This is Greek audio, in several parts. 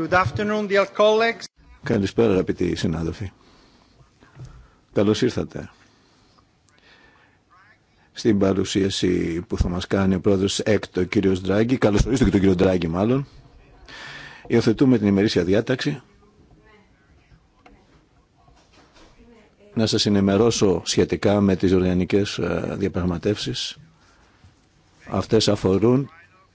Good afternoon, dear colleagues. Καλησπέρα αγαπητοί συνάδελφοι. Καλώς ήρθατε στην παρουσίαση που θα μας κάνει ο πρόεδρος Εκτο ο κύριος Ντράγκη. Καλώς ορίστε και τον κύριο Ντράγκη μάλλον. Υιοθετούμε την ημερήσια διάταξη. Να σας ενημερώσω σχετικά με τις οργανικές ε, διαπραγματεύσεις. Αυτές αφορούν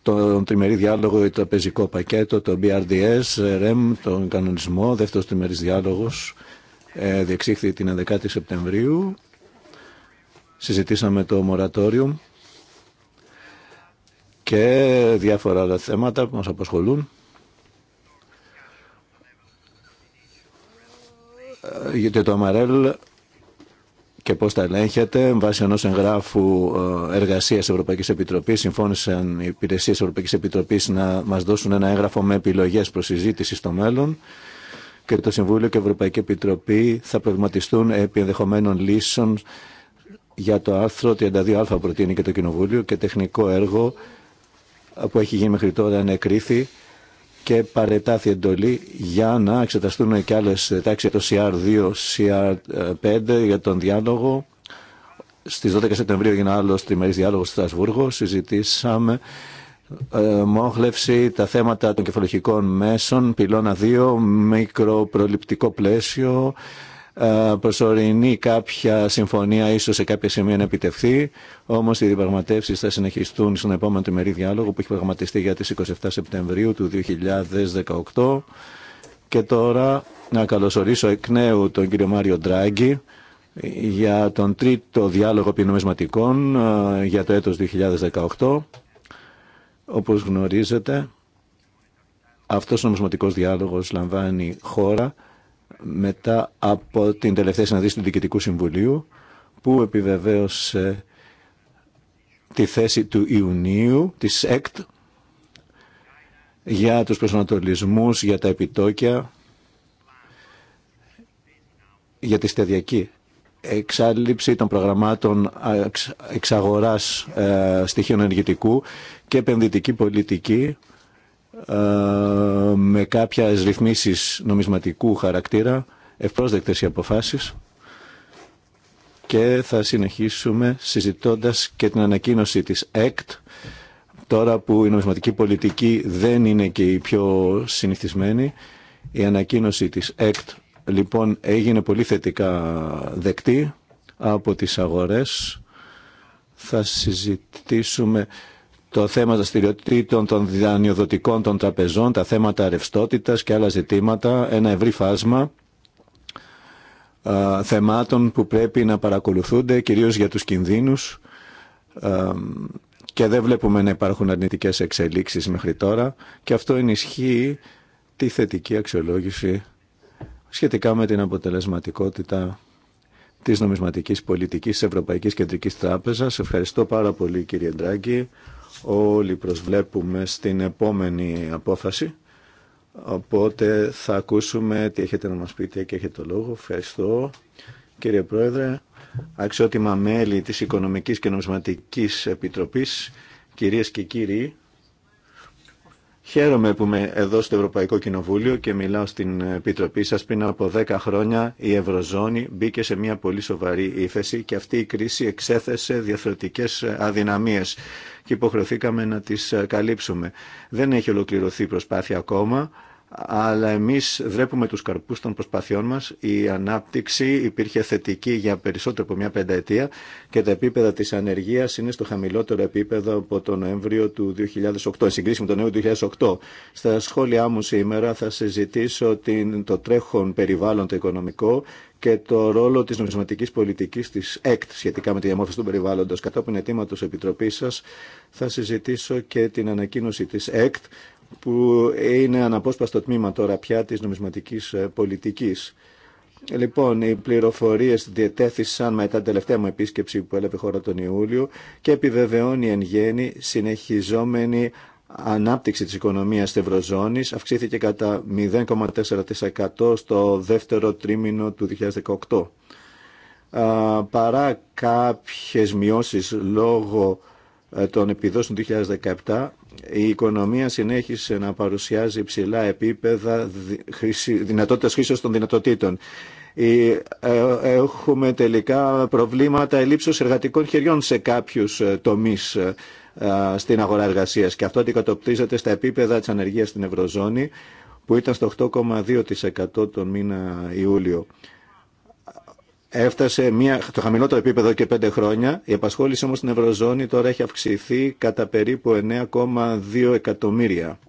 τον τριμερή διάλογο, το πεζικό πακέτο, το BRDS, REM, τον κανονισμό, δεύτερος τριμερής διάλογος, ε, διεξήχθη την 11η Σεπτεμβρίου. Συζητήσαμε το μορατόριο και διάφορα άλλα θέματα που μας απασχολούν. Ε, γιατί το Αμαρέλ και πώς τα ελέγχεται. Βάσει ενός εγγράφου ε, εργασίας Ευρωπαϊκής Επιτροπής συμφώνησαν οι υπηρεσίες Ευρωπαϊκής Επιτροπής να μας δώσουν ένα έγγραφο με επιλογές προς συζήτηση στο μέλλον και το Συμβούλιο και η Ευρωπαϊκή Επιτροπή θα προβληματιστούν επί ενδεχομένων λύσεων για το άρθρο 32α προτείνει και το Κοινοβούλιο και τεχνικό έργο που έχει γίνει μέχρι τώρα ανεκρίθη και παρετάθη εντολή για να εξεταστούν και άλλες τάξεις το CR2, CR5 για τον διάλογο. Στι 12 Σεπτεμβρίου έγινε άλλο τριμερή διάλογο στο Στρασβούργο. Συζητήσαμε ε, μόχλευση, τα θέματα των κεφαλογικών μέσων, πυλώνα 2, μικροπροληπτικό πλαίσιο, ε, προσωρινή κάποια συμφωνία ίσως σε κάποια σημεία να επιτευχθεί, όμως οι διαπραγματεύσεις θα συνεχιστούν στον επόμενο τριμερή διάλογο που έχει προγραμματιστεί για τις 27 Σεπτεμβρίου του 2018. Και τώρα να καλωσορίσω εκ νέου τον κύριο Μάριο Ντράγκη για τον τρίτο διάλογο επινομισματικών ε, για το έτος 2018. Όπως γνωρίζετε, αυτός ο νομισματικός διάλογος λαμβάνει χώρα μετά από την τελευταία συναντήση του Διοικητικού Συμβουλίου που επιβεβαίωσε τη θέση του Ιουνίου της ΕΚΤ για τους προσανατολισμούς, για τα επιτόκια, για τη στεδιακή εξάλληψη των προγραμμάτων εξαγοράς ε, στοιχείων ενεργητικού και επενδυτική πολιτική ε, με κάποιες ρυθμίσεις νομισματικού χαρακτήρα, ευπρόσδεκτες οι αποφάσεις και θα συνεχίσουμε συζητώντας και την ανακοίνωση της ΕΚΤ τώρα που η νομισματική πολιτική δεν είναι και η πιο συνηθισμένη η ανακοίνωση της ΕΚΤ λοιπόν έγινε πολύ θετικά δεκτή από τις αγορές θα συζητήσουμε το θέμα δραστηριοτήτων των δανειοδοτικών των τραπεζών, τα θέματα ρευστότητας και άλλα ζητήματα, ένα ευρύ φάσμα θεμάτων που πρέπει να παρακολουθούνται, κυρίως για τους κινδύνους και δεν βλέπουμε να υπάρχουν αρνητικές εξελίξεις μέχρι τώρα και αυτό ενισχύει τη θετική αξιολόγηση σχετικά με την αποτελεσματικότητα της νομισματικής πολιτικής της Ευρωπαϊκής Κεντρικής Τράπεζας. Ευχαριστώ πάρα πολύ κύριε Ντράγκη. Όλοι προσβλέπουμε στην επόμενη απόφαση. Οπότε θα ακούσουμε τι έχετε να μας πείτε και έχετε το λόγο. Ευχαριστώ κύριε Πρόεδρε, αξιότιμα μέλη της Οικονομικής και Νομισματικής Επιτροπής, κυρίες και κύριοι. Χαίρομαι που είμαι εδώ στο Ευρωπαϊκό Κοινοβούλιο και μιλάω στην Επιτροπή σας. Πριν από 10 χρόνια η Ευρωζώνη μπήκε σε μια πολύ σοβαρή ύφεση και αυτή η κρίση εξέθεσε διαφορετικές αδυναμίες και υποχρεωθήκαμε να τις καλύψουμε. Δεν έχει ολοκληρωθεί η προσπάθεια ακόμα αλλά εμείς βλέπουμε τους καρπούς των προσπαθειών μας. Η ανάπτυξη υπήρχε θετική για περισσότερο από μια πενταετία και τα επίπεδα της ανεργίας είναι στο χαμηλότερο επίπεδο από τον Νοέμβριο του 2008, συγκρίση με τον Νοέμβριο του 2008. Στα σχόλιά μου σήμερα θα συζητήσω την, το τρέχον περιβάλλον το οικονομικό και το ρόλο της νομισματικής πολιτικής της ΕΚΤ σχετικά με τη διαμόρφωση του περιβάλλοντος. Κατόπιν αιτήματος Επιτροπής σα. θα συζητήσω και την ανακοίνωση της ΕΚΤ που είναι αναπόσπαστο τμήμα τώρα πια της νομισματικής ε, πολιτικής. Λοιπόν, οι πληροφορίες διετέθησαν μετά την τελευταία μου επίσκεψη που έλαβε χώρα τον Ιούλιο και επιβεβαιώνει εν γέννη συνεχιζόμενη ανάπτυξη της οικονομίας της Ευρωζώνης αυξήθηκε κατά 0,4% στο δεύτερο τρίμηνο του 2018. Παρά κάποιες μειώσεις λόγω ε, των επιδόσεων του 2017 η οικονομία συνέχισε να παρουσιάζει ψηλά επίπεδα δυνατότητας χρήσεως των δυνατοτήτων. Ε, έχουμε τελικά προβλήματα ελλείψεως εργατικών χεριών σε κάποιους ε, τομείς ε, στην αγορά εργασίας και αυτό αντικατοπτρίζεται στα επίπεδα της ανεργίας στην Ευρωζώνη που ήταν στο 8,2% τον μήνα Ιούλιο έφτασε μια, το χαμηλότερο επίπεδο και πέντε χρόνια. Η απασχόληση όμως στην Ευρωζώνη τώρα έχει αυξηθεί κατά περίπου 9,2 εκατομμύρια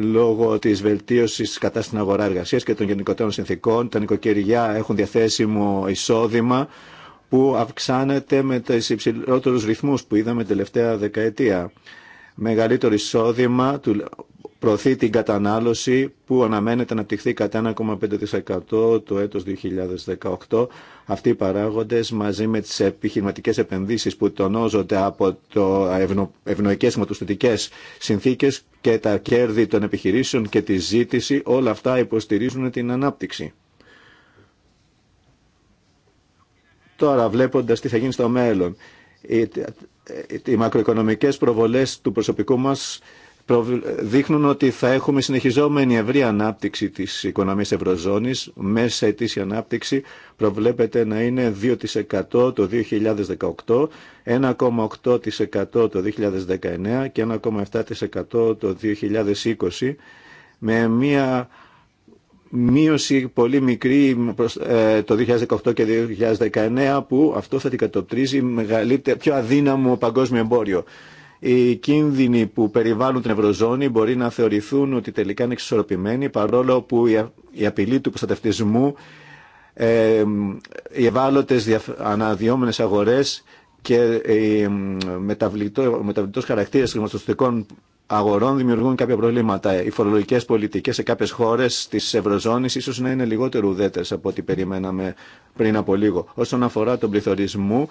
λόγω της βελτίωσης κατά στην αγορά εργασίας και των γενικότερων συνθήκων. Τα νοικοκυριά έχουν διαθέσιμο εισόδημα που αυξάνεται με τις υψηλότερους ρυθμούς που είδαμε τελευταία δεκαετία μεγαλύτερο εισόδημα προωθεί την κατανάλωση που αναμένεται να πτυχθεί κατά 1,5% το έτος 2018. Αυτοί οι παράγοντες μαζί με τις επιχειρηματικές επενδύσεις που τονώζονται από το ευνο, ευνοϊκές συνθήκες και τα κέρδη των επιχειρήσεων και τη ζήτηση, όλα αυτά υποστηρίζουν την ανάπτυξη. Τώρα βλέποντας τι θα γίνει στο μέλλον, οι, οι μακροοικονομικές προβολές του προσωπικού μας δείχνουν ότι θα έχουμε συνεχιζόμενη ευρή ανάπτυξη της οικονομίας Ευρωζώνης. Μέσα ετήσια ανάπτυξη προβλέπεται να είναι 2% το 2018, 1,8% το 2019 και 1,7% το 2020 με μια μείωση πολύ μικρή ε, το 2018 και 2019 που αυτό θα την κατοπτρίζει μεγαλύτερο, πιο αδύναμο παγκόσμιο εμπόριο οι κίνδυνοι που περιβάλλουν την Ευρωζώνη μπορεί να θεωρηθούν ότι τελικά είναι εξισορροπημένοι παρόλο που η απειλή του προστατευτισμού, ε, οι ευάλωτες αναδυόμενες αγορές και οι μεταβλητός χαρακτήρας χρηματοστατικών αγορών δημιουργούν κάποια προβλήματα. Οι φορολογικές πολιτικές σε κάποιες χώρες της Ευρωζώνης ίσως να είναι λιγότερο ουδέτερες από ό,τι περιμέναμε πριν από λίγο. Όσον αφορά τον πληθωρισμό,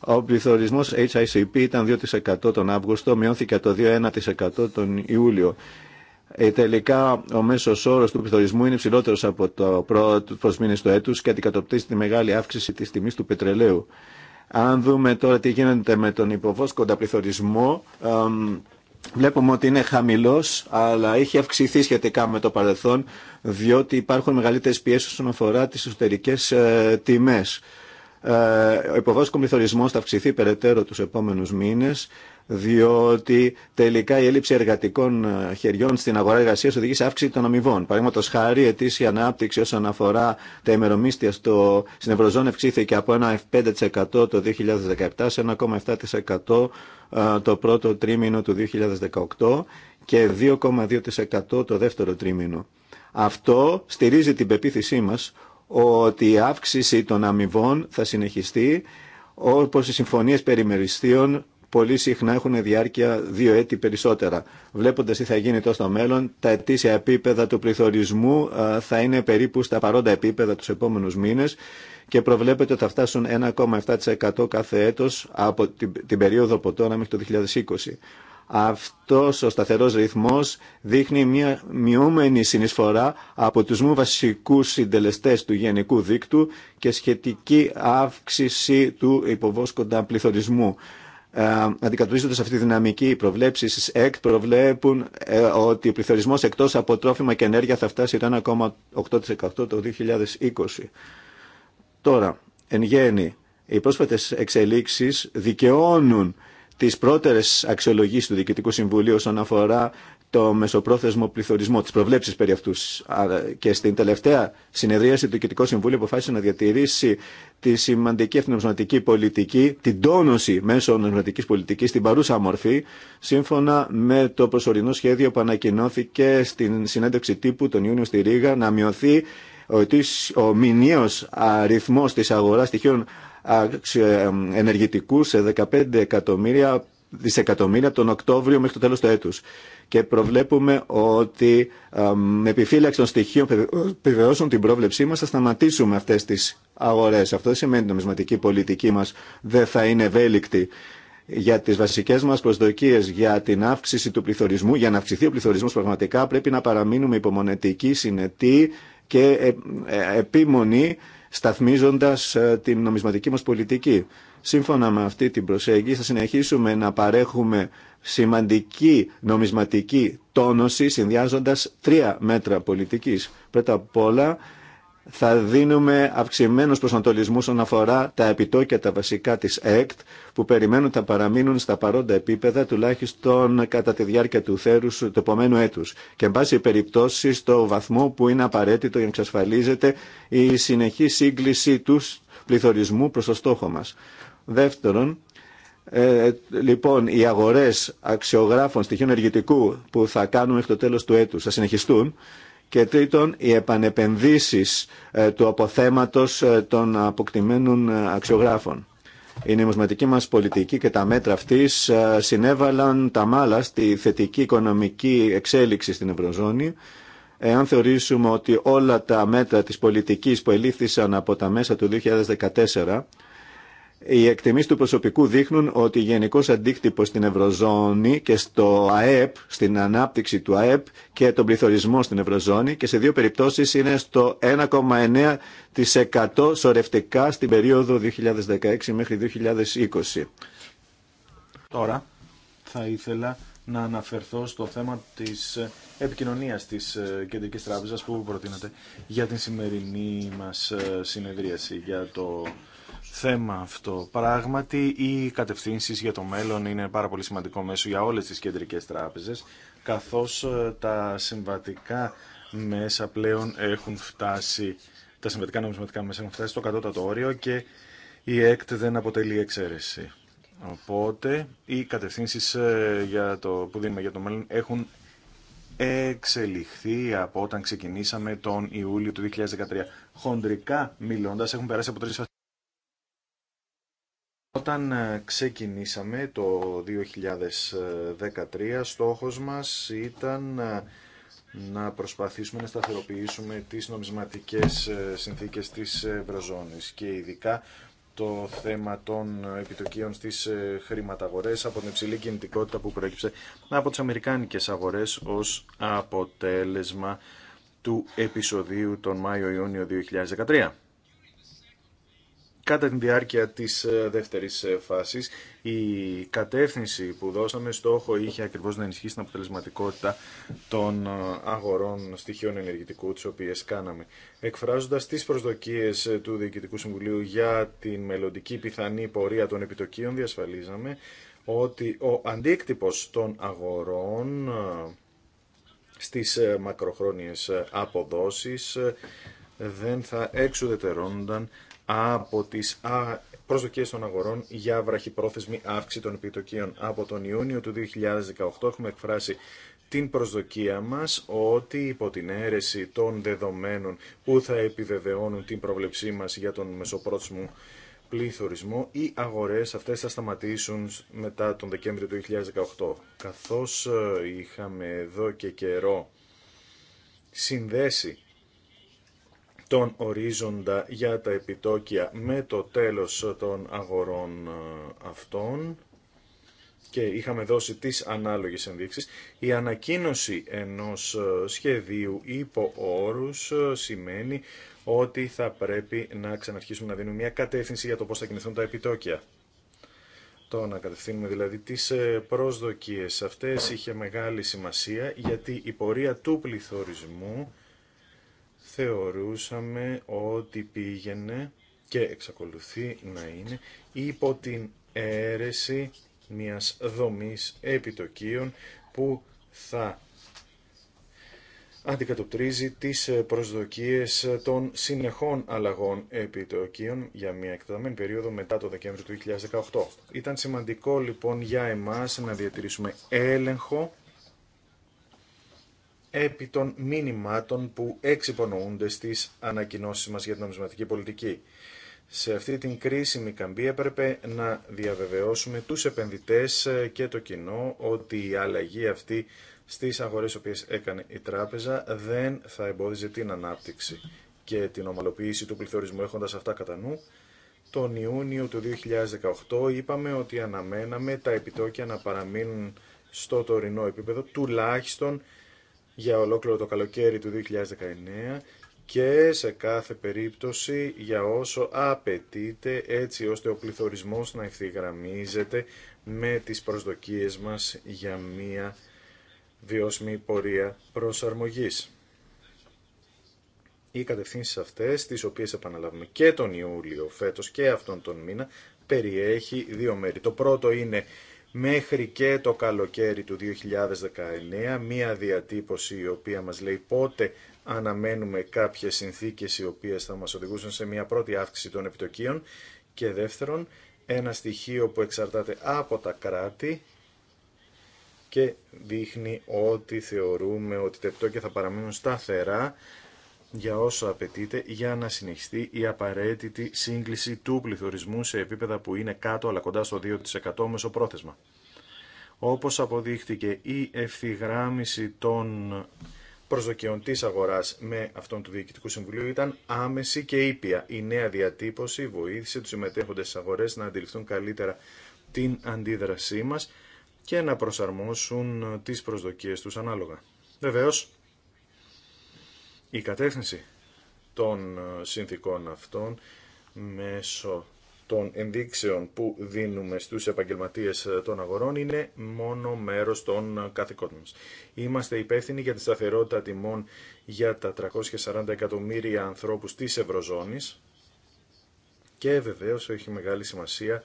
ο πληθωρισμό HICP ήταν 2% τον Αύγουστο, μειώθηκε το 2,1% τον Ιούλιο. Ε, τελικά ο μέσος όρος του πληθωρισμού είναι ψηλότερο από το πρώτο μήνες του έτους και αντικατοπτρίζει τη μεγάλη αύξηση της τιμής του πετρελαίου. Αν δούμε τώρα τι γίνεται με τον υποβόσκοντα πληθωρισμό, βλέπουμε ότι είναι χαμηλός, αλλά έχει αυξηθεί σχετικά με το παρελθόν, διότι υπάρχουν μεγαλύτερε πιέσει όσον αφορά τις εσωτερικές ε, τιμές. Ε, ο υποβασκο πληθωρισμός θα αυξηθεί περαιτέρω του επόμενου μήνε διότι τελικά η έλλειψη εργατικών ε, χεριών στην αγορά εργασία οδηγεί σε αύξηση των αμοιβών. Παραδείγματο χάρη, η ετήσια ανάπτυξη όσον αφορά τα ημερομίστια στο, στην Ευρωζώνη αυξήθηκε από ένα 5% το 2017 σε 1,7% ε, το πρώτο τρίμηνο του 2018 και 2,2% το δεύτερο τρίμηνο. Αυτό στηρίζει την πεποίθησή μας ότι η αύξηση των αμοιβών θα συνεχιστεί, όπως οι συμφωνίες περιμεριστίων πολύ συχνά έχουν διάρκεια δύο έτη περισσότερα. Βλέποντα τι θα γίνει τόσο στο μέλλον, τα ετήσια επίπεδα του πληθωρισμού θα είναι περίπου στα παρόντα επίπεδα του επόμενου μήνε και προβλέπεται ότι θα φτάσουν 1,7% κάθε έτος από την, περίοδο από τώρα μέχρι το 2020. Αυτός ο σταθερός ρυθμός δείχνει μια μειούμενη συνεισφορά από τους μου βασικούς συντελεστές του γενικού δίκτου και σχετική αύξηση του υποβόσκοντα πληθωρισμού. Ε, αυτή τη δυναμική, οι προβλέψεις της ΕΚΤ προβλέπουν ε, ότι ο πληθωρισμός εκτός από τρόφιμα και ενέργεια θα φτάσει το 1,8% το 2020. Τώρα, εν γέννη, οι πρόσφατες εξελίξεις δικαιώνουν τι πρώτερε αξιολογήσει του Διοικητικού Συμβουλίου όσον αφορά το μεσοπρόθεσμο πληθωρισμό, τι προβλέψει περί αυτού. Και στην τελευταία συνεδρίαση του Διοικητικό Συμβουλίου αποφάσισε να διατηρήσει τη σημαντική εθνομισματική πολιτική, την τόνωση μέσω νομισματικής πολιτική στην παρούσα μορφή, σύμφωνα με το προσωρινό σχέδιο που ανακοινώθηκε στην συνέντευξη τύπου τον Ιούνιο στη Ρήγα να μειωθεί ο μηνιαίο αριθμός της αγοράς στοιχείων ενεργητικού σε 15 εκατομμύρια δισεκατομμύρια τον Οκτώβριο μέχρι το τέλος του έτους. Και προβλέπουμε ότι με επιφύλαξη των στοιχείων που επιβεβαιώσουν την πρόβλεψή μας θα σταματήσουμε αυτές τις αγορές. Αυτό δεν σημαίνει ότι η νομισματική πολιτική μας δεν θα είναι ευέλικτη για τις βασικές μας προσδοκίες για την αύξηση του πληθωρισμού. Για να αυξηθεί ο πληθωρισμός πραγματικά πρέπει να παραμείνουμε υπομονετικοί, συνετοί και ε, ε, επίμονοι σταθμίζοντας ε, την νομισματική μας πολιτική. Σύμφωνα με αυτή την προσέγγιση θα συνεχίσουμε να παρέχουμε σημαντική νομισματική τόνωση συνδυάζοντα τρία μέτρα πολιτικής. Πρώτα απ' όλα θα δίνουμε αυξημένους προσανατολισμούς όσον αφορά τα επιτόκια τα βασικά της ΕΚΤ που περιμένουν να παραμείνουν στα παρόντα επίπεδα τουλάχιστον κατά τη διάρκεια του θέρους του επόμενου έτους και εν πάση περιπτώσει στο βαθμό που είναι απαραίτητο για να εξασφαλίζεται η συνεχή σύγκληση του πληθωρισμού προς το στόχο μας. Δεύτερον, ε, λοιπόν, οι αγορές αξιογράφων στοιχείων εργητικού που θα κάνουμε μέχρι το τέλος του έτους θα συνεχιστούν και τρίτον, οι επανεπενδύσεις ε, του αποθέματος ε, των αποκτημένων ε, αξιογράφων. Η νομισματική μας πολιτική και τα μέτρα αυτής συνέβαλαν τα μάλα στη θετική οικονομική εξέλιξη στην Ευρωζώνη. Εάν θεωρήσουμε ότι όλα τα μέτρα της πολιτικής που ελήφθησαν από τα μέσα του 2014 οι εκτιμήσει του προσωπικού δείχνουν ότι γενικό αντίκτυπο στην Ευρωζώνη και στο ΑΕΠ, στην ανάπτυξη του ΑΕΠ και τον πληθωρισμό στην Ευρωζώνη και σε δύο περιπτώσεις είναι στο 1,9% σορευτικά στην περίοδο 2016 μέχρι 2020. Τώρα θα ήθελα να αναφερθώ στο θέμα της επικοινωνίας της ε, Κεντρικής Τράπεζας που προτείνατε για την σημερινή μας ε, συνεδρίαση για το θέμα αυτό. Πράγματι, οι κατευθύνσει για το μέλλον είναι πάρα πολύ σημαντικό μέσο για όλε τι κεντρικέ τράπεζε, καθώ ε, τα συμβατικά μέσα πλέον έχουν φτάσει, τα συμβατικά νομισματικά μέσα έχουν φτάσει στο κατώτατο όριο και η ΕΚΤ δεν αποτελεί εξαίρεση. Οπότε, οι κατευθύνσει ε, που δίνουμε για το μέλλον έχουν εξελιχθεί από όταν ξεκινήσαμε τον Ιούλιο του 2013. Χοντρικά μιλώντας, έχουν περάσει από τρεις όταν ε, ξεκινήσαμε το 2013, στόχος μας ήταν ε, να προσπαθήσουμε να σταθεροποιήσουμε τις νομισματικές ε, συνθήκες της Ευρωζώνης και ειδικά το θέμα των επιτοκίων στις χρηματαγορές από την υψηλή κινητικότητα που προέκυψε από τις αμερικάνικες αγορές ως αποτέλεσμα του επεισοδίου τον Μάιο-Ιούνιο 2013 κατά την διάρκεια της ε, δεύτερης ε, φάσης. Η κατεύθυνση που δώσαμε στόχο είχε ακριβώς να ενισχύσει την αποτελεσματικότητα των ε, αγορών στοιχείων ενεργητικού, τις οποίες κάναμε. Εκφράζοντας τις προσδοκίες του Διοικητικού Συμβουλίου για την μελλοντική πιθανή πορεία των επιτοκίων, διασφαλίζαμε ότι ο αντίκτυπος των αγορών στις μακροχρόνιες αποδόσεις δεν θα εξουδετερώνονταν από τις προσδοκίε των αγορών για βραχυπρόθεσμη αύξηση των επιτοκίων. Από τον Ιούνιο του 2018 έχουμε εκφράσει την προσδοκία μας ότι υπό την αίρεση των δεδομένων που θα επιβεβαιώνουν την πρόβλεψή μας για τον μεσοπρόθεσμο πληθωρισμό, οι αγορές αυτές θα σταματήσουν μετά τον Δεκέμβριο του 2018. Καθώς ε, είχαμε εδώ και καιρό συνδέσει τον ορίζοντα για τα επιτόκια με το τέλος των αγορών ε, αυτών και είχαμε δώσει τις ανάλογες ενδείξεις, η ανακοίνωση ενός ε, σχεδίου υπό όρους ε, σημαίνει ότι θα πρέπει να ξαναρχίσουμε να δίνουμε μια κατεύθυνση για το πώς θα κινηθούν τα επιτόκια. Το να κατευθύνουμε δηλαδή τις προσδοκίες αυτές είχε μεγάλη σημασία γιατί η πορεία του πληθωρισμού θεωρούσαμε ότι πήγαινε και εξακολουθεί να είναι υπό την αίρεση μιας δομής επιτοκίων που θα αντικατοπτρίζει τις προσδοκίες των συνεχών αλλαγών επιτοκίων για μια εκτεταμένη περίοδο μετά το Δεκέμβριο του 2018. Ήταν σημαντικό λοιπόν για εμάς να διατηρήσουμε έλεγχο επί των μήνυμάτων που εξυπονοούνται στις ανακοινώσεις μας για την νομισματική πολιτική. Σε αυτή την κρίσιμη καμπή έπρεπε να διαβεβαιώσουμε τους επενδυτές ε, και το κοινό ότι η αλλαγή αυτή στις αγορές οποίες έκανε η τράπεζα δεν θα εμπόδιζε την ανάπτυξη και την ομαλοποίηση του πληθωρισμού έχοντας αυτά κατά νου. Τον Ιούνιο του 2018 είπαμε ότι αναμέναμε τα επιτόκια να παραμείνουν στο τωρινό επίπεδο τουλάχιστον για ολόκληρο το καλοκαίρι του 2019 και σε κάθε περίπτωση για όσο απαιτείται έτσι ώστε ο πληθωρισμός να ευθυγραμμίζεται με τις προσδοκίες μας για μία βιώσιμη πορεία προσαρμογής. Οι κατευθύνσεις αυτές, τις οποίες επαναλάβουμε και τον Ιούλιο φέτος και αυτόν τον μήνα, περιέχει δύο μέρη. Το πρώτο είναι μέχρι και το καλοκαίρι του 2019 μία διατύπωση η οποία μας λέει πότε αναμένουμε κάποιες συνθήκες οι οποίες θα μας οδηγούσαν σε μία πρώτη αύξηση των επιτοκίων και δεύτερον ένα στοιχείο που εξαρτάται από τα κράτη και δείχνει ότι θεωρούμε ότι τα επιτόκια θα παραμείνουν σταθερά για όσο απαιτείται για να συνεχιστεί η απαραίτητη σύγκληση του πληθωρισμού σε επίπεδα που είναι κάτω αλλά κοντά στο 2% μεσοπρόθεσμα. Όπως αποδείχτηκε η ευθυγράμμιση των προσδοκιών της αγοράς με αυτόν του Διοικητικού Συμβουλίου ήταν άμεση και ήπια. Η νέα διατύπωση βοήθησε τους συμμετέχοντες στις αγορές να αντιληφθούν καλύτερα την αντίδρασή μας και να προσαρμόσουν τις προσδοκίες τους ανάλογα. Βεβαίως, η κατεύθυνση των ε, συνθήκων αυτών μέσω των ενδείξεων που δίνουμε στους επαγγελματίες ε, των αγορών είναι μόνο μέρος των ε, καθηκόντων μας. Είμαστε υπεύθυνοι για τη σταθερότητα τιμών για τα 340 εκατομμύρια ανθρώπους της Ευρωζώνης και βεβαίως έχει μεγάλη σημασία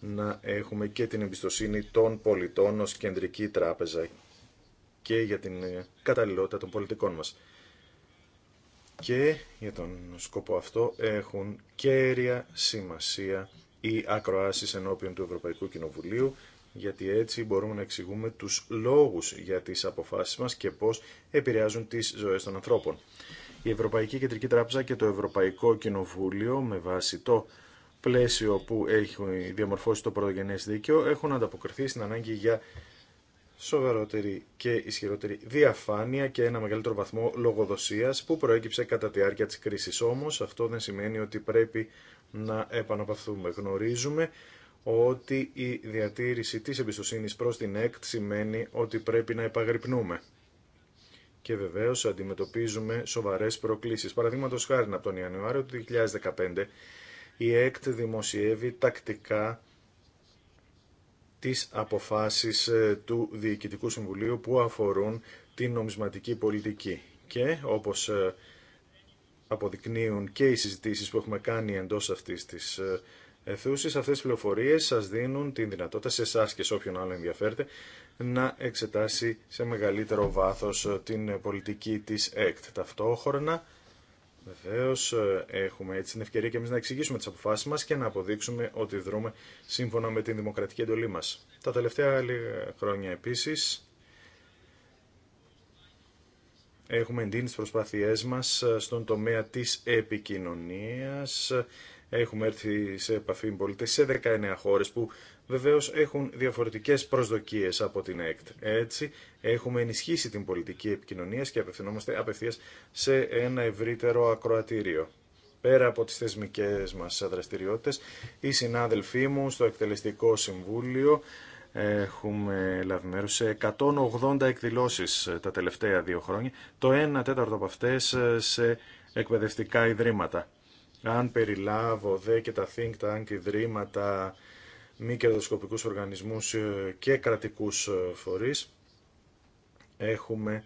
να έχουμε και την εμπιστοσύνη των πολιτών ως κεντρική τράπεζα και για την καταλληλότητα των πολιτικών μας και για τον σκοπό αυτό έχουν κέρια σημασία οι ακροάσεις ενώπιον του Ευρωπαϊκού Κοινοβουλίου γιατί έτσι μπορούμε να εξηγούμε τους λόγους για τις αποφάσεις μας και πώς επηρεάζουν τις ζωές των ανθρώπων. Η Ευρωπαϊκή Κεντρική Τράπεζα και το Ευρωπαϊκό Κοινοβούλιο με βάση το πλαίσιο που έχει διαμορφώσει το πρωτογενές δίκαιο έχουν ανταποκριθεί στην ανάγκη για σοβαρότερη και ισχυρότερη διαφάνεια και ένα μεγαλύτερο βαθμό λογοδοσίας που προέκυψε κατά τη διάρκεια της κρίσης. Όμως αυτό δεν σημαίνει ότι πρέπει να επαναπαυθούμε. Γνωρίζουμε ότι η διατήρηση της εμπιστοσύνης προς την ΕΚΤ σημαίνει ότι πρέπει να επαγρυπνούμε. Και βεβαίω αντιμετωπίζουμε σοβαρέ προκλήσει. Παραδείγματο χάρη από τον Ιανουάριο του 2015, η ΕΚΤ δημοσιεύει τακτικά τις αποφάσεις ε, του Διοικητικού Συμβουλίου που αφορούν την νομισματική πολιτική. Και όπως ε, αποδεικνύουν και οι συζητήσεις που έχουμε κάνει εντός αυτής της ε, αιθούσης, αυτές οι πληροφορίες σας δίνουν την δυνατότητα σε εσά και σε όποιον άλλο ενδιαφέρεται να εξετάσει σε μεγαλύτερο βάθος την πολιτική της ΕΚΤ. Ταυτόχρονα Βεβαίω ε, έχουμε έτσι την ευκαιρία και εμεί να εξηγήσουμε τι αποφάσει μα και να αποδείξουμε ότι δρούμε σύμφωνα με την δημοκρατική εντολή μα. Τα τελευταία χρόνια επίση έχουμε εντείνει τι προσπάθειέ μα ε, στον τομέα τη επικοινωνία. Έχουμε έρθει σε επαφή με πολίτε σε 19 χώρε που βεβαίως έχουν διαφορετικές προσδοκίες από την ΕΚΤ. Έτσι έχουμε ενισχύσει την πολιτική επικοινωνία και απευθυνόμαστε απευθείας σε ένα ευρύτερο ακροατήριο. Πέρα από τις θεσμικές μας δραστηριότητες, οι συνάδελφοί μου στο Εκτελεστικό Συμβούλιο έχουμε λάβει μέρος σε 180 εκδηλώσεις τα τελευταία δύο χρόνια, το 1 τέταρτο από αυτές σε εκπαιδευτικά ιδρύματα. Αν περιλάβω δε και τα think tank ιδρύματα μη κερδοσκοπικούς οργανισμούς ε, και κρατικούς ε, φορείς. Έχουμε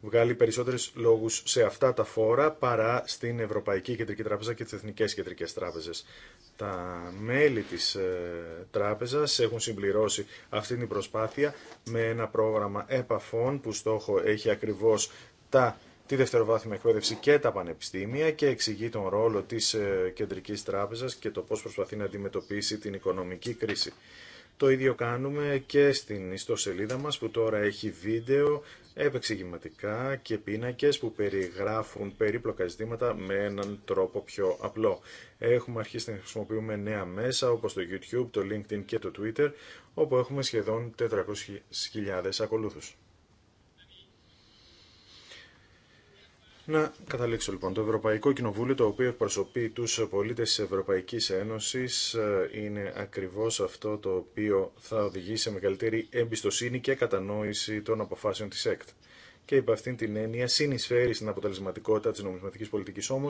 βγάλει περισσότερες λόγους σε αυτά τα φόρα παρά στην Ευρωπαϊκή Κεντρική Τράπεζα και τις Εθνικές Κεντρικές Τράπεζες. Τα μέλη της ε, τράπεζας έχουν συμπληρώσει αυτή την προσπάθεια με ένα πρόγραμμα επαφών που στόχο έχει ακριβώς τα τη δευτεροβάθμια εκπαίδευση και τα πανεπιστήμια και εξηγεί τον ρόλο της ε, Κεντρικής Τράπεζας και το πώς προσπαθεί να αντιμετωπίσει την οικονομική κρίση. Το ίδιο κάνουμε και στην ιστοσελίδα μας που τώρα έχει βίντεο επεξηγηματικά και πίνακες που περιγράφουν περίπλοκα ζητήματα με έναν τρόπο πιο απλό. Έχουμε αρχίσει να χρησιμοποιούμε νέα μέσα όπως το YouTube, το LinkedIn και το Twitter όπου έχουμε σχεδόν 400.000 ακολούθους. Να καταλήξω λοιπόν. Το Ευρωπαϊκό Κοινοβούλιο, το οποίο εκπροσωπεί του πολίτε τη Ευρωπαϊκή Ένωση, ε, είναι ακριβώ αυτό το οποίο θα οδηγήσει σε μεγαλύτερη εμπιστοσύνη και κατανόηση των αποφάσεων τη ΕΚΤ. Και υπ' αυτήν την έννοια συνεισφέρει στην αποτελεσματικότητα τη νομισματική πολιτική όμω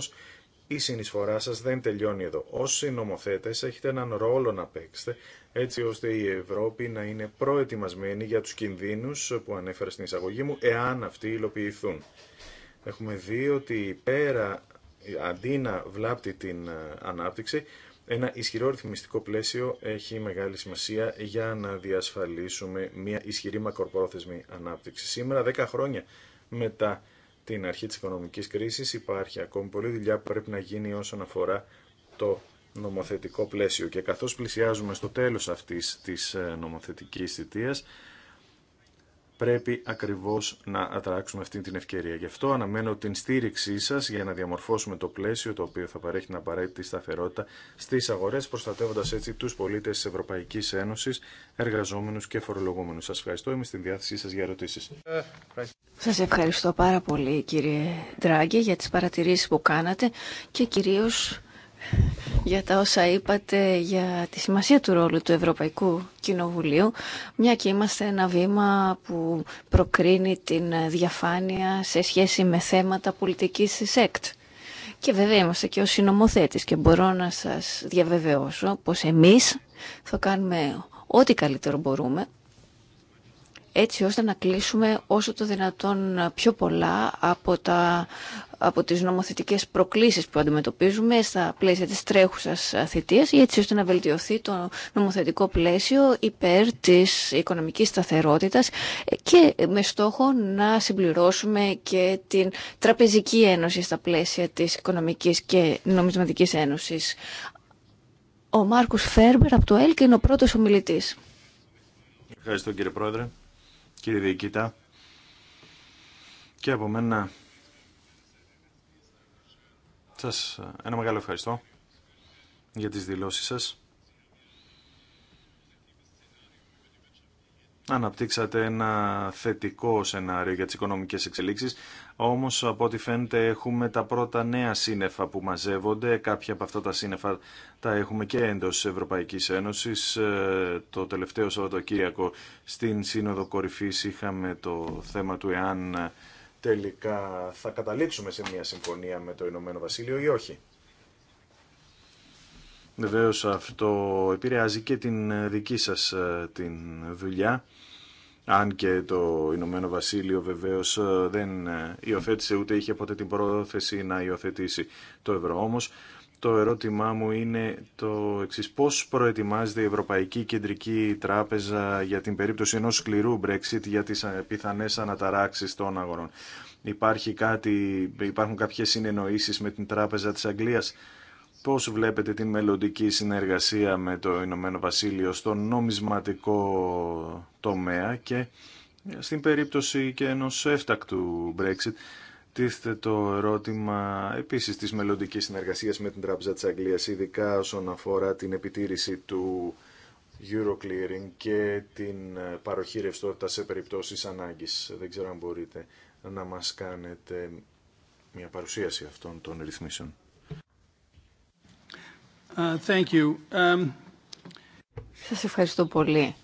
η συνεισφορά σα δεν τελειώνει εδώ. Ω συνομοθέτες έχετε έναν ρόλο να παίξετε έτσι ώστε η Ευρώπη να είναι προετοιμασμένη για του κινδύνου που ανέφερα στην εισαγωγή μου εάν αυτοί υλοποιηθούν έχουμε δει ότι πέρα αντί να βλάπτει την ε, ανάπτυξη, ένα ισχυρό ρυθμιστικό πλαίσιο έχει μεγάλη σημασία για να διασφαλίσουμε μια ισχυρή μακροπρόθεσμη ανάπτυξη. Σήμερα, 10 χρόνια μετά την αρχή της οικονομικής κρίσης, υπάρχει ακόμη πολλή δουλειά που πρέπει να γίνει όσον αφορά το νομοθετικό πλαίσιο. Και καθώς πλησιάζουμε στο τέλος αυτής της ε, νομοθετικής θητείας, πρέπει ακριβώς να ατράξουμε αυτή την ευκαιρία. Γι' αυτό αναμένω την στήριξή σας για να διαμορφώσουμε το πλαίσιο το οποίο θα παρέχει την απαραίτητη σταθερότητα στις αγορές, προστατεύοντας έτσι τους πολίτες της Ευρωπαϊκής Ένωσης, εργαζόμενους και φορολογούμενους. Σας ευχαριστώ. Είμαι στην διάθεσή σας για ερωτήσεις. Σας ευχαριστώ πάρα πολύ κύριε Ντράγκη για τις παρατηρήσεις που κάνατε και κυρίω για τα όσα είπατε για τη σημασία του ρόλου του Ευρωπαϊκού Κοινοβουλίου, μια και είμαστε ένα βήμα που προκρίνει την διαφάνεια σε σχέση με θέματα πολιτικής της ΕΚΤ. Και βέβαια είμαστε και ο συνομοθέτης και μπορώ να σας διαβεβαιώσω πως εμείς θα κάνουμε ό,τι καλύτερο μπορούμε έτσι ώστε να κλείσουμε όσο το δυνατόν πιο πολλά από τα από τις νομοθετικές προκλήσεις που αντιμετωπίζουμε στα πλαίσια της τρέχουσας θητείας ή έτσι ώστε να βελτιωθεί το νομοθετικό πλαίσιο υπέρ της οικονομικής σταθερότητας και με στόχο να συμπληρώσουμε και την Τραπεζική Ένωση στα πλαίσια της Οικονομικής και Νομισματικής Ένωσης. Ο Μάρκους Φέρμπερ από το ΕΛΚ είναι ο πρώτος ομιλητής. Ευχαριστώ κύριε Πρόεδρε, κύριε Διοικητά. Και από μένα σας ε, ένα μεγάλο ευχαριστώ για τις δηλώσεις σας. Αναπτύξατε ένα θετικό σενάριο για τις οικονομικές εξελίξεις, όμως από ό,τι φαίνεται έχουμε τα πρώτα νέα σύννεφα που μαζεύονται, κάποια από αυτά τα σύννεφα τα έχουμε και εντός Ευρωπαϊκής Ένωσης. Ε, το τελευταίο Σαββατοκύριακο στην Σύνοδο Κορυφής είχαμε το θέμα του εάν τελικά θα καταλήξουμε σε μια συμφωνία με το Ηνωμένο Βασίλειο ή όχι. Βεβαίως αυτό επηρεάζει και την ε, δική σας ε, την δουλειά. Αν και το Ηνωμένο Βασίλειο βεβαίως ε, δεν υιοθέτησε ούτε είχε ποτέ την πρόθεση να υιοθετήσει το ευρώ όμως το ερώτημά μου είναι το εξής. Πώς προετοιμάζεται η Ευρωπαϊκή Κεντρική Τράπεζα για την περίπτωση ενός σκληρού Brexit για τις ε, πιθανές αναταράξεις των αγορών. Υπάρχει κάτι, υπάρχουν κάποιες συνεννοήσεις με την Τράπεζα της Αγγλίας. Πώς βλέπετε την μελλοντική συνεργασία με το Ηνωμένο Βασίλειο στον νομισματικό τομέα και στην περίπτωση και ενός έφτακτου Brexit τίθεται το ερώτημα επίσης της μελλοντική συνεργασίας με την Τράπεζα της Αγγλίας, ειδικά όσον αφορά την επιτήρηση του Euroclearing και την ε, παροχή ρευστότητα σε περιπτώσεις ανάγκης. Δεν ξέρω αν μπορείτε να μας κάνετε μια παρουσίαση αυτών των ρυθμίσεων. Uh, thank you. Ε, Σας ευχαριστώ πολύ.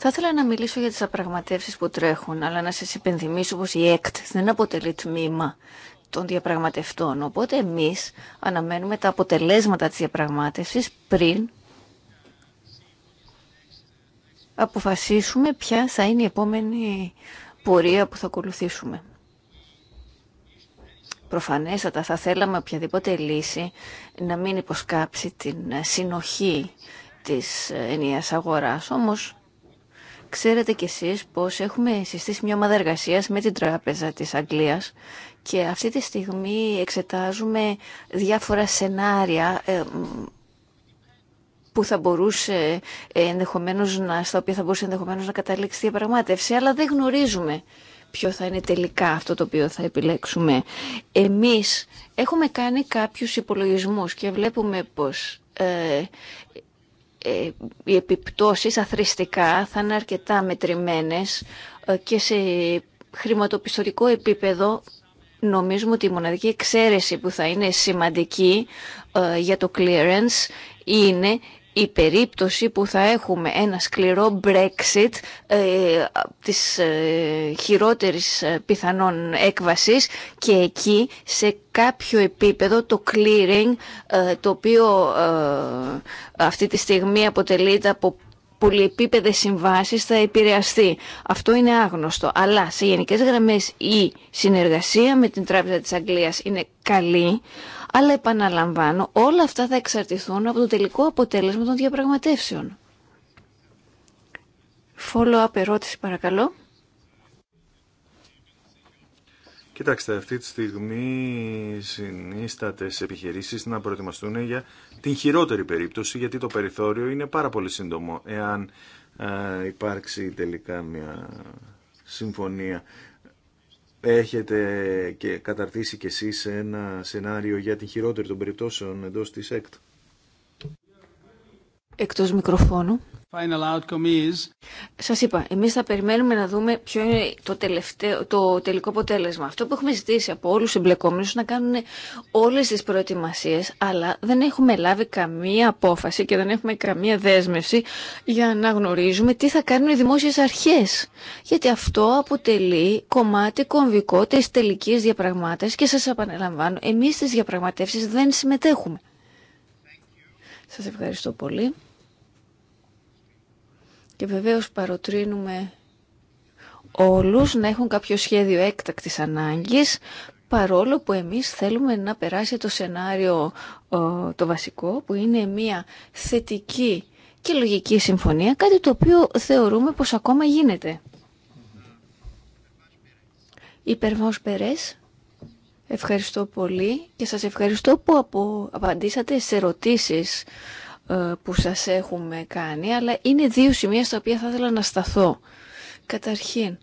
Θα ήθελα να μιλήσω για τις απραγματεύσεις που τρέχουν, αλλά να σας υπενθυμίσω πως η ΕΚΤ δεν αποτελεί τμήμα των διαπραγματευτών. Οπότε εμείς αναμένουμε τα αποτελέσματα της διαπραγμάτευσης πριν αποφασίσουμε ποια θα είναι η επόμενη πορεία που θα ακολουθήσουμε. Προφανέστατα θα θέλαμε οποιαδήποτε λύση να μην υποσκάψει την συνοχή της ενιαίας αγοράς. Όμως Ξέρετε κι εσείς πως έχουμε συστήσει μια ομάδα εργασία με την Τράπεζα της Αγγλίας και αυτή τη στιγμή εξετάζουμε διάφορα σενάρια ε, που θα μπορούσε ε, ενδεχομένως να, στα οποία θα μπορούσε ενδεχομένως να καταλήξει η διαπραγμάτευση, αλλά δεν γνωρίζουμε ποιο θα είναι τελικά αυτό το οποίο θα επιλέξουμε. Εμείς έχουμε κάνει κάποιους υπολογισμούς και βλέπουμε πως ε, ε, οι επιπτώσεις αθρηστικά θα είναι αρκετά μετρημένες ε, και σε χρηματοπιστωτικό επίπεδο νομίζουμε ότι η μοναδική εξαίρεση που θα είναι σημαντική ε, για το clearance είναι η περίπτωση που θα έχουμε ένα σκληρό Brexit ε, της ε, χειρότερης ε, πιθανών έκβασης και εκεί σε κάποιο επίπεδο το clearing ε, το οποίο αυτή τη στιγμή αποτελείται από πολυεπίπεδες συμβάσεις θα επηρεαστεί. Αυτό είναι άγνωστο. Αλλά σε γενικές γραμμές η συνεργασία με την Τράπεζα της Αγγλίας είναι καλή. Αλλά επαναλαμβάνω, όλα αυτά θα εξαρτηθούν από το τελικό αποτέλεσμα των διαπραγματευσεων Φόλο Follow-up ερώτηση παρακαλώ. Κοιτάξτε, αυτή τη στιγμή συνίσταται σε επιχειρήσεις να προετοιμαστούν για την χειρότερη περίπτωση, γιατί το περιθώριο είναι πάρα πολύ σύντομο, εάν ε, υπάρξει τελικά μια συμφωνία έχετε και καταρτήσει κι εσείς ένα σενάριο για την χειρότερη των περιπτώσεων εντός της ΕΚΤ. Εκτός μικροφώνου. Final Σας είπα, εμείς θα περιμένουμε να δούμε ποιο είναι το, τελευταίο, το τελικό αποτέλεσμα. Αυτό που έχουμε ζητήσει από όλους τους εμπλεκόμενους να κάνουν όλες τις προετοιμασίες, αλλά δεν έχουμε λάβει καμία απόφαση και δεν έχουμε καμία δέσμευση για να γνωρίζουμε τι θα κάνουν οι δημόσιες αρχές. Γιατί αυτό αποτελεί κομμάτι κομβικό της τελικής διαπραγμάτευσης και σας επαναλαμβάνω, εμείς στις διαπραγματεύσεις δεν συμμετέχουμε. Σας ευχαριστώ πολύ. Και βεβαίως παροτρύνουμε όλους να έχουν κάποιο σχέδιο έκτακτης ανάγκης, παρόλο που εμείς θέλουμε να περάσει το σενάριο το βασικό, που είναι μια θετική και λογική συμφωνία, κάτι το οποίο θεωρούμε πως ακόμα γίνεται. Υπερβάος Περές, ευχαριστώ πολύ και σας ευχαριστώ που απαντήσατε σε ερωτήσεις ε, που σας έχουμε κάνει, αλλά είναι δύο σημεία στα οποία θα ήθελα να σταθώ. Καταρχήν,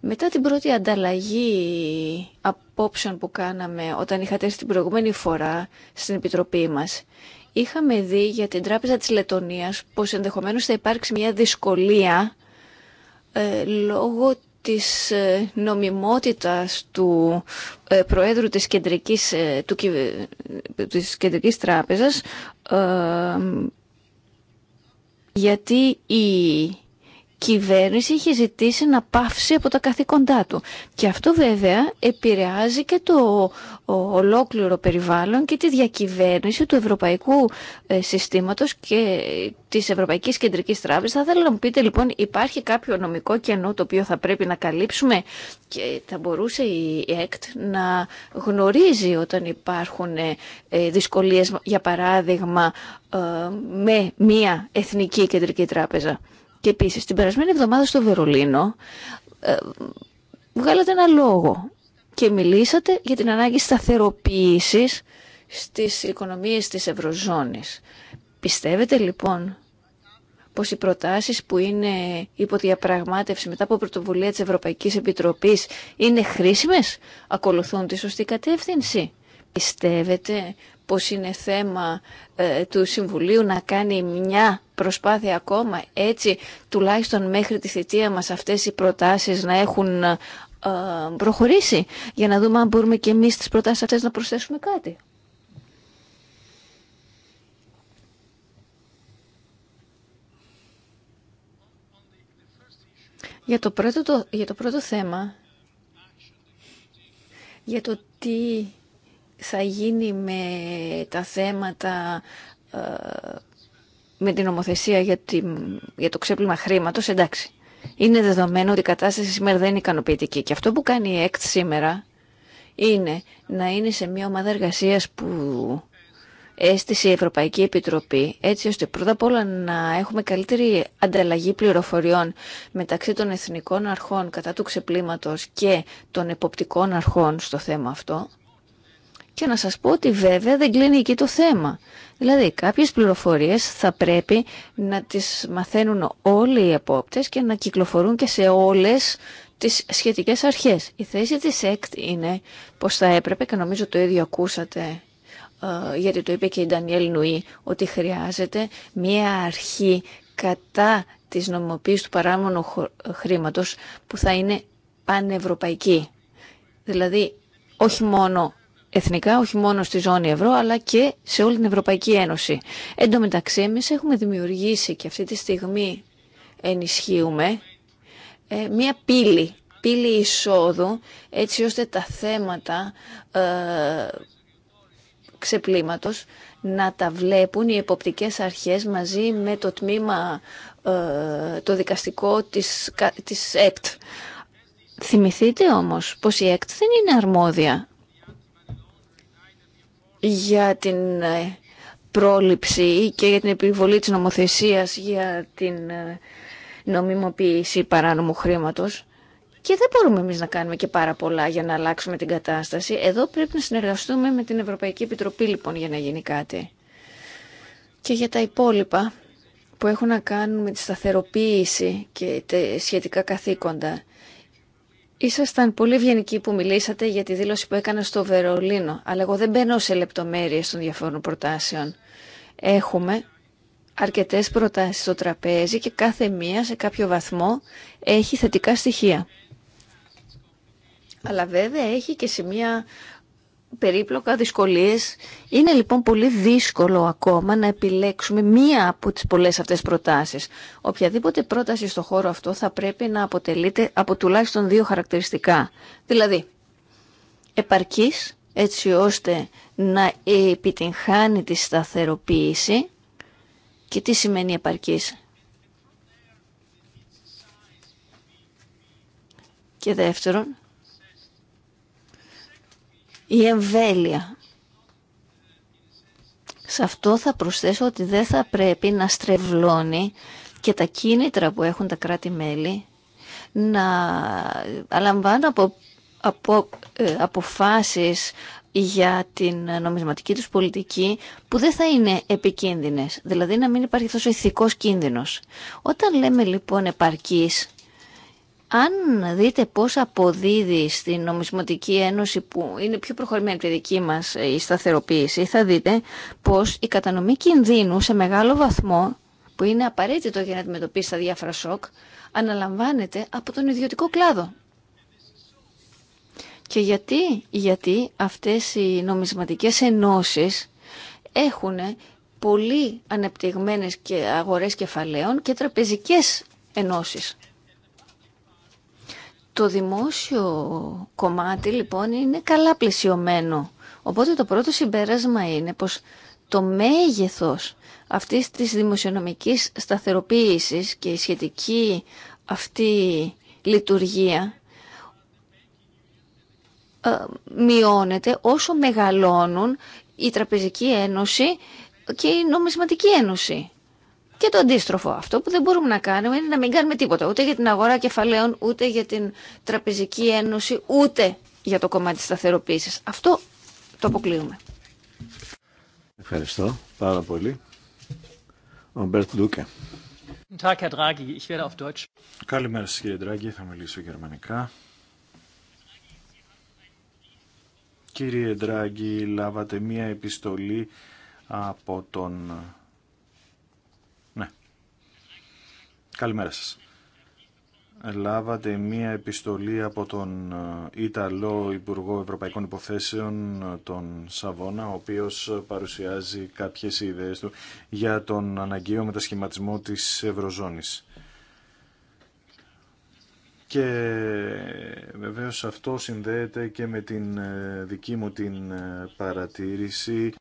μετά την πρώτη ανταλλαγή απόψεων που κάναμε όταν είχατε έρθει την προηγούμενη φορά στην Επιτροπή μας, είχαμε δει για την Τράπεζα της Λετωνίας πως ενδεχομένως θα υπάρξει μια δυσκολία ε, λόγω της ε, νομιμότητας του ε, Προέδρου της Κεντρικής, ε, του, της Κεντρικής Τράπεζας γιατί η κυβέρνηση είχε ζητήσει να πάυσει από τα καθήκοντά του. Και αυτό βέβαια επηρεάζει και το ολόκληρο περιβάλλον και τη διακυβέρνηση του ευρωπαϊκού ε, συστήματος και της Ευρωπαϊκής Κεντρικής Τράπεζας. Θα ήθελα να μου πείτε λοιπόν υπάρχει κάποιο νομικό κενό το οποίο θα πρέπει να καλύψουμε και θα μπορούσε η ΕΚΤ να γνωρίζει όταν υπάρχουν ε, ε, δυσκολίες για παράδειγμα με μία εθνική κεντρική τράπεζα. Και επίσης την περασμένη εβδομάδα στο Βερολίνο ε, βγάλατε ένα λόγο και μιλήσατε για την ανάγκη σταθεροποίησης στις οικονομίες της Ευρωζώνης. Πιστεύετε λοιπόν πως οι προτάσεις που είναι υπό διαπραγμάτευση μετά από πρωτοβουλία της Ευρωπαϊκής Επιτροπής είναι χρήσιμες, ακολουθούν τη σωστή κατεύθυνση. Πιστεύετε πως είναι θέμα ε, του Συμβουλίου να κάνει μια προσπάθεια ακόμα έτσι τουλάχιστον μέχρι τη θητεία μας αυτές οι προτάσεις να έχουν ε, προχωρήσει για να δούμε αν μπορούμε και εμείς τις προτάσεις αυτές να προσθέσουμε κάτι. Για το πρώτο, για το πρώτο θέμα, για το τι θα γίνει με τα θέματα ε, με την νομοθεσία για, για το ξέπλυμα χρήματος, εντάξει. Είναι δεδομένο ότι η κατάσταση σήμερα δεν είναι ικανοποιητική. Και αυτό που κάνει η ΕΚΤ σήμερα είναι να είναι σε μια ομάδα εργασίας που έστησε η Ευρωπαϊκή Επιτροπή, έτσι ώστε πρώτα απ' όλα να έχουμε καλύτερη ανταλλαγή πληροφοριών μεταξύ των εθνικών αρχών κατά του ξεπλήματος και των εποπτικών αρχών στο θέμα αυτό, και να σας πω ότι βέβαια δεν κλείνει εκεί το θέμα. Δηλαδή κάποιες πληροφορίες θα πρέπει να τις μαθαίνουν όλοι οι απόπτες και να κυκλοφορούν και σε όλες τις σχετικές αρχές. Η θέση της ΕΚΤ είναι πως θα έπρεπε, και νομίζω το ίδιο ακούσατε ε, γιατί το είπε και η Ντανιέλ Νουή, ότι χρειάζεται μία αρχή κατά της νομιμοποίησης του παράμονου χρήματος που θα είναι πανευρωπαϊκή. Δηλαδή, όχι μόνο εθνικά, όχι μόνο στη ζώνη ευρώ, αλλά και σε όλη την Ευρωπαϊκή Ένωση. Εν τω μεταξύ, εμεί έχουμε δημιουργήσει και αυτή τη στιγμή ενισχύουμε ε, μία πύλη, πύλη εισόδου, έτσι ώστε τα θέματα ε, ξεπλήματος να τα βλέπουν οι εποπτικές αρχές μαζί με το τμήμα ε, το δικαστικό της, της ΕΚΤ. Θυμηθείτε όμως πως η ΕΚΤ δεν είναι αρμόδια για την ε, πρόληψη και για την επιβολή της νομοθεσίας για την ε, νομιμοποίηση παράνομου χρήματος. Και δεν μπορούμε εμείς να κάνουμε και πάρα πολλά για να αλλάξουμε την κατάσταση. Εδώ πρέπει να συνεργαστούμε με την Ευρωπαϊκή Επιτροπή λοιπόν για να γίνει κάτι. Και για τα υπόλοιπα που έχουν να κάνουν με τη σταθεροποίηση και σχετικά καθήκοντα. Ήσασταν πολύ ευγενικοί που μιλήσατε για τη δήλωση που έκανα στο Βερολίνο, αλλά εγώ δεν μπαίνω σε λεπτομέρειε των διαφόρων προτάσεων. Έχουμε αρκετέ προτάσει στο τραπέζι και κάθε μία σε κάποιο βαθμό έχει θετικά στοιχεία. Αλλά βέβαια έχει και σημεία περίπλοκα δυσκολίες. Είναι λοιπόν πολύ δύσκολο ακόμα να επιλέξουμε μία από τις πολλές αυτές προτάσεις. Οποιαδήποτε πρόταση στο χώρο αυτό θα πρέπει να αποτελείται από τουλάχιστον δύο χαρακτηριστικά. Δηλαδή, επαρκής έτσι ώστε να επιτυγχάνει τη σταθεροποίηση. Και τι σημαίνει επαρκής. Και δεύτερον, η εμβέλεια. Σε αυτό θα προσθέσω ότι δεν θα πρέπει να στρεβλώνει και τα κίνητρα που έχουν τα κράτη-μέλη να αλαμβάνουν από, ε, αποφάσεις για την νομισματική τους πολιτική που δεν θα είναι επικίνδυνες. Δηλαδή να μην υπάρχει τόσο ηθικός κίνδυνος. Όταν λέμε λοιπόν επαρκής αν δείτε πώς αποδίδει στην νομισματική ένωση που είναι πιο προχωρημένη από τη δική μας η σταθεροποίηση, θα δείτε πως η κατανομή κινδύνου σε μεγάλο βαθμό, που είναι απαραίτητο για να αντιμετωπίσει τα διάφορα σοκ, αναλαμβάνεται από τον ιδιωτικό κλάδο. Και γιατί, γιατί αυτές οι νομισματικές ενώσεις έχουν πολύ ανεπτυγμένες και αγορές κεφαλαίων και τραπεζικές ενώσεις. Το δημόσιο κομμάτι λοιπόν είναι καλά πλαισιωμένο. Οπότε το πρώτο συμπέρασμα είναι πως το μέγεθος αυτής της δημοσιονομικής σταθεροποίησης και η σχετική αυτή λειτουργία ε, μειώνεται όσο μεγαλώνουν η Τραπεζική Ένωση και η Νομισματική Ένωση. Και το αντίστροφο. Αυτό που δεν μπορούμε να κάνουμε είναι να μην κάνουμε τίποτα. Ούτε για την αγορά κεφαλαίων, ούτε για την Τραπεζική Ένωση, ούτε για το κομμάτι της σταθεροποίησης. Αυτό το αποκλείουμε. Ευχαριστώ πάρα πολύ. Ο Μπέρτ Καλημέρα σας κύριε Ντράγκη, θα μιλήσω γερμανικά. Κύριε Ντράγκη, λάβατε μία επιστολή από τον Καλημέρα σας. Λάβατε μία επιστολή από τον ε, Ιταλό Υπουργό Ευρωπαϊκών Υποθέσεων, ε, τον Σαβόνα, ο οποίος παρουσιάζει κάποιες ιδέες του για τον αναγκαίο μετασχηματισμό της Ευρωζώνης. Και βεβαίως αυτό συνδέεται και με την ε, δική μου την παρατήρηση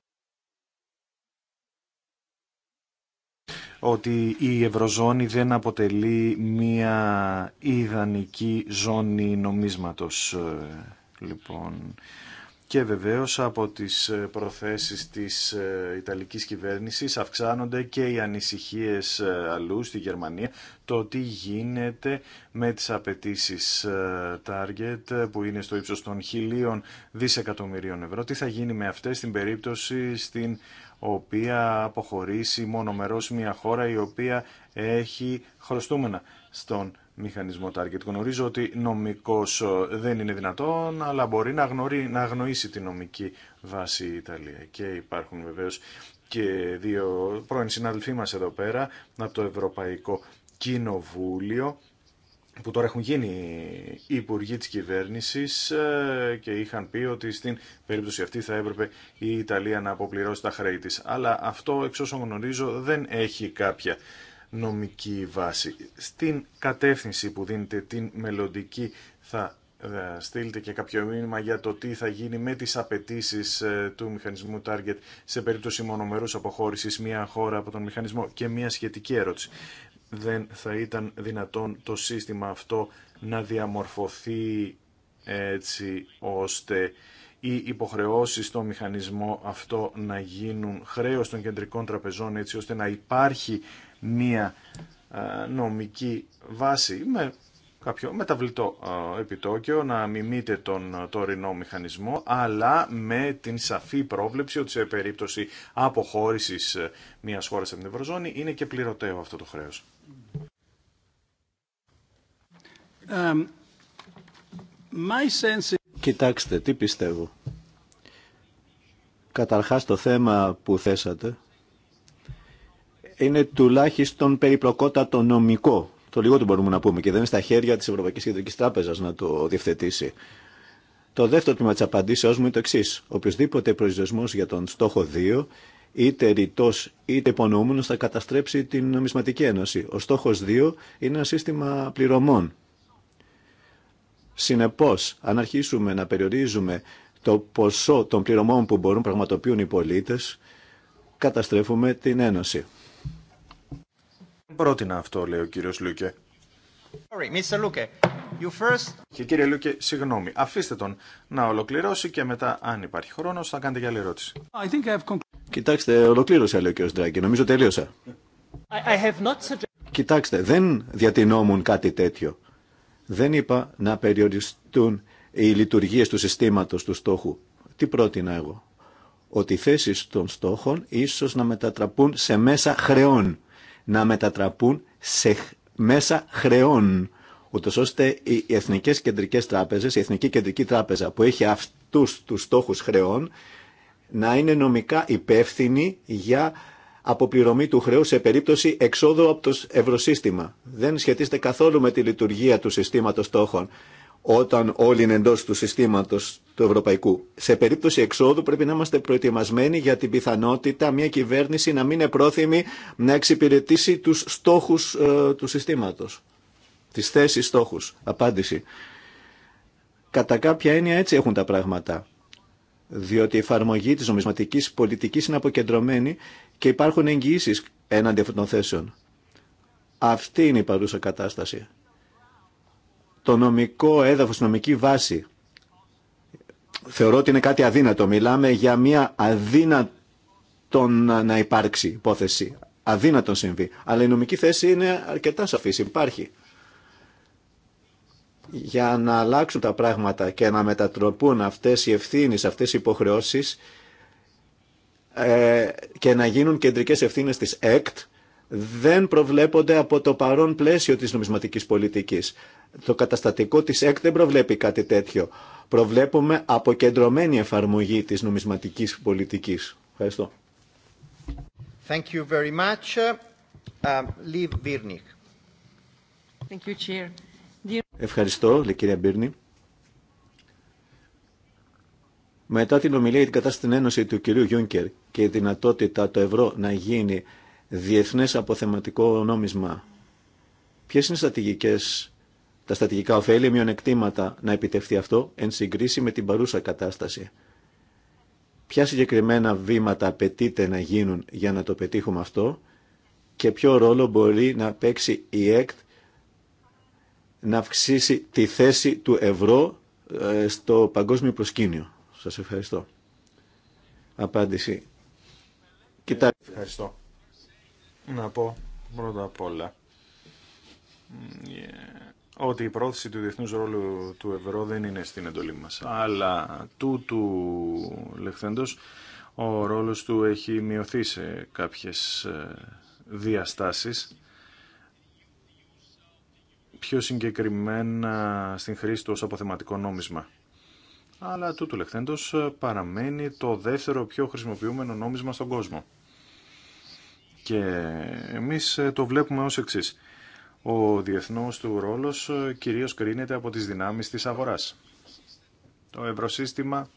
ότι η Ευρωζώνη δεν αποτελεί μία ιδανική ζώνη νομίσματος. Ε, λοιπόν, και βεβαίως από τις ε, προθέσεις της ε, Ιταλικής κυβέρνησης αυξάνονται και οι ανησυχίες ε, αλλού στη Γερμανία το τι γίνεται με τις απαιτήσει target που είναι στο ύψος των χιλίων δισεκατομμυρίων ευρώ. Τι θα γίνει με αυτές στην περίπτωση στην οποία αποχωρήσει μονομερός μια χώρα η οποία έχει χρωστούμενα στον μηχανισμό target. Γνωρίζω ότι νομικός ε, δεν είναι δυνατόν, αλλά μπορεί να, γνωρί, να αγνοήσει τη νομική βάση η Ιταλία. Και υπάρχουν βεβαίως και δύο πρώην συναδελφοί μας εδώ πέρα από το Ευρωπαϊκό Κοινοβούλιο που τώρα έχουν γίνει υπουργοί της κυβέρνησης ε, και είχαν πει ότι στην περίπτωση αυτή θα έπρεπε η Ιταλία να αποπληρώσει τα χρέη της. Αλλά αυτό, εξ όσων γνωρίζω, δεν έχει κάποια νομική βάση. Στην κατεύθυνση που δίνετε την μελλοντική θα ε, στείλετε και κάποιο μήνυμα για το τι θα γίνει με τις απαιτήσει ε, του μηχανισμού Target σε περίπτωση μονομερούς αποχώρησης μια χώρα από τον μηχανισμό και μια σχετική ερώτηση. Δεν θα ήταν δυνατόν το σύστημα αυτό να διαμορφωθεί έτσι ώστε οι υποχρεώσει στο μηχανισμό αυτό να γίνουν χρέο των κεντρικών τραπεζών έτσι ώστε να υπάρχει μία νομική βάση με κάποιο μεταβλητό επιτόκιο να μιμείτε τον τωρινό μηχανισμό αλλά με την σαφή πρόβλεψη ότι σε περίπτωση αποχώρησης ε, μιας χώρας από την Ευρωζώνη είναι και πληρωτέο αυτό το χρέος. my sense... Κοιτάξτε, τι πιστεύω. Καταρχάς το θέμα που θέσατε είναι τουλάχιστον περιπλοκότατο νομικό. Το λιγότερο μπορούμε να πούμε και δεν είναι στα χέρια τη Ευρωπαϊκή Κεντρική Τράπεζα να το διευθετήσει. Το δεύτερο τμήμα τη απαντήσεώ μου είναι το εξή. Οποιοδήποτε προσδιορισμό για τον στόχο 2, είτε ρητό είτε υπονοούμενο, θα καταστρέψει την νομισματική ένωση. Ο στόχο 2 είναι ένα σύστημα πληρωμών. Συνεπώ, αν αρχίσουμε να περιορίζουμε το ποσό των πληρωμών που μπορούν να πραγματοποιούν οι πολίτε, καταστρέφουμε την ένωση πρότεινα αυτό, λέει ο κύριος Λούκε. Sorry, Mr. You first... Και κύριε Λούκε, συγγνώμη, αφήστε τον να ολοκληρώσει και μετά, αν υπάρχει χρόνο, θα κάνετε για άλλη ερώτηση. I think I have... Κοιτάξτε, ολοκλήρωσε, λέει ο κύριος Ντράγκη. Νομίζω τελείωσα. I, I have not... Κοιτάξτε, δεν διατηνόμουν κάτι τέτοιο. Δεν είπα να περιοριστούν οι λειτουργίες του συστήματος του στόχου. Τι πρότεινα εγώ. Ότι οι θέσεις των στόχων ίσως να μετατραπούν σε μέσα χρεών να μετατραπούν σε μέσα χρεών, ούτως ώστε οι εθνικές κεντρικές τράπεζες, η Εθνική Κεντρική Τράπεζα που έχει αυτούς τους στόχους χρεών, να είναι νομικά υπεύθυνη για αποπληρωμή του χρέου σε περίπτωση εξόδου από το ευρωσύστημα. Δεν σχετίζεται καθόλου με τη λειτουργία του συστήματος στόχων όταν όλοι είναι εντός του συστήματος του ευρωπαϊκού. Σε περίπτωση εξόδου πρέπει να είμαστε προετοιμασμένοι για την πιθανότητα μια κυβέρνηση να μην είναι πρόθυμη να εξυπηρετήσει τους στόχους ε, του συστήματος. Τις θέσεις στόχους. Απάντηση. Κατά κάποια έννοια έτσι έχουν τα πράγματα. Διότι η εφαρμογή της νομισματικής πολιτικής είναι αποκεντρωμένη και υπάρχουν εγγυήσεις έναντι αυτών των θέσεων. Αυτή είναι η παρούσα κατάσταση το νομικό έδαφος, νομική βάση. Θεωρώ ότι είναι κάτι αδύνατο. Μιλάμε για μια αδύνατον να υπάρξει υπόθεση. Αδύνατον συμβεί. Αλλά η νομική θέση είναι αρκετά σαφή, Υπάρχει. Για να αλλάξουν τα πράγματα και να μετατροπούν αυτές οι ευθύνες, αυτές οι υποχρεώσεις ε, και να γίνουν κεντρικές ευθύνες της ΕΚΤ, δεν προβλέπονται από το παρόν πλαίσιο της νομισματικής πολιτικής το καταστατικό της ΕΚ δεν προβλέπει κάτι τέτοιο. Προβλέπουμε αποκεντρωμένη εφαρμογή της νομισματικής πολιτικής. Ευχαριστώ. Thank you very much. Uh, Thank you, Ευχαριστώ, λέει κυρία Μπίρνη. Μετά την ομιλία για την κατάσταση στην Ένωση του κυρίου Γιούνκερ και η δυνατότητα το ευρώ να γίνει διεθνές αποθεματικό νόμισμα, ποιες είναι οι στρατηγικές τα στατηγικά ωφέλη, μειονεκτήματα να επιτευχθεί αυτό εν συγκρίση με την παρούσα κατάσταση. Ποια συγκεκριμένα βήματα απαιτείται να γίνουν για να το πετύχουμε αυτό και ποιο ρόλο μπορεί να παίξει η ΕΚΤ να αυξήσει τη θέση του ευρώ ε, στο παγκόσμιο προσκήνιο. Σας ευχαριστώ. Απάντηση. Κοιτάξτε. Ευχαριστώ. Να πω πρώτα απ' όλα ότι η πρόθεση του διεθνούς ρόλου του ευρώ δεν είναι στην εντολή μας. Αλλά τούτου λεχθέντος ο ρόλος του έχει μειωθεί σε κάποιες ε, διαστάσεις. Πιο συγκεκριμένα στην χρήση του ως αποθεματικό νόμισμα. Αλλά τούτου λεχθέντος ε, παραμένει το δεύτερο πιο χρησιμοποιούμενο νόμισμα στον κόσμο. Και εμείς ε, το βλέπουμε ως εξής ο διεθνός του ρόλος ε, κυρίως κρίνεται από τις δυνάμεις της αγοράς. Το ευρωσύστημα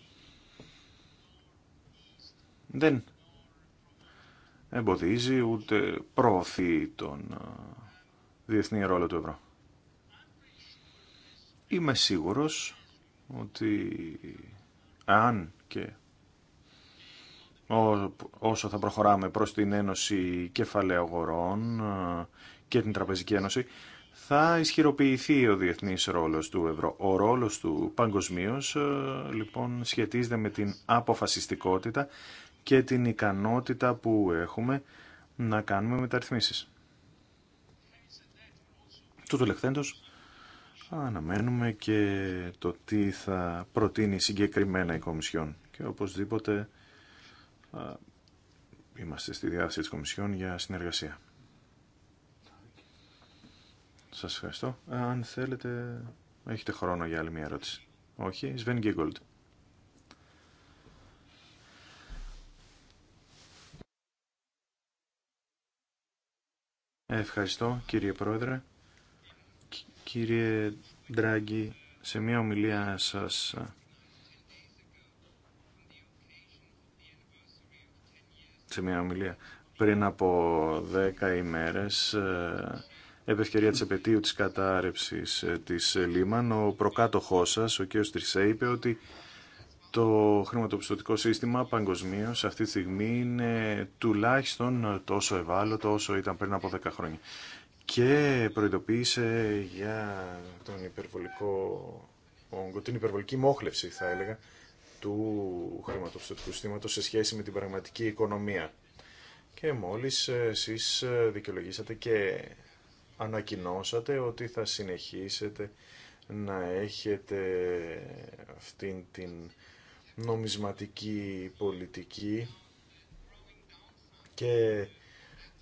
δεν εμποδίζει ούτε προωθεί τον ε, διεθνή ρόλο του ευρώ. Είμαι σίγουρος ότι αν και όσο θα προχωράμε προς την Ένωση Κεφαλαίου Αγορών ε, και την Τραπεζική Ένωση, θα ισχυροποιηθεί ο διεθνής ρόλος του ευρώ. Ο ρόλος του παγκοσμίω ε, λοιπόν σχετίζεται με την αποφασιστικότητα και την ικανότητα που έχουμε να κάνουμε μεταρρυθμίσει. Του τελευταίντος αναμένουμε και το τι θα προτείνει συγκεκριμένα η Κομισιόν και οπωσδήποτε ε, είμαστε στη διάθεση της Κομισιόν για συνεργασία. Σας ευχαριστώ. Αν θέλετε, έχετε χρόνο για άλλη μια ερώτηση. Όχι, Σβέν Γκίγκολτ. Ευχαριστώ κύριε Πρόεδρε. Κύριε Ντράγκη, σε μια ομιλία σας σε μια ομιλία πριν από δέκα ημέρες ε, επευκαιρία τη επαιτίου τη κατάρρευση ε, τη ε, Λίμαν, ο προκάτοχό σα, ο κ. Τρισέ, είπε ότι το χρηματοπιστωτικό σύστημα παγκοσμίω αυτή τη στιγμή είναι τουλάχιστον τόσο ευάλωτο όσο ήταν πριν από 10 χρόνια. Και προειδοποίησε για τον υπερβολικό όγκο, την υπερβολική μόχλευση θα έλεγα, του χρηματοπιστωτικού συστήματο σε σχέση με την πραγματική οικονομία. Και μόλις ε, εσείς δικαιολογήσατε και ανακοινώσατε ότι θα συνεχίσετε να έχετε αυτήν την νομισματική πολιτική και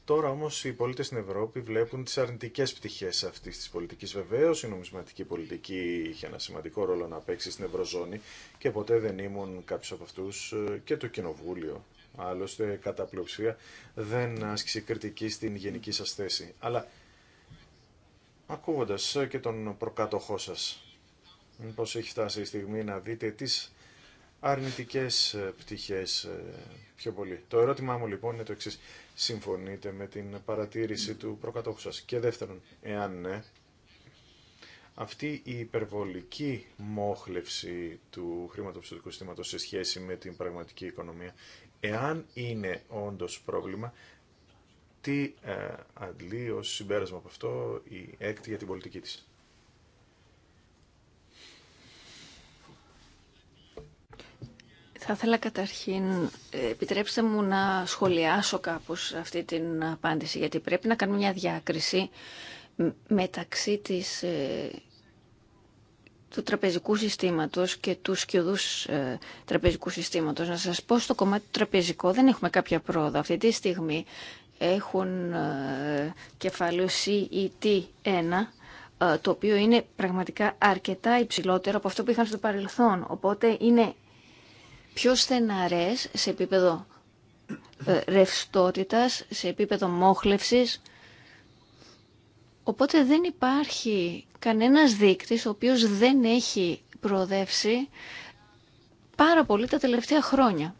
τώρα όμως οι πολίτες στην Ευρώπη βλέπουν τις αρνητικές πτυχές αυτής της πολιτικής. Βεβαίως η νομισματική πολιτική είχε ένα σημαντικό ρόλο να παίξει στην Ευρωζώνη και ποτέ δεν ήμουν κάποιος από αυτούς και το Κοινοβούλιο. Άλλωστε κατά πλειοψηφία δεν άσκησε κριτική στην γενική σας θέση. Αλλά ακούγοντας ε, και τον προκάτοχό σας. Μήπως έχει φτάσει η στιγμή να δείτε τις αρνητικές ε, πτυχές ε, πιο πολύ. Το ερώτημά μου λοιπόν είναι το εξής. Συμφωνείτε με την παρατήρηση του προκατόχου σας. Και δεύτερον, εάν ναι, αυτή η υπερβολική μόχλευση του χρηματοπιστωτικού συστήματος σε σχέση με την πραγματική οικονομία, εάν είναι όντως πρόβλημα, τι ε, αντλεί ως συμπέρασμα από αυτό η έκτη για την πολιτική της. Θα ήθελα καταρχήν, ε, επιτρέψτε μου να σχολιάσω κάπως αυτή την απάντηση, γιατί πρέπει να κάνουμε μια διάκριση μεταξύ της, ε, του τραπεζικού συστήματος και του σκιωδούς τραπεζικού συστήματος. Να σας πω, στο κομμάτι του τραπεζικό δεν έχουμε κάποια πρόοδο. Αυτή τη στιγμή έχουν ε, κεφάλαιο CET1, ε, το οποίο είναι πραγματικά αρκετά υψηλότερο από αυτό που είχαν στο παρελθόν. Οπότε είναι πιο στεναρές σε επίπεδο ε, ρευστότητας, σε επίπεδο μόχλευσης. Οπότε δεν υπάρχει κανένας δείκτης ο οποίος δεν έχει προοδεύσει πάρα πολύ τα τελευταία χρόνια.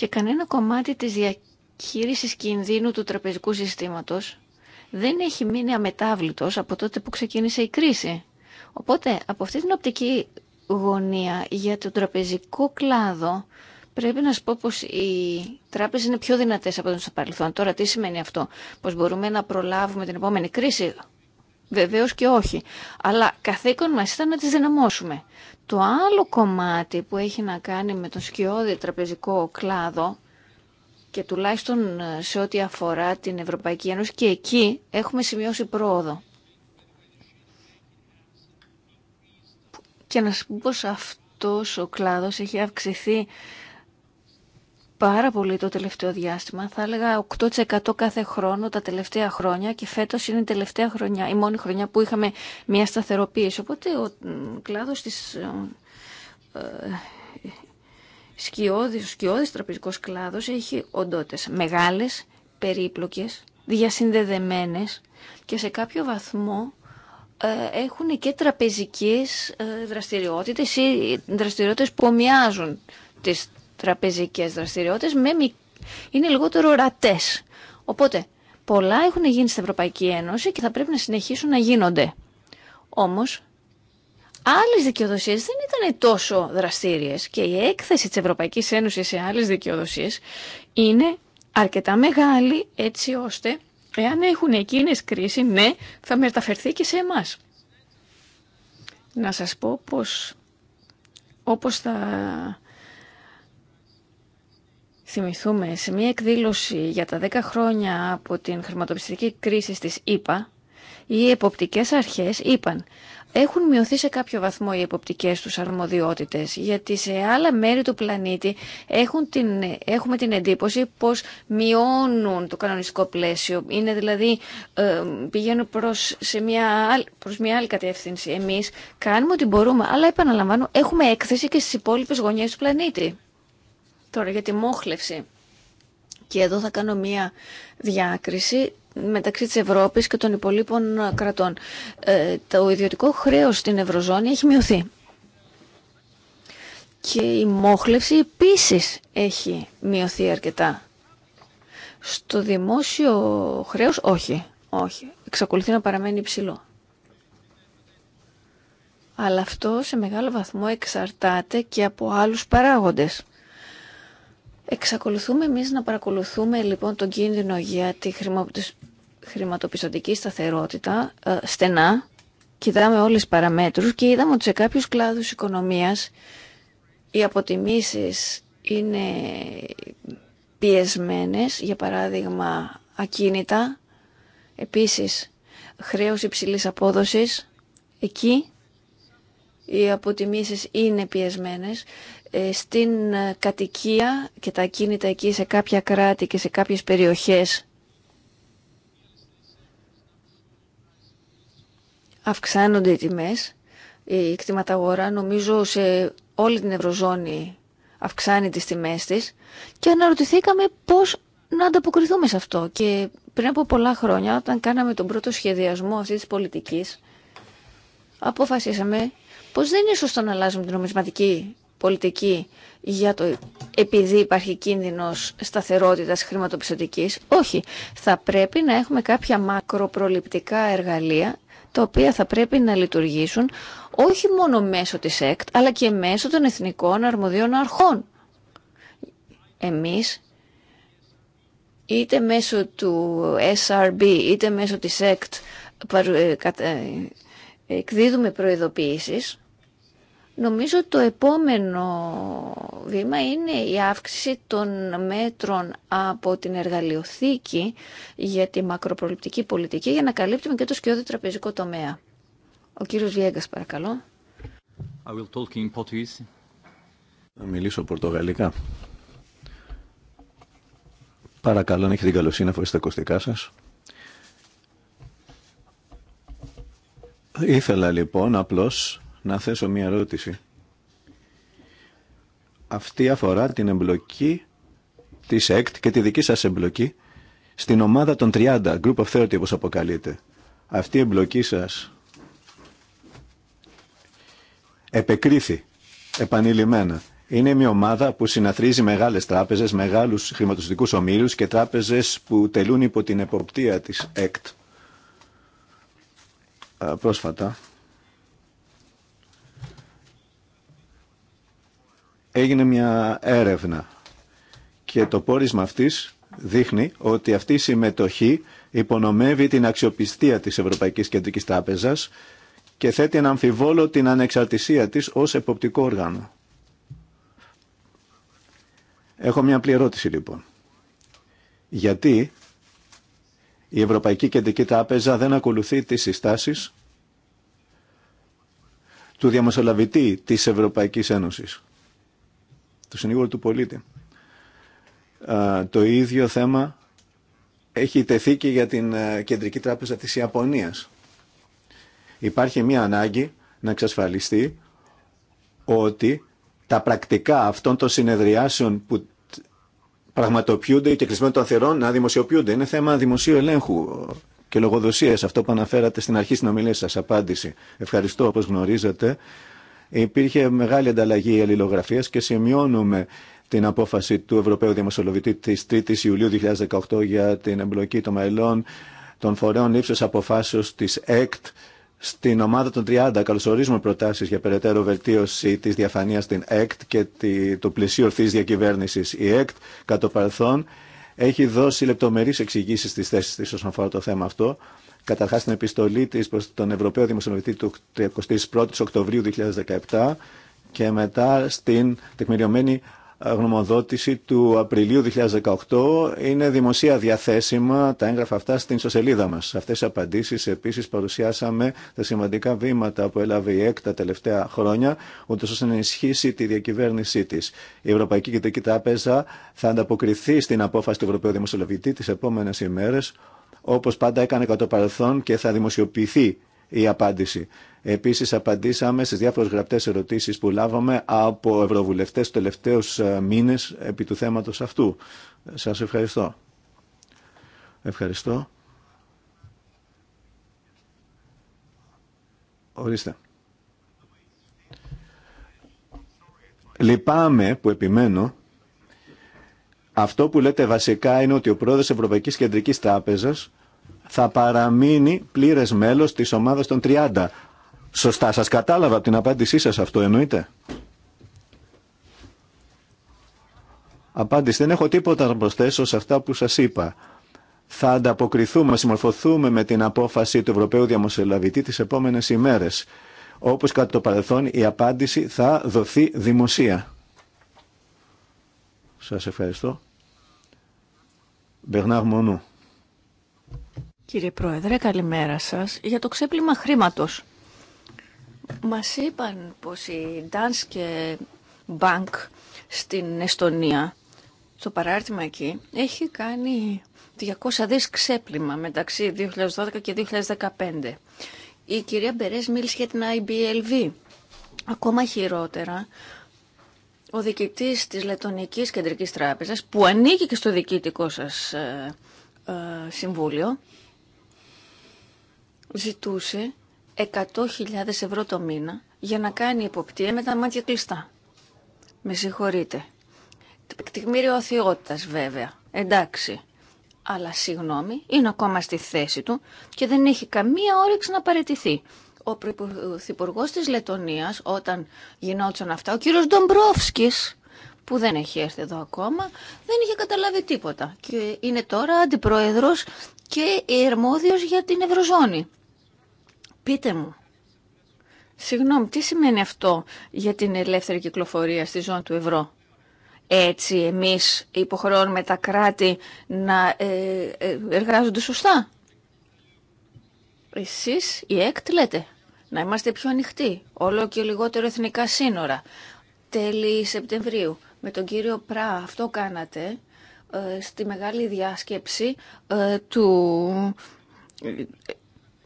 και κανένα κομμάτι της διαχείρισης κινδύνου του τραπεζικού συστήματος δεν έχει μείνει αμετάβλητος από τότε που ξεκίνησε η κρίση. Οπότε, από αυτή την οπτική γωνία για τον τραπεζικό κλάδο, πρέπει να σου πω πως οι τράπεζες είναι πιο δυνατές από τον στο παρελθόν. Τώρα τι σημαίνει αυτό, πως μπορούμε να προλάβουμε την επόμενη κρίση. Βεβαίως και όχι. Αλλά καθήκον μα ήταν να τις δυναμώσουμε. Το άλλο κομμάτι που έχει να κάνει με τον σκιώδη τραπεζικό κλάδο και τουλάχιστον ε, σε ό,τι αφορά την Ευρωπαϊκή Ένωση και εκεί έχουμε σημειώσει πρόοδο. Και να σας πω πως αυτός ο κλάδος έχει αυξηθεί πάρα πολύ το τελευταίο διάστημα. Θα έλεγα 8% κάθε χρόνο τα τελευταία χρόνια και φέτο είναι η τελευταία χρονιά, η μόνη χρονιά που είχαμε μια σταθεροποίηση. Οπότε ο κλάδος της ε, ε, σκιώδης, ο σκιώδης τραπεζικός κλάδος έχει οντότητε μεγάλες, περίπλοκες, διασυνδεδεμένες και σε κάποιο βαθμό ε, έχουν και τραπεζικές δραστηριότητες ή δραστηριότητες που ομοιάζουν τις τραπεζικές δραστηριότητες με είναι λιγότερο ορατέ. Οπότε, πολλά έχουν γίνει στην Ευρωπαϊκή Ένωση και θα πρέπει να συνεχίσουν να γίνονται. Όμως, άλλες δικαιοδοσίες δεν ήταν τόσο δραστήριες και η έκθεση της Ευρωπαϊκής Ένωσης σε άλλες δικαιοδοσίες είναι αρκετά μεγάλη έτσι ώστε εάν έχουν εκείνες κρίση, ναι, θα μεταφερθεί και σε εμά. Να σας πω πως όπως θα θυμηθούμε σε μια εκδήλωση για τα 10 χρόνια από την χρηματοπιστική κρίση της ΕΠΑ, οι εποπτικές αρχές είπαν έχουν μειωθεί σε κάποιο βαθμό οι εποπτικές τους αρμοδιότητες, γιατί σε άλλα μέρη του πλανήτη έχουν την, έχουμε την εντύπωση πως μειώνουν το κανονιστικό πλαίσιο. Είναι δηλαδή, ε, πηγαίνουν προς, σε μια, προς μια άλλη κατεύθυνση. Εμείς κάνουμε ό,τι μπορούμε, αλλά επαναλαμβάνω, έχουμε έκθεση και στις υπόλοιπε γωνιές του πλανήτη. Τώρα για τη μόχλευση. Και εδώ θα κάνω μία διάκριση μεταξύ της Ευρώπης και των υπολείπων κρατών. Ε, το ιδιωτικό χρέος στην Ευρωζώνη έχει μειωθεί. Και η μόχλευση επίσης έχει μειωθεί αρκετά. Στο δημόσιο χρέος όχι, όχι. Εξακολουθεί να παραμένει υψηλό. Αλλά αυτό σε μεγάλο βαθμό εξαρτάται και από άλλους παράγοντες. Εξακολουθούμε εμείς να παρακολουθούμε λοιπόν τον κίνδυνο για τη χρηματοπιστωτική σταθερότητα ε, στενά. Κοιτάμε όλες τις παραμέτρους και είδαμε ότι σε κάποιους κλάδους οικονομίας οι αποτιμήσεις είναι πιεσμένες, για παράδειγμα ακίνητα, επίσης χρέος υψηλής απόδοσης, εκεί οι αποτιμήσεις είναι πιεσμένες ε, στην ε, κατοικία και τα κίνητα εκεί σε κάποια κράτη και σε κάποιες περιοχές αυξάνονται οι τιμές. Η κτηματαγορά νομίζω σε όλη την Ευρωζώνη αυξάνει τις τιμές της και αναρωτηθήκαμε πώς να ανταποκριθούμε σε αυτό. Και πριν από πολλά χρόνια όταν κάναμε τον πρώτο σχεδιασμό αυτής της πολιτικής αποφασίσαμε πως δεν είναι σωστό να αλλάζουμε την νομισματική πολιτική για το επειδή υπάρχει κίνδυνος σταθερότητας χρηματοπιστωτικής. Όχι, θα πρέπει να έχουμε κάποια μακροπροληπτικά εργαλεία τα οποία θα πρέπει να λειτουργήσουν όχι μόνο μέσω της ΕΚΤ αλλά και μέσω των εθνικών αρμοδίων αρχών. Εμείς είτε μέσω του SRB είτε μέσω της ΕΚΤ ε, ε, εκδίδουμε προειδοποιήσεις Νομίζω το επόμενο βήμα είναι η αύξηση των μέτρων από την εργαλειοθήκη για τη μακροπροληπτική πολιτική για να καλύπτουμε και το σκιώδη τραπεζικό τομέα. Ο κύριος Βιέγκας παρακαλώ. I will talk in Θα μιλήσω πορτογαλικά. Παρακαλώ, να έχετε την καλοσύνη να φορέσετε ακουστικά σας. Ήθελα λοιπόν απλώς να θέσω μία ερώτηση. Αυτή αφορά την εμπλοκή της ΕΚΤ και τη δική σας εμπλοκή στην ομάδα των 30, Group of 30 όπως αποκαλείται. Αυτή η εμπλοκή σας επεκρίθη επανειλημμένα. Είναι μια ομάδα που συναθρίζει μεγάλες τράπεζες, μεγάλους χρηματοστικούς ομίλους και τράπεζες που τελούν υπό την εποπτεία της ΕΚΤ. Πρόσφατα έγινε μια έρευνα και το πόρισμα αυτής δείχνει ότι αυτή η συμμετοχή υπονομεύει την αξιοπιστία της Ευρωπαϊκής Κεντρικής Τράπεζας και θέτει ένα αμφιβόλο την ανεξαρτησία της ως εποπτικό όργανο. Έχω μια απλή ερώτηση λοιπόν. Γιατί η Ευρωπαϊκή Κεντρική Τράπεζα δεν ακολουθεί τις συστάσεις του διαμεσολαβητή της Ευρωπαϊκής Ένωσης του συνήγορου του πολίτη. Το ίδιο θέμα έχει τεθεί και για την ε, Κεντρική Τράπεζα της Ιαπωνίας. Υπάρχει μια ανάγκη να εξασφαλιστεί ότι τα πρακτικά αυτών των συνεδριάσεων που πραγματοποιούνται και κλεισμένων των θερών να δημοσιοποιούνται. Είναι θέμα δημοσίου ελέγχου και λογοδοσίας. αυτό που αναφέρατε στην αρχή στην ομιλία σας. απάντηση. Ευχαριστώ, όπως γνωρίζετε, Υπήρχε μεγάλη ανταλλαγή αλληλογραφία και σημειώνουμε την απόφαση του Ευρωπαίου Διαμεσολογητή τη 3 η Ιουλίου 2018 για την εμπλοκή των μελών των φορέων ύψο αποφάσεω τη ΕΚΤ στην ομάδα των 30 καλωσορίζουμε προτάσει για περαιτέρω βελτίωση τη διαφανεία στην ΕΚΤ και το πλαισίο ορθή διακυβέρνηση. Η ΕΚΤ, κατά παρελθόν, έχει δώσει λεπτομερεί εξηγήσει στι θέσει τη όσον αφορά το θέμα αυτό. Καταρχά, στην επιστολή τη προ τον Ευρωπαίο Δημοσιονομητή του 31 Οκτωβρίου 2017 και μετά στην τεκμηριωμένη ε, γνωμοδότηση του Απριλίου 2018 είναι δημοσία διαθέσιμα τα έγγραφα αυτά στην ισοσελίδα μας. Σε αυτές τις απαντήσεις επίσης παρουσιάσαμε τα σημαντικά βήματα που έλαβε η ΕΚ τα τελευταία χρόνια ούτω ώστε να ενισχύσει τη διακυβέρνησή της. Η Ευρωπαϊκή Κεντρική Τράπεζα θα ανταποκριθεί στην απόφαση του Ευρωπαίου Δημοσιολογητή τις επόμενες ημέρες όπως πάντα έκανε κατά το παρελθόν και θα δημοσιοποιηθεί η απάντηση. Επίσης απαντήσαμε στις διάφορες γραπτές ερωτήσεις που λάβαμε από ευρωβουλευτές του τελευταίους ε, μήνες επί του θέματος αυτού. Σας ευχαριστώ. Ευχαριστώ. Ορίστε. Λυπάμαι που επιμένω αυτό που λέτε βασικά είναι ότι ο πρόεδρος Ευρωπαϊκής Κεντρικής Τράπεζας θα παραμείνει πλήρες μέλος της ομάδας των 30. Σωστά, σας κατάλαβα από την απάντησή σας αυτό εννοείτε. Απάντηση, δεν έχω τίποτα να προσθέσω σε αυτά που σας είπα. Θα ανταποκριθούμε, συμμορφωθούμε με την απόφαση του Ευρωπαίου Διαμοσολαβητή τις επόμενες ημέρες. Όπως κατά το παρελθόν η απάντηση θα δοθεί δημοσία. Σας ευχαριστώ. Μπερνάρ Μονού. Κύριε Πρόεδρε, καλημέρα σας. Για το ξέπλυμα χρήματος. Μας είπαν πως η Danske Bank στην Εστονία, στο παράρτημα εκεί, έχει κάνει 200 δις ξέπλυμα μεταξύ 2012 και 2015. Η κυρία Μπερές μίλησε για την IBLV. Ακόμα χειρότερα, ο διοικητή τη Λετωνική Κεντρική Τράπεζα που ανήκει και στο διοικητικό σας ε, ε, συμβούλιο, ζητούσε 100.000 ευρώ το μήνα για να κάνει υποπτία με τα μάτια κλειστά. Με συγχωρείτε. Τεκμήριο βέβαια. Εντάξει. Αλλά συγγνώμη, είναι ακόμα στη θέση του και δεν έχει καμία όρεξη να παραιτηθεί ο Πρωθυπουργό της Λετωνία, όταν γινόντουσαν αυτά, ο κύριος Ντομπρόφσκης, που δεν έχει έρθει εδώ ακόμα, δεν είχε καταλάβει τίποτα. Και είναι τώρα αντιπρόεδρο και ερμόδιο για την Ευρωζώνη. Πείτε μου, συγγνώμη, τι σημαίνει αυτό για την ελεύθερη κυκλοφορία στη ζώνη του ευρώ. Έτσι εμείς υποχρεώνουμε τα κράτη να ε, ε, εργάζονται σωστά. Εσείς, η ΕΚΤ λέτε, να είμαστε πιο ανοιχτοί, όλο και λιγότερο εθνικά σύνορα. Τέλη Σεπτεμβρίου, με τον κύριο Πρά, αυτό κάνατε ε, στη μεγάλη διάσκεψη ε, του ε,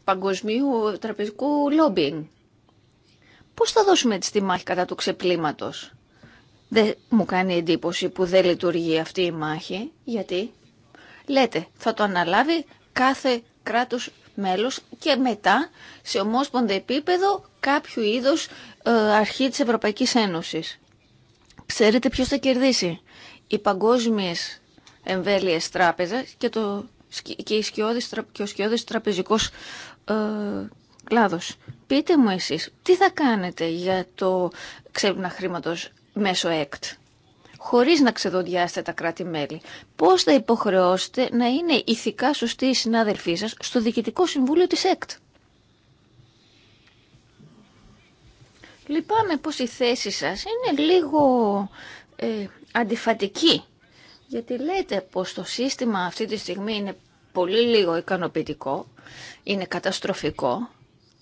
παγκοσμίου τραπεζικού λόμπινγκ. Πώς θα δώσουμε τη μάχη κατά του ξεπλήματος. Δεν μου κάνει εντύπωση που δεν λειτουργεί αυτή η μάχη, γιατί λέτε θα το αναλάβει κάθε κράτους μέλος και μετά σε ομόσπονδε επίπεδο κάποιου είδους ε, αρχή της Ευρωπαϊκής Ένωσης. Ξέρετε ποιος θα κερδίσει. Οι παγκόσμιες εμβέλειες τραπεζα και, το, και, και ο σκιώδης τραπεζικός ε, κλάδος. Πείτε μου εσείς, τι θα κάνετε για το ξέπνα χρήματος μέσω ΕΚΤ χωρίς να ξεδοντιάσετε τα κράτη-μέλη. Πώς θα υποχρεώσετε να είναι ηθικά σωστοί οι συνάδελφοί σας στο Διοικητικό Συμβούλιο της ΕΚΤ. Λυπάμαι πως η θέση σας είναι λίγο ε, αντιφατική. Γιατί λέτε πως το σύστημα αυτή τη στιγμή είναι πολύ λίγο ικανοποιητικό, είναι καταστροφικό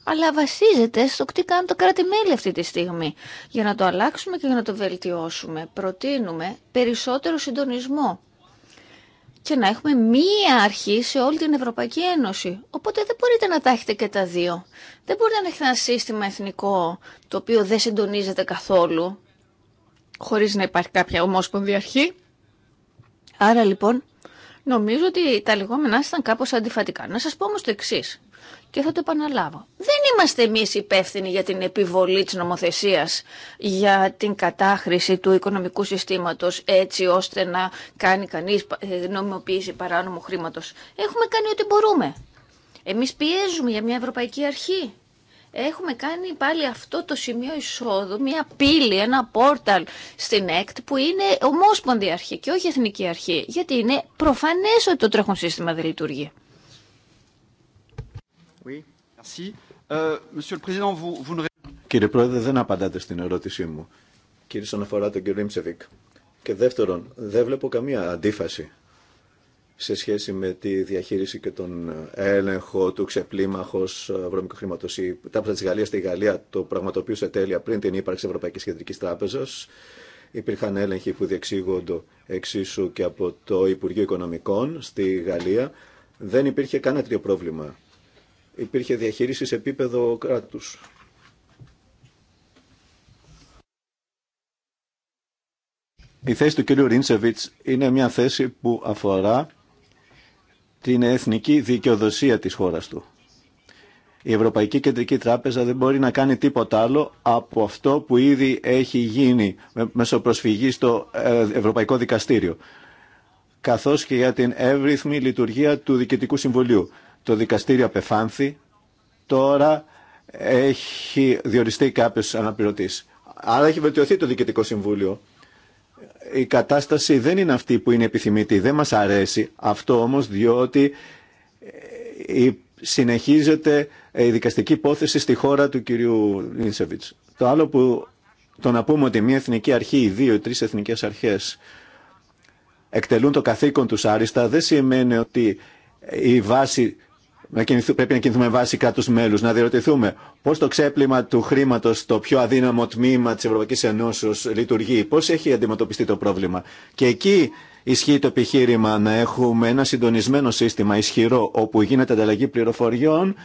αλλά βασίζεται στο τι κάνουν το κράτη-μέλη αυτή τη στιγμή. Για να το αλλάξουμε και για να το βελτιώσουμε, προτείνουμε περισσότερο συντονισμό και να έχουμε μία αρχή σε όλη την Ευρωπαϊκή Ένωση. Οπότε δεν μπορείτε να τα έχετε και τα δύο. Δεν μπορείτε να έχετε ένα σύστημα εθνικό το οποίο δεν συντονίζεται καθόλου, χωρίς να υπάρχει κάποια ομόσπονδη αρχή. Άρα λοιπόν, νομίζω ότι τα λεγόμενά ήταν κάπως αντιφατικά. Να σας πω όμως το εξής και θα το επαναλάβω. Δεν είμαστε εμείς υπεύθυνοι για την επιβολή της νομοθεσίας, για την κατάχρηση του οικονομικού συστήματος έτσι ώστε να κάνει κανείς ε, νομιμοποίηση παράνομου χρήματος. Έχουμε κάνει ό,τι μπορούμε. Εμείς πιέζουμε για μια ευρωπαϊκή αρχή. Έχουμε κάνει πάλι αυτό το σημείο εισόδου, μια πύλη, ένα πόρταλ στην ΕΚΤ που είναι ομόσπονδη αρχή και όχι εθνική αρχή. Γιατί είναι προφανές ότι το τρέχον σύστημα δεν λειτουργεί. Euh, Κύριε Πρόεδρε, δεν απαντάτε στην ερώτησή μου. Κύριε αφορά τον κύριο Ιμψεβικ. Και δεύτερον, δεν βλέπω καμία αντίφαση σε σχέση με τη διαχείριση και τον έλεγχο του ξεπλήμαχο βρώμικου χρήματο. Η τάπεζα τη Γαλλία στη Γαλλία το πραγματοποιούσε τέλεια πριν την ύπαρξη Ευρωπαϊκή Κεντρική Τράπεζα. Υπήρχαν έλεγχοι που διεξήγονται εξίσου και από το Υπουργείο Οικονομικών στη Γαλλία. Δεν υπήρχε κανένα τέτοιο πρόβλημα υπήρχε διαχείριση σε επίπεδο κράτους. Η θέση του κ. Ρίντσεβιτς είναι μια θέση που αφορά την εθνική δικαιοδοσία της χώρας του. Η Ευρωπαϊκή Κεντρική Τράπεζα δεν μπορεί να κάνει τίποτα άλλο από αυτό που ήδη έχει γίνει μέσω προσφυγή στο ε, Ευρωπαϊκό Δικαστήριο καθώς και για την εύρυθμη λειτουργία του Διοικητικού Συμβουλίου. Το δικαστήριο απεφάνθη. Τώρα έχει διοριστεί κάποιος αναπληρωτής. Άρα έχει βελτιωθεί το Διοικητικό Συμβούλιο. Η κατάσταση δεν είναι αυτή που είναι επιθυμητή, δεν μας αρέσει. Αυτό όμως διότι ε, συνεχίζεται ε, η δικαστική υπόθεση στη χώρα του κυρίου Λίνσεβιτς. Το άλλο που το να πούμε ότι μια εθνική αρχή ή δύο ή τρεις εθνικές αρχές εκτελούν το καθήκον τους άριστα δεν σημαίνει ότι η βάση πρέπει να κινηθούμε βάσει κράτου μέλου, να διερωτηθούμε πώ το ξέπλυμα του χρήματο, το πιο αδύναμο τμήμα τη Ευρωπαϊκή Ενώσεω, λειτουργεί, πώ έχει αντιμετωπιστεί το πρόβλημα. Και εκεί ισχύει το επιχείρημα να έχουμε ένα συντονισμένο σύστημα ισχυρό, όπου γίνεται ανταλλαγή πληροφοριών.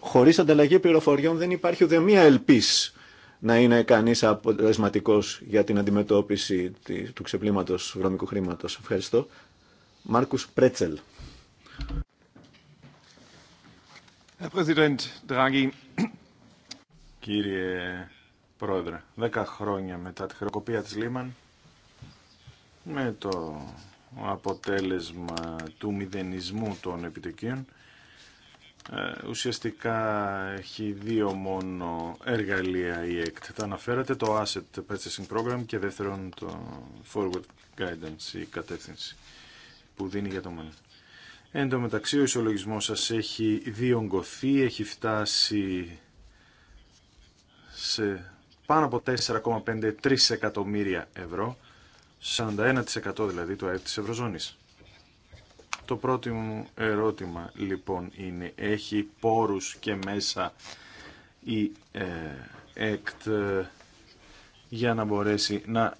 Χωρί ανταλλαγή πληροφοριών δεν υπάρχει ούτε μία ελπή να είναι κανεί αποτελεσματικό για την αντιμετώπιση του ξεπλήματο βρωμικού χρήματο. Ευχαριστώ. Μάρκους Πρέτσελ. Κύριε Πρόεδρε, δέκα χρόνια μετά τη χρεοκοπία της Λίμαν, με το αποτέλεσμα του μηδενισμού των επιτοκίων, ε, ουσιαστικά έχει δύο μόνο εργαλεία η ΕΚΤ. Τα αναφέρατε το Asset Purchasing Program και δεύτερον το Forward Guidance, η κατεύθυνση που δίνει για το μέλλον. Εν τω μεταξύ ο ισολογισμός σας έχει διονγκωθεί, έχει φτάσει σε πάνω από 4,53 εκατομμύρια ευρώ, 41% δηλαδή του ΑΕΠ της Ευρωζώνης. Το πρώτο μου ερώτημα λοιπόν είναι, έχει πόρους και μέσα η ε, ΕΚΤ ε, για να μπορέσει να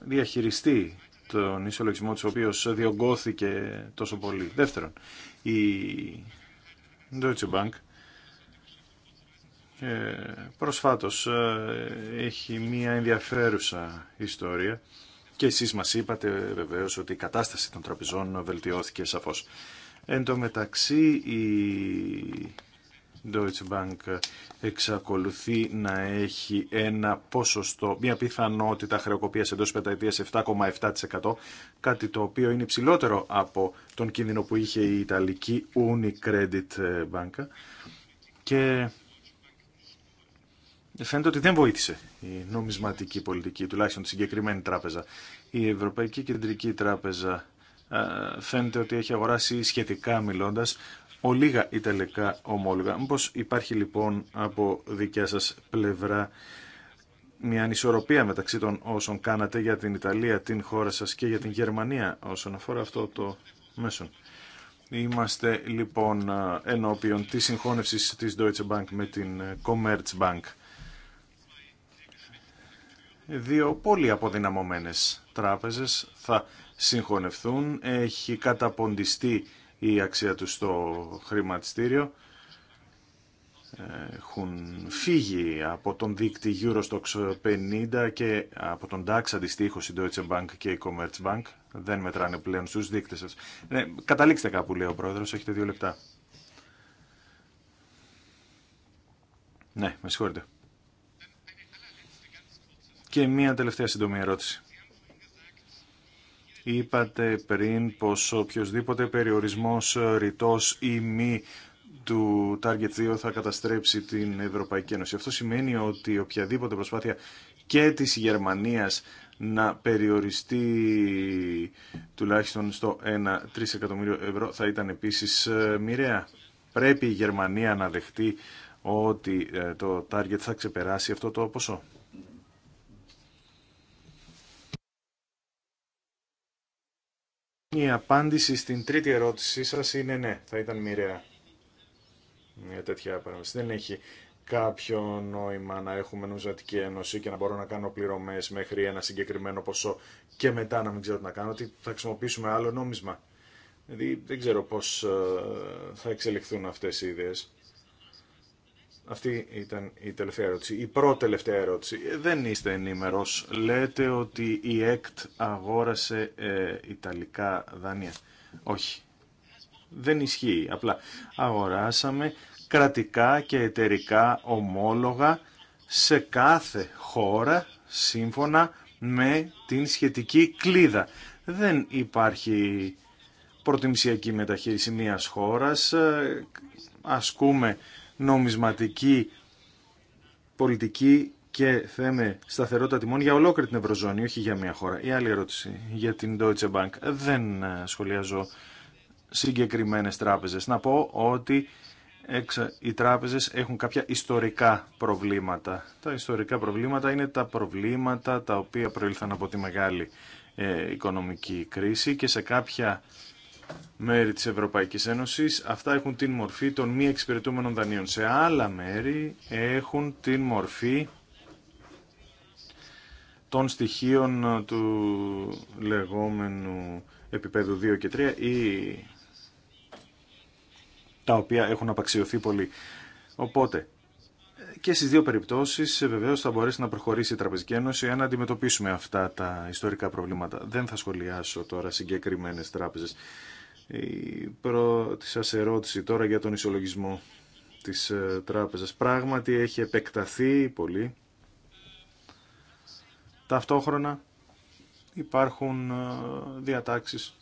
διαχειριστεί τον ισολογισμό της οποίος διωγγώθηκε τόσο πολύ. Δεύτερον, η Deutsche Bank ε, προσφάτως ε, έχει μία ενδιαφέρουσα ιστορία και εσείς μας είπατε βεβαίως ότι η κατάσταση των τραπεζών βελτιώθηκε σαφώς. Εν τω μεταξύ η Deutsche Bank εξακολουθεί να έχει ένα ποσοστό, μια πιθανότητα χρεοκοπίας εντός πενταετίας 7,7%, κάτι το οποίο είναι υψηλότερο από τον κίνδυνο που είχε η Ιταλική Unicredit Bank. Και φαίνεται ότι δεν βοήθησε η νομισματική πολιτική, τουλάχιστον τη συγκεκριμένη τράπεζα. Η Ευρωπαϊκή Κεντρική Τράπεζα ε, φαίνεται ότι έχει αγοράσει σχετικά μιλώντας ολίγα ιταλικά ομόλογα. Μήπως υπάρχει λοιπόν από δικιά σας πλευρά μια ανισορροπία μεταξύ των όσων κάνατε για την Ιταλία, την χώρα σας και για την Γερμανία όσον αφορά αυτό το μέσον. Είμαστε λοιπόν ενώπιον της συγχώνευσης της Deutsche Bank με την Commerzbank. Δύο πολύ αποδυναμωμένες τράπεζες θα συγχωνευτούν. Έχει καταποντιστεί η αξία του στο χρηματιστήριο έχουν φύγει από τον δίκτυ Eurostox 50 και από τον DAX αντιστοίχω η Deutsche Bank και η Commerzbank. Δεν μετράνε πλέον στους δείκτες σας. Ναι, καταλήξτε κάπου λέει ο πρόεδρος, έχετε δύο λεπτά. Ναι, με συγχωρείτε. Και μία τελευταία σύντομη ερώτηση. Είπατε πριν πως οποιοδήποτε περιορισμός ε, ρητός ή μη του Target 2 θα καταστρέψει την Ευρωπαϊκή Ένωση. Αυτό σημαίνει ότι οποιαδήποτε προσπάθεια και της Γερμανίας να περιοριστεί τουλάχιστον στο 1 3 εκατομμύριο ευρώ θα ήταν επίσης ε, μοιραία. Πρέπει η Γερμανία να δεχτεί ότι ε, το target θα ξεπεράσει αυτό το ποσό. Η απάντηση στην τρίτη ερώτησή σας είναι ναι, θα ήταν μοιραία. Μια τέτοια παρέμβαση. Δεν έχει κάποιο νόημα να έχουμε νομισματική ένωση και να μπορώ να κάνω πληρωμές μέχρι ένα συγκεκριμένο ποσό και μετά να μην ξέρω τι να κάνω, ότι θα χρησιμοποιήσουμε άλλο νόμισμα. Δηλαδή δεν ξέρω πώς ε, θα εξελιχθούν αυτές οι ιδέες. Αυτή ήταν η τελευταία ερώτηση. Η πρώτη τελευταία ερώτηση. Δεν είστε ενήμερος. Λέτε ότι η ΕΚΤ αγόρασε ε, Ιταλικά δάνεια. Όχι. Δεν ισχύει. Απλά αγοράσαμε κρατικά και εταιρικά ομόλογα σε κάθε χώρα σύμφωνα με την σχετική κλίδα. Δεν υπάρχει προτιμησιακή μεταχείριση μιας χώρας. Ε, ασκούμε νομισματική πολιτική και θέμε σταθερότητα τιμών για ολόκληρη την Ευρωζώνη, όχι για μια χώρα. Η άλλη ερώτηση για την Deutsche Bank. Δεν ε, σχολιάζω συγκεκριμένες τράπεζες. Να πω ότι οι τράπεζες έχουν κάποια ιστορικά προβλήματα. Τα ιστορικά προβλήματα είναι τα προβλήματα τα οποία προήλθαν από τη μεγάλη ε, οικονομική κρίση και σε κάποια μέρη της Ευρωπαϊκής Ένωσης, αυτά έχουν την μορφή των μη εξυπηρετούμενων δανείων. Σε άλλα μέρη έχουν την μορφή των στοιχείων του λεγόμενου επίπεδου 2 και 3 ή τα οποία έχουν απαξιωθεί πολύ. Οπότε, και στις δύο περιπτώσεις ε, βεβαίως θα μπορέσει να προχωρήσει η Τραπεζική Ένωση αν αντιμετωπίσουμε αυτά τα ιστορικά προβλήματα. Δεν θα σχολιάσω τώρα συγκεκριμένες τράπεζες. Η πρώτη σας ερώτηση τώρα για τον ισολογισμό της ε, τράπεζας. Πράγματι έχει επεκταθεί πολύ. Ταυτόχρονα υπάρχουν ε, διατάξεις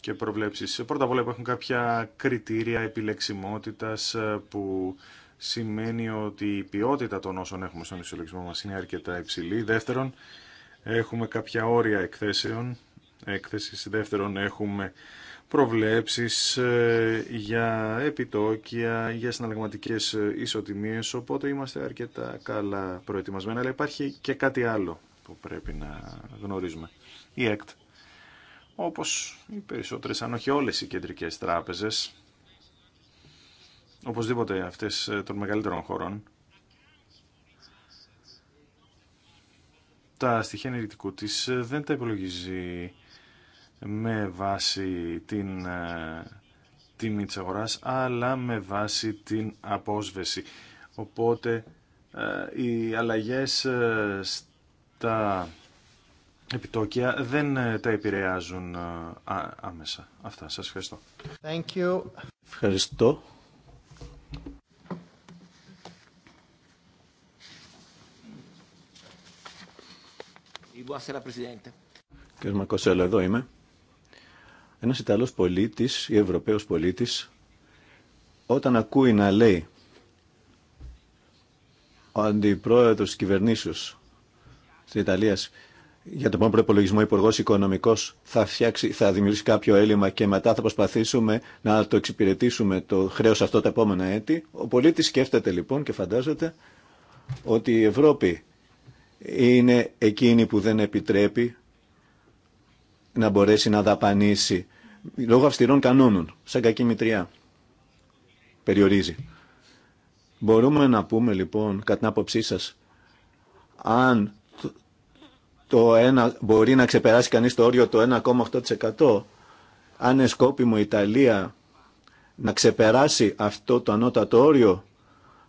και προβλέψεις. Πρώτα απ' όλα υπάρχουν κάποια κριτήρια επιλεξιμότητας ε, που σημαίνει ότι η ποιότητα των όσων έχουμε στον ισολογισμό μας είναι αρκετά υψηλή. Δεύτερον, έχουμε κάποια όρια εκθέσεων έκθεσης. Δεύτερον, έχουμε προβλέψεις ε, για επιτόκια, για συναλλαγματικές ε, ισοτιμίες, οπότε είμαστε αρκετά καλά προετοιμασμένοι. Αλλά υπάρχει και κάτι άλλο που πρέπει να γνωρίζουμε. Η ΕΚΤ, όπως οι περισσότερες, αν όχι όλες οι κεντρικές τράπεζες, οπωσδήποτε αυτές ε, των μεγαλύτερων χωρών, τα στοιχεία ενεργητικού της δεν τα υπολογίζει με βάση την ε, τιμή της αγοράς αλλά με βάση την απόσβεση. Οπότε ε, οι αλλαγές ε, στα επιτόκια δεν τα επηρεάζουν άμεσα. Αυτά. Σας ευχαριστώ. Thank you. Ευχαριστώ. Κύριε Μακοσέλα, εδώ είμαι. Ένα Ιταλό πολίτη, ή Ευρωπαϊο πολίτη, όταν ακούει να λέει ο αντιπρόεδρο τη κυβερνήσεω τη Ιταλία για τον πρώτο προπολογισμό υπουργό οικονομικό θα, θα δημιουργήσει κάποιο έλλειμμα και μετά θα προσπαθήσουμε να το εξυπηρετήσουμε το χρέο αυτό τα επόμενα έτη. Ο πολίτη σκέφτεται λοιπόν και φαντάζεται ότι η Ευρώπη είναι εκείνη που δεν επιτρέπει να μπορέσει να δαπανίσει λόγω αυστηρών κανόνων, σαν κακή μητριά. Περιορίζει. Μπορούμε να πούμε λοιπόν, κατά την άποψή σας, αν το ένα, μπορεί να ξεπεράσει κανείς το όριο το 1,8%, αν είναι σκόπιμο η Ιταλία να ξεπεράσει αυτό το ανώτατο όριο,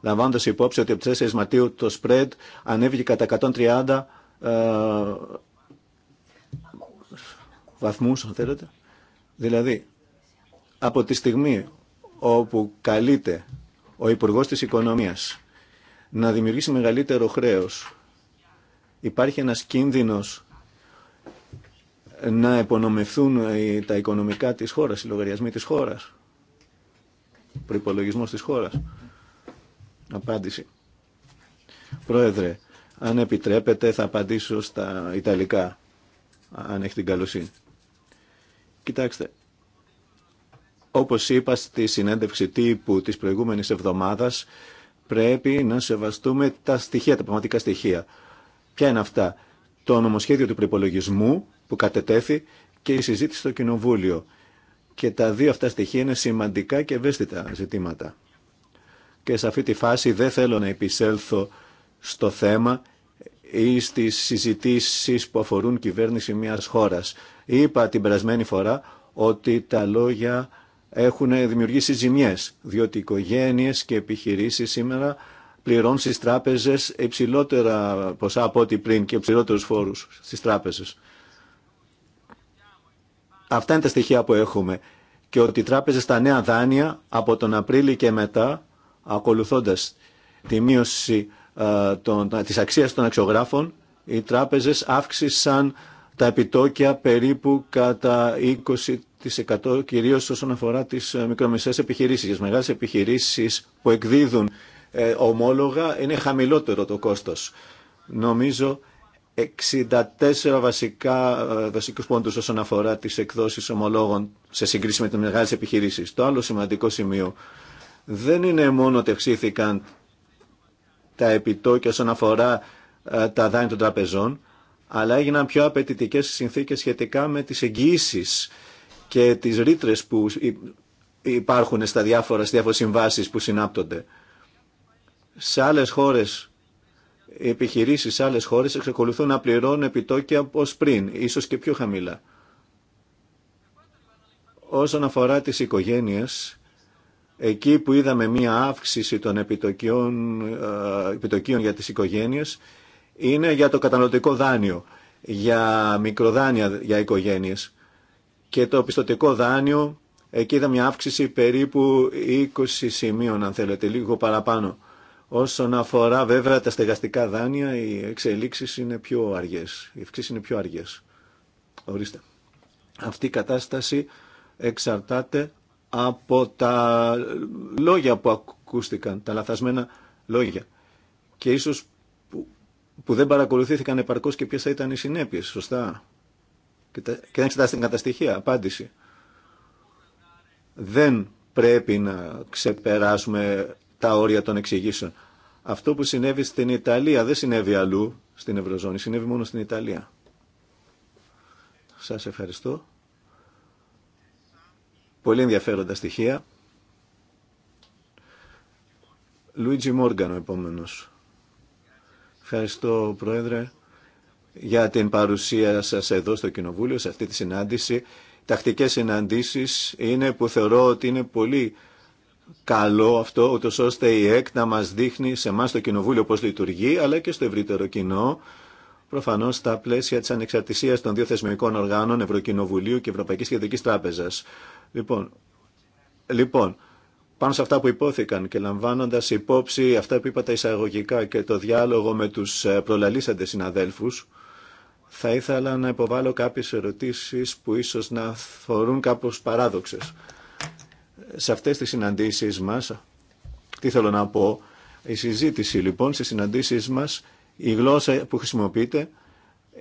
λαμβάνοντας υπόψη ότι από τις 4 Μαρτίου το spread ανέβηκε κατά 130 ε, βαθμούς, αν θέλετε. Δηλαδή, από τη στιγμή όπου καλείται ο υπουργό της Οικονομίας να δημιουργήσει μεγαλύτερο χρέος, υπάρχει ένας κίνδυνος να επωνομευθούν τα οικονομικά της χώρας, οι λογαριασμοί της χώρας, προϋπολογισμός της χώρας. Απάντηση. Πρόεδρε, αν επιτρέπετε θα απαντήσω στα Ιταλικά, αν έχει την καλοσύνη. Κοιτάξτε, όπως είπα στη συνέντευξη τύπου της προηγούμενης εβδομάδας, πρέπει να σεβαστούμε τα στοιχεία, τα πραγματικά στοιχεία. Ποια είναι αυτά. Το νομοσχέδιο του προπολογισμού που κατετέθη και η συζήτηση στο Κοινοβούλιο. Και τα δύο αυτά στοιχεία είναι σημαντικά και ευαίσθητα ζητήματα. Και σε αυτή τη φάση δεν θέλω να επισέλθω στο θέμα ή στις συζητήσεις που αφορούν κυβέρνηση μιας χώρας. Είπα την περασμένη φορά ότι τα λόγια έχουν δημιουργήσει ζημιές, διότι οικογένειες και επιχειρήσεις σήμερα πληρώνουν στις τράπεζες υψηλότερα ποσά από ό,τι πριν και υψηλότερους φόρους στις τράπεζες. Αυτά είναι τα στοιχεία που έχουμε και ότι οι τράπεζες στα νέα δάνεια από τον Απρίλιο και μετά, ακολουθώντας τη μείωση ε, των, της αξίας των αξιογράφων, οι τράπεζες αύξησαν τα επιτόκια περίπου κατά 20% κυρίως όσον αφορά τις ε, μικρομεσαίες επιχειρήσεις. Για μεγάλες επιχειρήσεις που εκδίδουν ε, ομόλογα είναι χαμηλότερο το κόστος. Νομίζω 64 βασικά ε, βασικού πόντου όσον αφορά τι εκδόσει ομολόγων σε σύγκριση με τι μεγάλε επιχειρήσει. Το άλλο σημαντικό σημείο δεν είναι μόνο ότι αυξήθηκαν τα επιτόκια όσον αφορά τα δάνεια των τραπεζών, αλλά έγιναν πιο απαιτητικέ συνθήκε σχετικά με τι εγγυήσει και τι ρήτρε που υπάρχουν στα διάφορα, στις που συνάπτονται. Σε άλλες χώρες, οι επιχειρήσεις σε άλλες χώρες εξακολουθούν να πληρώνουν επιτόκια ως πριν, ίσως και πιο χαμηλά. Όσον αφορά τις οικογένειες, εκεί που είδαμε μία αύξηση των επιτοκίων, ε, επιτοκίων για τις οικογένειες, είναι για το καταναλωτικό δάνειο, για μικροδάνεια για οικογένειες. Και το πιστοτικό δάνειο, εκεί είδα μια αύξηση περίπου 20 σημείων, αν θέλετε, λίγο παραπάνω. Όσον αφορά βέβαια τα στεγαστικά δάνεια, οι εξελίξεις είναι πιο αργές, οι ευξήσεις είναι πιο αργές. Ορίστε. Αυτή η κατάσταση εξαρτάται από τα λόγια που ακούστηκαν, τα λαθασμένα λόγια. Και ίσως που δεν παρακολουθήθηκαν επαρκώς και ποιες θα ήταν οι συνέπειες, σωστά. Και, και δεν εξετάστηκαν τα στοιχεία. Απάντηση. Δεν πρέπει να ξεπεράσουμε τα όρια των εξηγήσεων. Αυτό που συνέβη στην Ιταλία δεν συνέβη αλλού στην Ευρωζώνη, συνέβη μόνο στην Ιταλία. Σας ευχαριστώ. Πολύ ενδιαφέροντα στοιχεία. Λουίτζι Μόργαν ο επόμενος. Ευχαριστώ, Πρόεδρε, για την παρουσία σας εδώ στο Κοινοβούλιο, σε αυτή τη συνάντηση. Τακτικές συναντήσεις είναι που θεωρώ ότι είναι πολύ καλό αυτό, ούτως ώστε η ΕΚ να μας δείχνει σε εμά το Κοινοβούλιο πώς λειτουργεί, αλλά και στο ευρύτερο κοινό, προφανώς στα πλαίσια της ανεξαρτησίας των δύο θεσμικών οργάνων Ευρωκοινοβουλίου και Ευρωπαϊκής Κεντρικής Τράπεζας. Λοιπόν, λοιπόν πάνω σε αυτά που υπόθηκαν και λαμβάνοντας υπόψη αυτά που τα εισαγωγικά και το διάλογο με τους ε, προλαλήσαντες συναδέλφους, θα ήθελα να υποβάλω κάποιες ερωτήσεις που ίσως να θεωρούν κάπως παράδοξες. Σε αυτές τις συναντήσεις μας, τι θέλω να πω, η συζήτηση λοιπόν στι συναντήσεις μας, η γλώσσα που χρησιμοποιείται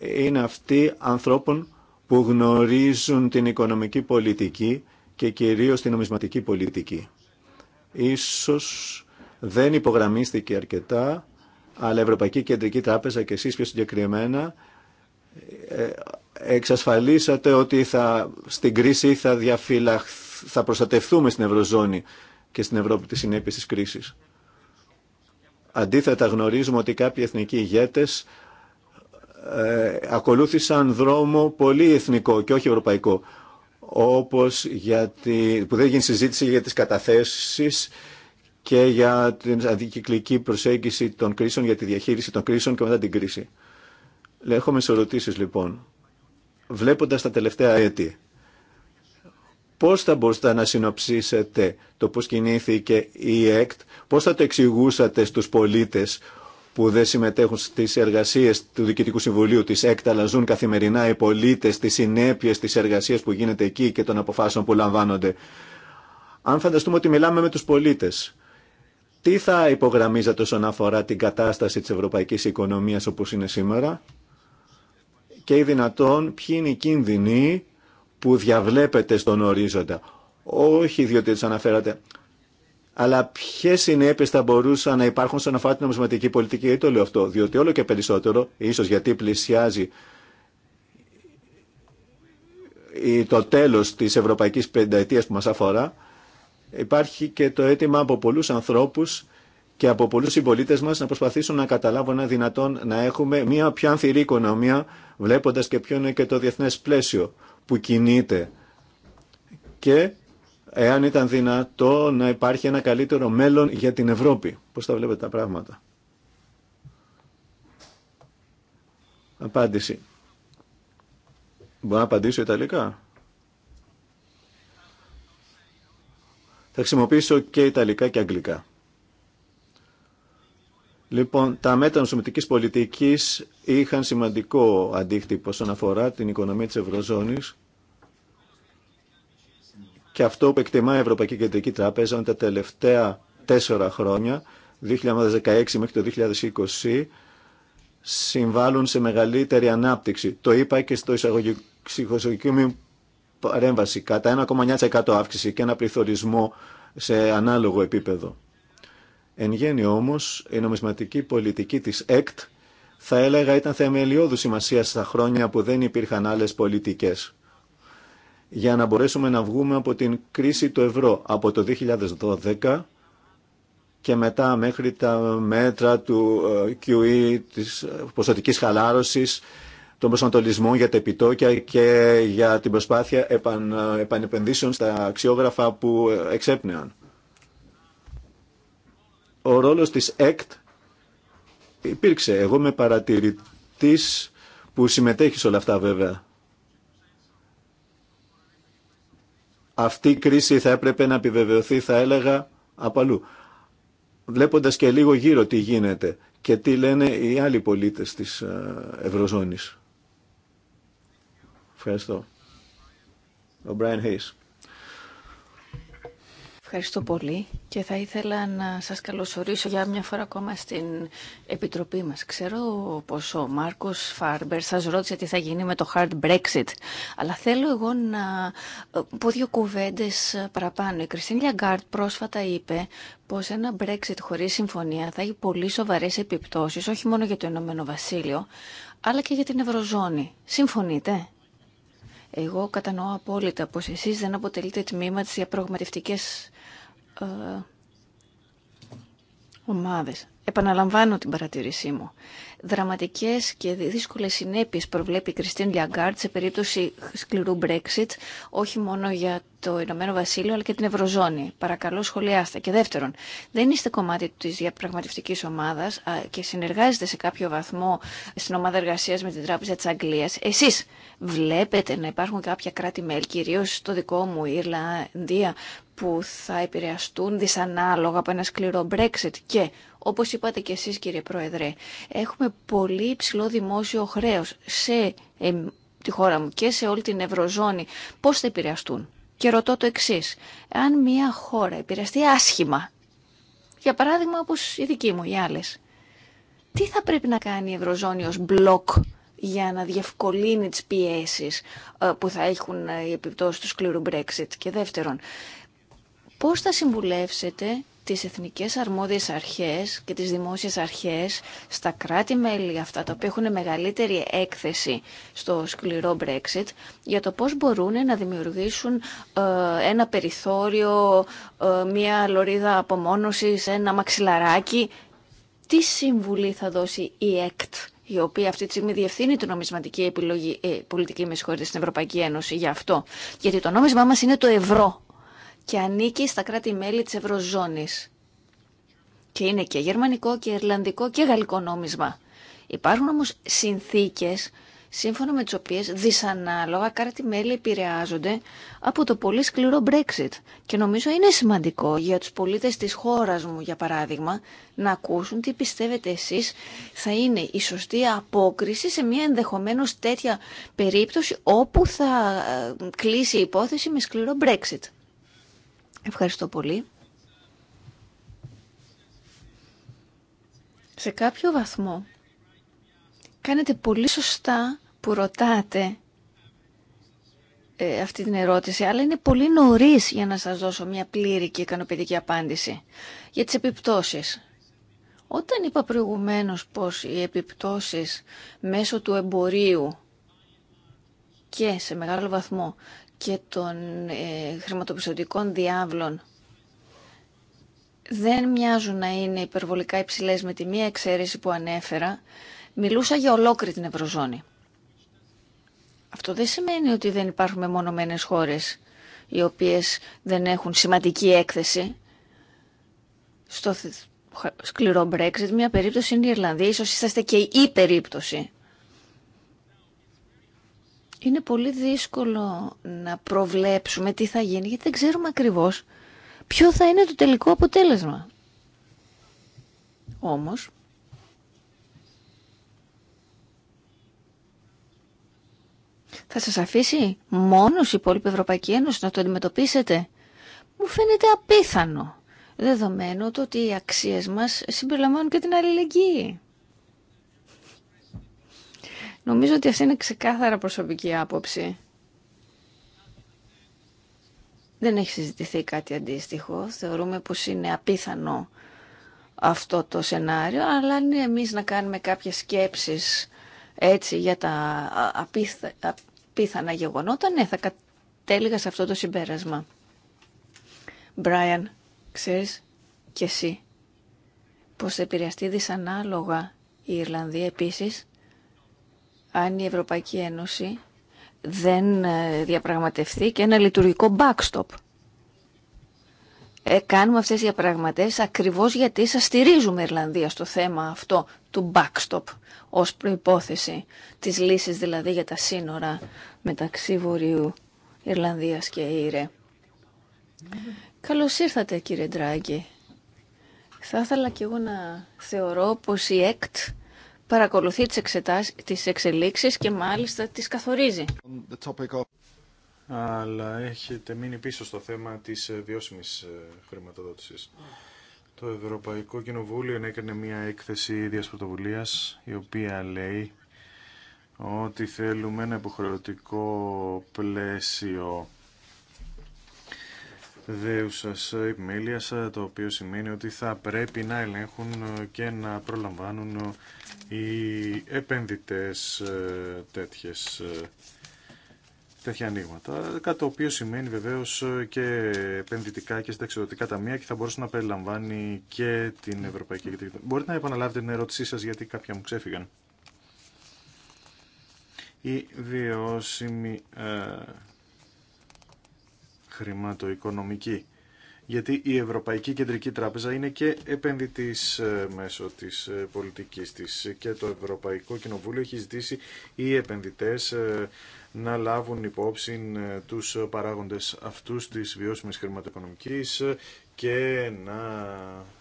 είναι αυτή ανθρώπων που γνωρίζουν την οικονομική πολιτική και κυρίως την νομισματική πολιτική ίσως δεν υπογραμμίστηκε αρκετά, αλλά η Ευρωπαϊκή Κεντρική Τράπεζα και εσείς πιο συγκεκριμένα ε, εξασφαλίσατε ότι θα, στην κρίση θα, θα προστατευτούμε στην Ευρωζώνη και στην Ευρώπη τις συνέπειες της κρίσης. Αντίθετα γνωρίζουμε ότι κάποιοι εθνικοί ηγέτες ε, ακολούθησαν δρόμο πολύ εθνικό και όχι ευρωπαϊκό όπως για τη, που δεν γίνει συζήτηση για τις καταθέσεις και για την αντικυκλική προσέγγιση των κρίσεων, για τη διαχείριση των κρίσεων και μετά την κρίση. Έχουμε σε λοιπόν. Βλέποντας τα τελευταία έτη, πώς θα μπορούσατε να συνοψίσετε το πώς κινήθηκε η ΕΚΤ, πώς θα το εξηγούσατε στους πολίτες που δεν συμμετέχουν στις εργασίες του Διοικητικού Συμβουλίου της ΕΚΤ, αλλά ζουν καθημερινά οι πολίτες, τις συνέπειε τη εργασία που γίνεται εκεί και των αποφάσεων που λαμβάνονται. Αν φανταστούμε ότι μιλάμε με τους πολίτες, τι θα υπογραμμίζατε όσον αφορά την κατάσταση της ευρωπαϊκής οικονομίας όπως είναι σήμερα και οι δυνατόν ποιοι είναι οι κίνδυνοι που διαβλέπετε στον ορίζοντα. Όχι διότι τους αναφέρατε αλλά ποιε συνέπειε θα μπορούσαν να υπάρχουν στον αφορά την νομισματική πολιτική. Γιατί το λέω αυτό, διότι όλο και περισσότερο, ίσω γιατί πλησιάζει το τέλος της ευρωπαϊκής Πενταετία που μας αφορά, υπάρχει και το αίτημα από πολλού ανθρώπους και από πολλού συμπολίτε μας να προσπαθήσουν να καταλάβουν αν δυνατόν να έχουμε μια πιο ανθυρή οικονομία, βλέποντα και ποιο είναι και το διεθνέ πλαίσιο που κινείται και εάν ήταν δυνατό να υπάρχει ένα καλύτερο μέλλον για την Ευρώπη. Πώς τα βλέπετε τα πράγματα. Απάντηση. Μπορώ να απαντήσω Ιταλικά. Θα χρησιμοποιήσω και Ιταλικά και Αγγλικά. Λοιπόν, τα μέτρα νοσομητικής πολιτικής είχαν σημαντικό αντίκτυπο όσον αφορά την οικονομία της Ευρωζώνης και αυτό που εκτιμά η Ευρωπαϊκή Κεντρική Τράπεζα είναι τα τελευταία τέσσερα χρόνια, 2016 μέχρι το 2020, συμβάλλουν σε μεγαλύτερη ανάπτυξη. Το είπα και στο εισαγωγικό μου παρέμβαση, κατά 1,9% αύξηση και ένα πληθωρισμό σε ανάλογο επίπεδο. Εν γέννη όμως, η νομισματική πολιτική της ΕΚΤ θα έλεγα ήταν θεμελιώδου σημασία στα χρόνια που δεν υπήρχαν άλλες πολιτικές για να μπορέσουμε να βγούμε από την κρίση του ευρώ από το 2012 και μετά μέχρι τα μέτρα του ε, QE, της ε, ποσοτικής χαλάρωσης, των προσανατολισμών για τα επιτόκια και για την προσπάθεια ε, επανεπενδύσεων στα αξιόγραφα που εξέπνεαν. Ο ρόλος της ΕΚΤ υπήρξε. Εγώ είμαι παρατηρητής που συμμετέχει σε όλα αυτά βέβαια. Αυτή η κρίση θα έπρεπε να επιβεβαιωθεί, θα έλεγα, απαλού αλλού. Βλέποντας και λίγο γύρω τι γίνεται και τι λένε οι άλλοι πολίτες της ε, Ευρωζώνης. Ευχαριστώ. Ο Brian Hayes. Ευχαριστώ πολύ και θα ήθελα να σας καλωσορίσω για μια φορά ακόμα στην Επιτροπή μας. Ξέρω πως ο Μάρκος Φάρμπερ σας ρώτησε τι θα γίνει με το hard Brexit, αλλά θέλω εγώ να ε, πω δύο κουβέντες παραπάνω. Η Κριστίν Λιαγκάρτ πρόσφατα είπε πως ένα Brexit χωρίς συμφωνία θα έχει πολύ σοβαρές επιπτώσεις, όχι μόνο για το Ηνωμένο Βασίλειο, αλλά και για την Ευρωζώνη. Συμφωνείτε? Εγώ κατανοώ απόλυτα πως εσείς δεν αποτελείτε τμήμα της διαπραγματευτικής ε, ομάδες. Επαναλαμβάνω την παρατήρησή μου. Δραματικές και δύσκολες συνέπειες προβλέπει η Κριστίν Λιαγκάρτ σε περίπτωση σκληρού Brexit, όχι μόνο για το Ηνωμένο Βασίλειο, αλλά και την Ευρωζώνη. Παρακαλώ, σχολιάστε. Και δεύτερον, δεν είστε κομμάτι τη διαπραγματευτική ομάδα και συνεργάζεστε σε κάποιο βαθμό στην ομάδα εργασία με την Τράπεζα τη Αγγλία. Εσεί βλέπετε να υπάρχουν κάποια κράτη-μέλη, κυρίω το δικό μου, η Ιρλανδία, που θα επηρεαστούν δυσανάλογα από ένα σκληρό Brexit και όπως είπατε και εσείς κύριε Πρόεδρε έχουμε πολύ υψηλό δημόσιο χρέος σε τη χώρα μου και σε όλη την Ευρωζώνη πώς θα επηρεαστούν. Και ρωτώ το εξή. Αν μια χώρα επηρεαστεί άσχημα, για παράδειγμα όπως η δική μου ή άλλες, τι θα πρέπει να κάνει η Ευρωζώνη ως μπλοκ για να διευκολύνει τις πιέσεις ε, που θα έχουν ε, οι επιπτώσεις του σκληρού Brexit. Και δεύτερον, πώς θα συμβουλεύσετε τις εθνικές αρμόδιες αρχές και τις δημόσιες αρχές στα κράτη-μέλη αυτά τα οποία έχουν μεγαλύτερη έκθεση στο σκληρό Brexit για το πώς μπορούν να δημιουργήσουν ε, ένα περιθώριο, ε, μια λωρίδα απομόνωσης, ένα μαξιλαράκι. Τι συμβουλή θα δώσει η ΕΚΤ η οποία αυτή τη στιγμή διευθύνει την νομισματική επιλογή, ε, πολιτική με στην Ευρωπαϊκή Ένωση για αυτό. Γιατί το νόμισμά μας είναι το ευρώ και ανήκει στα κράτη-μέλη της Ευρωζώνης. Και είναι και γερμανικό και ιρλανδικό και γαλλικό νόμισμα. Υπάρχουν όμως συνθήκες σύμφωνα με τις οποίες δυσανάλογα κράτη-μέλη επηρεάζονται από το πολύ σκληρό Brexit. Και νομίζω είναι σημαντικό για τους πολίτες της χώρας μου, για παράδειγμα, να ακούσουν τι πιστεύετε εσείς θα είναι η σωστή απόκριση σε μια ενδεχομένως τέτοια περίπτωση όπου θα ε, κλείσει η υπόθεση με σκληρό Brexit. Ευχαριστώ πολύ. Σε κάποιο βαθμό κάνετε πολύ σωστά που ρωτάτε ε, αυτή την ερώτηση, αλλά είναι πολύ νωρίς για να σας δώσω μια πλήρη και ικανοποιητική απάντηση για τις επιπτώσεις. Όταν είπα προηγουμένως πως οι επιπτώσεις μέσω του εμπορίου και σε μεγάλο βαθμό και των ε, χρηματοπιστωτικών διάβλων δεν μοιάζουν να είναι υπερβολικά υψηλές με τη μία εξαίρεση που ανέφερα, μιλούσα για ολόκληρη την Ευρωζώνη. Αυτό δεν σημαίνει ότι δεν υπάρχουν μεμονωμένες χώρες οι οποίες δεν έχουν σημαντική έκθεση στο σκληρό Brexit. Μια περίπτωση είναι η Ιρλανδία, ίσως είσαστε και η περίπτωση είναι πολύ δύσκολο να προβλέψουμε τι θα γίνει, γιατί δεν ξέρουμε ακριβώς ποιο θα είναι το τελικό αποτέλεσμα. Όμως, θα σας αφήσει μόνος η υπόλοιπη Ευρωπαϊκή Ένωση να το αντιμετωπίσετε. Μου φαίνεται απίθανο, δεδομένου το ότι οι αξίες μας συμπεριλαμβάνουν και την αλληλεγγύη. Νομίζω ότι αυτή είναι ξεκάθαρα προσωπική άποψη. Δεν έχει συζητηθεί κάτι αντίστοιχο. Θεωρούμε πως είναι απίθανο αυτό το σενάριο, αλλά αν εμείς να κάνουμε κάποιες σκέψεις έτσι για τα απίθανα γεγονότα, ναι, θα κατέληγα σε αυτό το συμπέρασμα. Μπράιαν, ξέρεις και εσύ πως επηρεαστεί δυσανάλογα η Ιρλανδία επίσης αν η Ευρωπαϊκή Ένωση δεν ε, διαπραγματευτεί και ένα λειτουργικό backstop. Ε, κάνουμε αυτές τις διαπραγματεύσεις ακριβώς γιατί σας στηρίζουμε Ιρλανδία στο θέμα αυτό του backstop ως προϋπόθεση της λύσης δηλαδή για τα σύνορα μεταξύ Βορείου Ιρλανδίας και Ήρε. Καλώς ήρθατε κύριε Ντράγκη. Θα ήθελα και εγώ να θεωρώ πως η ΕΚΤ παρακολουθεί τις, εξετάσεις, τις εξελίξεις και μάλιστα τις καθορίζει. Αλλά έχετε μείνει πίσω στο θέμα της ε, βιώσιμης ε, χρηματοδότησης. Το Ευρωπαϊκό Κοινοβούλιο έκανε μια έκθεση ίδιας πρωτοβουλίας η οποία λέει ότι θέλουμε ένα υποχρεωτικό πλαίσιο δέουσας επιμέλειας το οποίο σημαίνει ότι θα πρέπει να ελέγχουν ε, και να προλαμβάνουν οι επενδυτές ε, τέτοιες, ε, τέτοια ανοίγματα, κάτι το οποίο σημαίνει βεβαίως ε, και επενδυτικά και συνταξιδοτικά ταμεία και θα μπορούσε να περιλαμβάνει και την Ευρωπαϊκή Επιτροπή. Μπορείτε να επαναλάβετε την ερώτησή σας γιατί κάποια μου ξέφυγαν. Η βιώσιμη ε, χρηματοοικονομική γιατί η Ευρωπαϊκή Κεντρική Τράπεζα είναι και επενδυτής ε, μέσω της ε, πολιτικής της και το Ευρωπαϊκό Κοινοβούλιο έχει ζητήσει οι επενδυτές ε, να λάβουν υπόψη τους παράγοντες αυτούς της βιώσιμης χρηματοοικονομικής και να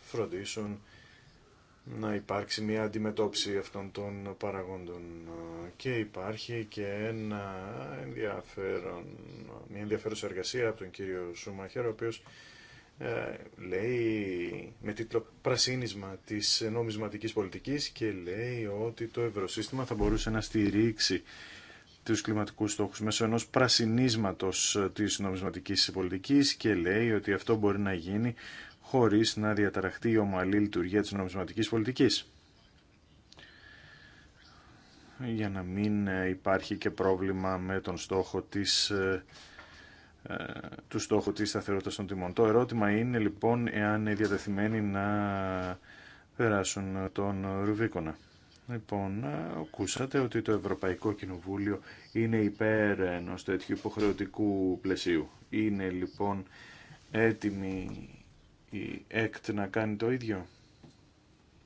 φροντίσουν να υπάρξει μια αντιμετώπιση αυτών των παραγόντων και υπάρχει και ένα ενδιαφέρον, μια ενδιαφέρουσα εργασία από τον κύριο Σουμαχέρο ο οποίος ε, λέει με τίτλο «Πρασίνισμα της νομισματικής πολιτικής» και λέει ότι το ευρωσύστημα θα μπορούσε να στηρίξει τους κλιματικούς στόχους μέσω ενός πρασινίσματος της νομισματικής πολιτικής και λέει ότι αυτό μπορεί να γίνει χωρίς να διαταραχτεί η ομαλή λειτουργία της νομισματικής πολιτικής για να μην ε, υπάρχει και πρόβλημα με τον στόχο της ε, ε, του στόχου της σταθερότητας των τιμών. Το ερώτημα είναι λοιπόν εάν είναι διατεθειμένοι να περάσουν τον Ρουβίκονα. Λοιπόν, ακούσατε ότι το Ευρωπαϊκό Κοινοβούλιο είναι υπέρ ενός τέτοιου υποχρεωτικού πλαισίου. Είναι λοιπόν έτοιμη η ΕΚΤ να κάνει το ίδιο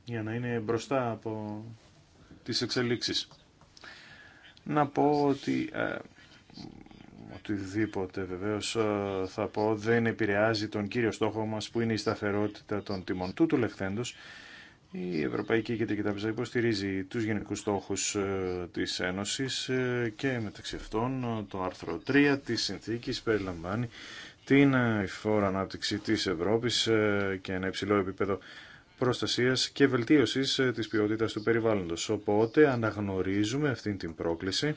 για να είναι μπροστά από τις εξελίξεις. Να πω ότι ε, οτιδήποτε βεβαίω ε, θα πω δεν επηρεάζει τον κύριο στόχο μα που είναι η σταθερότητα των τιμών. του λεχθέντος η Ευρωπαϊκή Κεντρική Τράπεζα υποστηρίζει τους γενικού στόχου ε, της Ένωσης ε, και μεταξύ αυτών το άρθρο 3 τη συνθήκη, περιλαμβάνει την φόρα ανάπτυξη της Ευρώπη και ένα υψηλό επίπεδο προστασίας και βελτίωσης της ποιότητας του περιβάλλοντος. Οπότε αναγνωρίζουμε αυτή την πρόκληση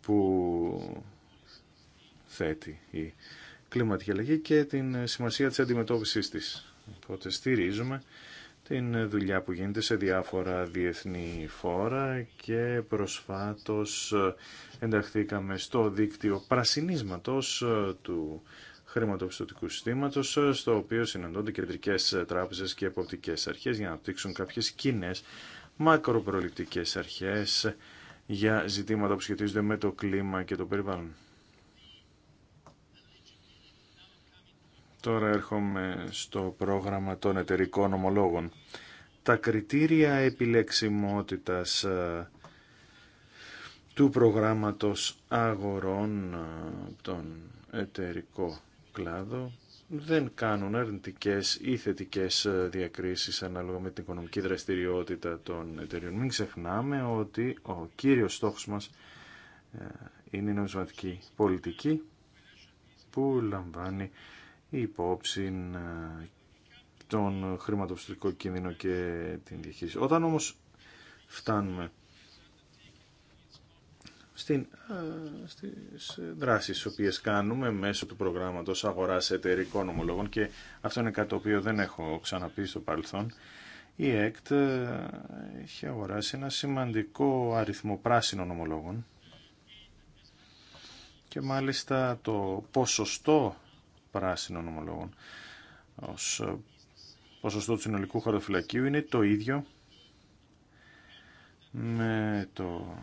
που θέτει η κλιματική αλλαγή και την σημασία της αντιμετώπισης της. Οπότε στηρίζουμε την δουλειά που γίνεται σε διάφορα διεθνή φόρα και προσφάτως ενταχθήκαμε στο δίκτυο πρασινίσματος του χρηματοπιστωτικού συστήματος, στο οποίο συναντώνται κεντρικές τράπεζες και εποπτικές αρχές για να απτύξουν κάποιες κοινέ μακροπροληπτικές αρχές για ζητήματα που σχετίζονται με το κλίμα και το περιβάλλον. Τώρα έρχομαι στο πρόγραμμα των εταιρικών ομολόγων. Τα κριτήρια επιλεξιμότητας ε, του προγράμματος αγορών ε, των εταιρικό κλάδο δεν κάνουν αρνητικές ή θετικές ε, διακρίσεις ανάλογα με την οικονομική δραστηριότητα των εταιριών. Μην ξεχνάμε ότι ο κύριος στόχος μας είναι η νομισματική πολιτική που λαμβάνει υπόψη ε, τον χρηματοπιστωτικό κίνδυνο και την διαχείριση. Όταν όμως φτάνουμε στην, ε, στις δράσεις τις οποίες κάνουμε μέσω του προγράμματος αγοράς εταιρικών ομολόγων και αυτό είναι κάτι το οποίο δεν έχω ξαναπεί στο παρελθόν η ΕΚΤ ε, έχει αγοράσει ένα σημαντικό αριθμό πράσινων ομολόγων και μάλιστα το ποσοστό πράσινων ομολόγων ως ε, ποσοστό του συνολικού χαρτοφυλακίου είναι το ίδιο με το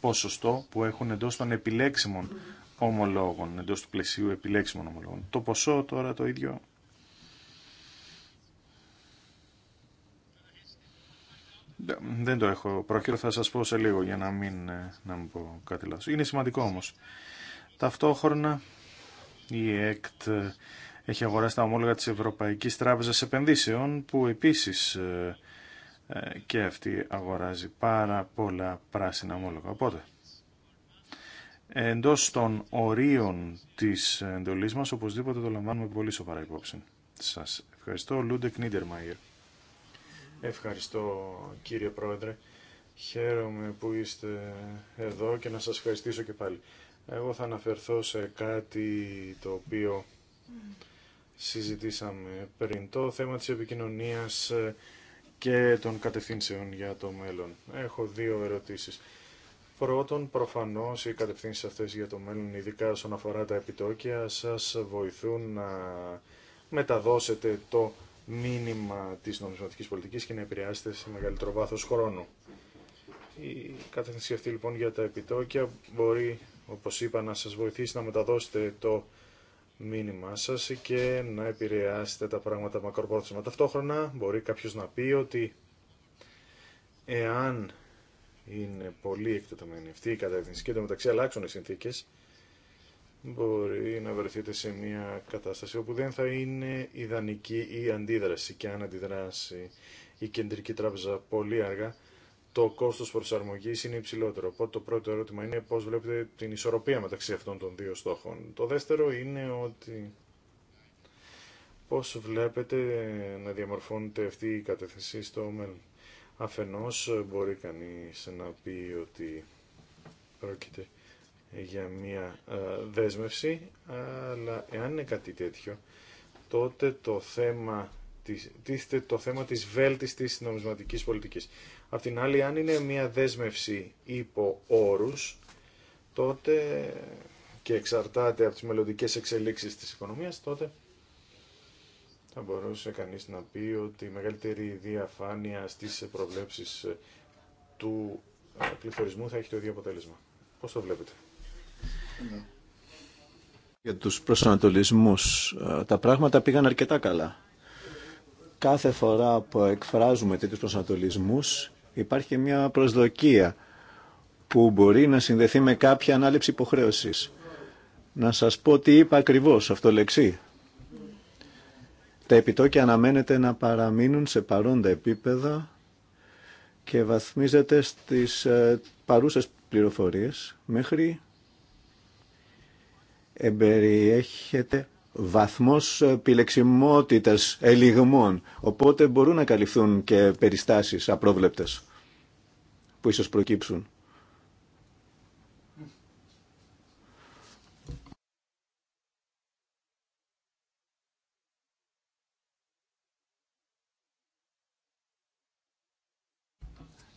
ποσοστό που έχουν εντός των επιλέξιμων ομολόγων, εντός του πλαισίου επιλέξιμων ομολόγων. Το ποσό τώρα το ίδιο Δεν το έχω πρόχειρο, θα σας πω σε λίγο για να μην, ε, να μην πω κάτι λάθος. Είναι σημαντικό όμως. Ταυτόχρονα η ΕΚΤ έχει αγοράσει τα ομόλογα της Ευρωπαϊκής Τράπεζας Επενδύσεων που επίσης ε, ε, και αυτή αγοράζει πάρα πολλά πράσινα ομόλογα. Οπότε, εντός των ορίων της εντολής μας, οπωσδήποτε το λαμβάνουμε πολύ σοβαρά υπόψη. Σας ευχαριστώ, Λούντε Κνίντερμαγερ. Ευχαριστώ, κύριε Πρόεδρε. Χαίρομαι που είστε εδώ και να σας ευχαριστήσω και πάλι. Εγώ θα αναφερθώ σε κάτι το οποίο συζητήσαμε πριν, το θέμα της επικοινωνίας και των κατευθύνσεων για το μέλλον. Έχω δύο ερωτήσεις. Πρώτον, προφανώς οι κατευθύνσεις αυτές για το μέλλον, ειδικά όσον αφορά τα επιτόκια, σας βοηθούν να μεταδώσετε το μήνυμα της νομισματικής πολιτικής και να επηρεάσετε σε μεγαλύτερο βάθος χρόνου. Η κατεύθυνση αυτή λοιπόν για τα επιτόκια μπορεί όπως είπα, να σας βοηθήσει να μεταδώσετε το μήνυμά σας και να επηρεάσετε τα πράγματα μακροπρόθεσμα. Ταυτόχρονα μπορεί κάποιος να πει ότι εάν είναι πολύ εκτεταμένη αυτή η κατεύθυνση και το μεταξύ αλλάξουν οι συνθήκες, μπορεί να βρεθείτε σε μια κατάσταση όπου δεν θα είναι ιδανική η αντίδραση και αν αντιδράσει η Κεντρική Τράπεζα πολύ αργά, το κόστος προσαρμογή είναι υψηλότερο. Οπότε το πρώτο ερώτημα είναι πώς βλέπετε την ισορροπία μεταξύ αυτών των δύο στόχων. Το δεύτερο είναι ότι πώς βλέπετε να διαμορφώνεται αυτή η κατεύθυνση στο μέλλον. Αφενός μπορεί κανείς να πει ότι πρόκειται για μια ε, δέσμευση, αλλά εάν είναι κάτι τέτοιο, τότε το θέμα τίθεται το θέμα της βέλτιστης νομισματικής πολιτικής. Απ' την άλλη, αν είναι μια δέσμευση υπό όρους, τότε και εξαρτάται από τις μελλοντικέ εξελίξεις της οικονομίας, τότε θα μπορούσε κανείς να πει ότι η μεγαλύτερη διαφάνεια στις προβλέψεις του ε, πληθωρισμού θα έχει το ίδιο αποτέλεσμα. Πώς το βλέπετε. Για τους προσανατολισμούς, ε, τα πράγματα πήγαν αρκετά καλά. Κάθε φορά που εκφράζουμε τέτοιους προσανατολισμούς, υπάρχει μια προσδοκία που μπορεί να συνδεθεί με κάποια ανάληψη υποχρέωση. Να σας πω τι είπα ακριβώς αυτό το λεξί. Τα επιτόκια αναμένεται να παραμείνουν σε παρόντα επίπεδα και βαθμίζεται στις ε, παρούσες πληροφορίες μέχρι εμπεριέχεται βαθμός ε, επιλεξιμότητας ελιγμών, οπότε μπορούν να καλυφθούν και περιστάσεις απρόβλεπτες που ίσως προκύψουν.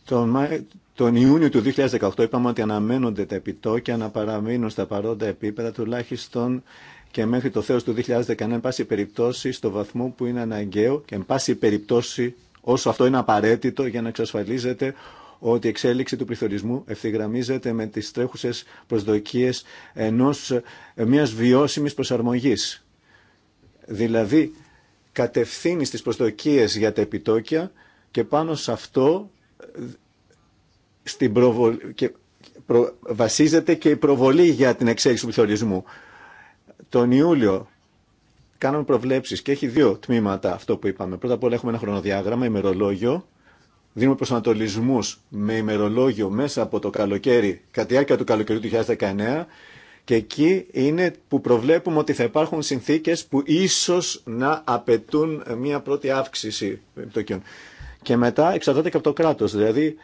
Τον, τον Ιούνιο του 2018 είπαμε ότι αναμένονται τα επιτόκια να παραμείνουν στα παρόντα επίπεδα τουλάχιστον και μέχρι το θέος του 2019 εν πάση περιπτώσει στο βαθμό που είναι αναγκαίο και εν πάση περιπτώσει όσο αυτό είναι απαραίτητο για να εξασφαλίζεται ότι η εξέλιξη του πληθωρισμού ευθυγραμμίζεται με τις τρέχουσες προσδοκίες ενός, μιας βιώσιμης προσαρμογής. Δηλαδή, κατευθύνει στις προσδοκίες για τα επιτόκια και πάνω σε αυτό βασίζεται και η προβολή για την εξέλιξη του πληθωρισμού. Τον Ιούλιο κάναμε προβλέψεις και έχει δύο τμήματα αυτό που είπαμε. Πρώτα απ' όλα έχουμε ένα χρονοδιάγραμμα, ημερολόγιο. Δίνουμε προσανατολισμούς με ημερολόγιο μέσα από το καλοκαίρι, κατά τη διάρκεια του καλοκαιριού του 2019. Και εκεί είναι που προβλέπουμε ότι θα υπάρχουν συνθήκες που ίσως να απαιτούν μια πρώτη αύξηση επιτοκίων. Και μετά εξαρτάται και από το κράτος. Δηλαδή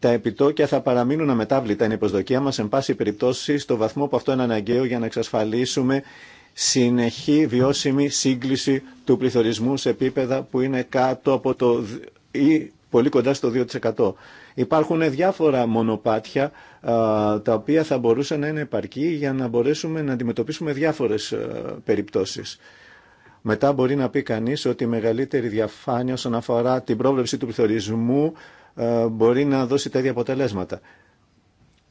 τα επιτόκια θα παραμείνουν αμετάβλητα. Είναι η προσδοκία μας, εν πάση περιπτώσει, στο βαθμό που αυτό είναι αναγκαίο για να εξασφαλίσουμε συνεχή βιώσιμη σύγκληση του πληθωρισμού σε επίπεδα που είναι κάτω από το ή πολύ κοντά στο 2%. Υπάρχουν διάφορα μονοπάτια τα οποία θα μπορούσαν να είναι επαρκή για να μπορέσουμε να αντιμετωπίσουμε διάφορες περιπτώσεις. Μετά μπορεί να πει κανείς ότι η μεγαλύτερη διαφάνεια όσον αφορά την πρόβλεψη του πληθωρισμού ε, μπορεί να δώσει τέτοια αποτελέσματα.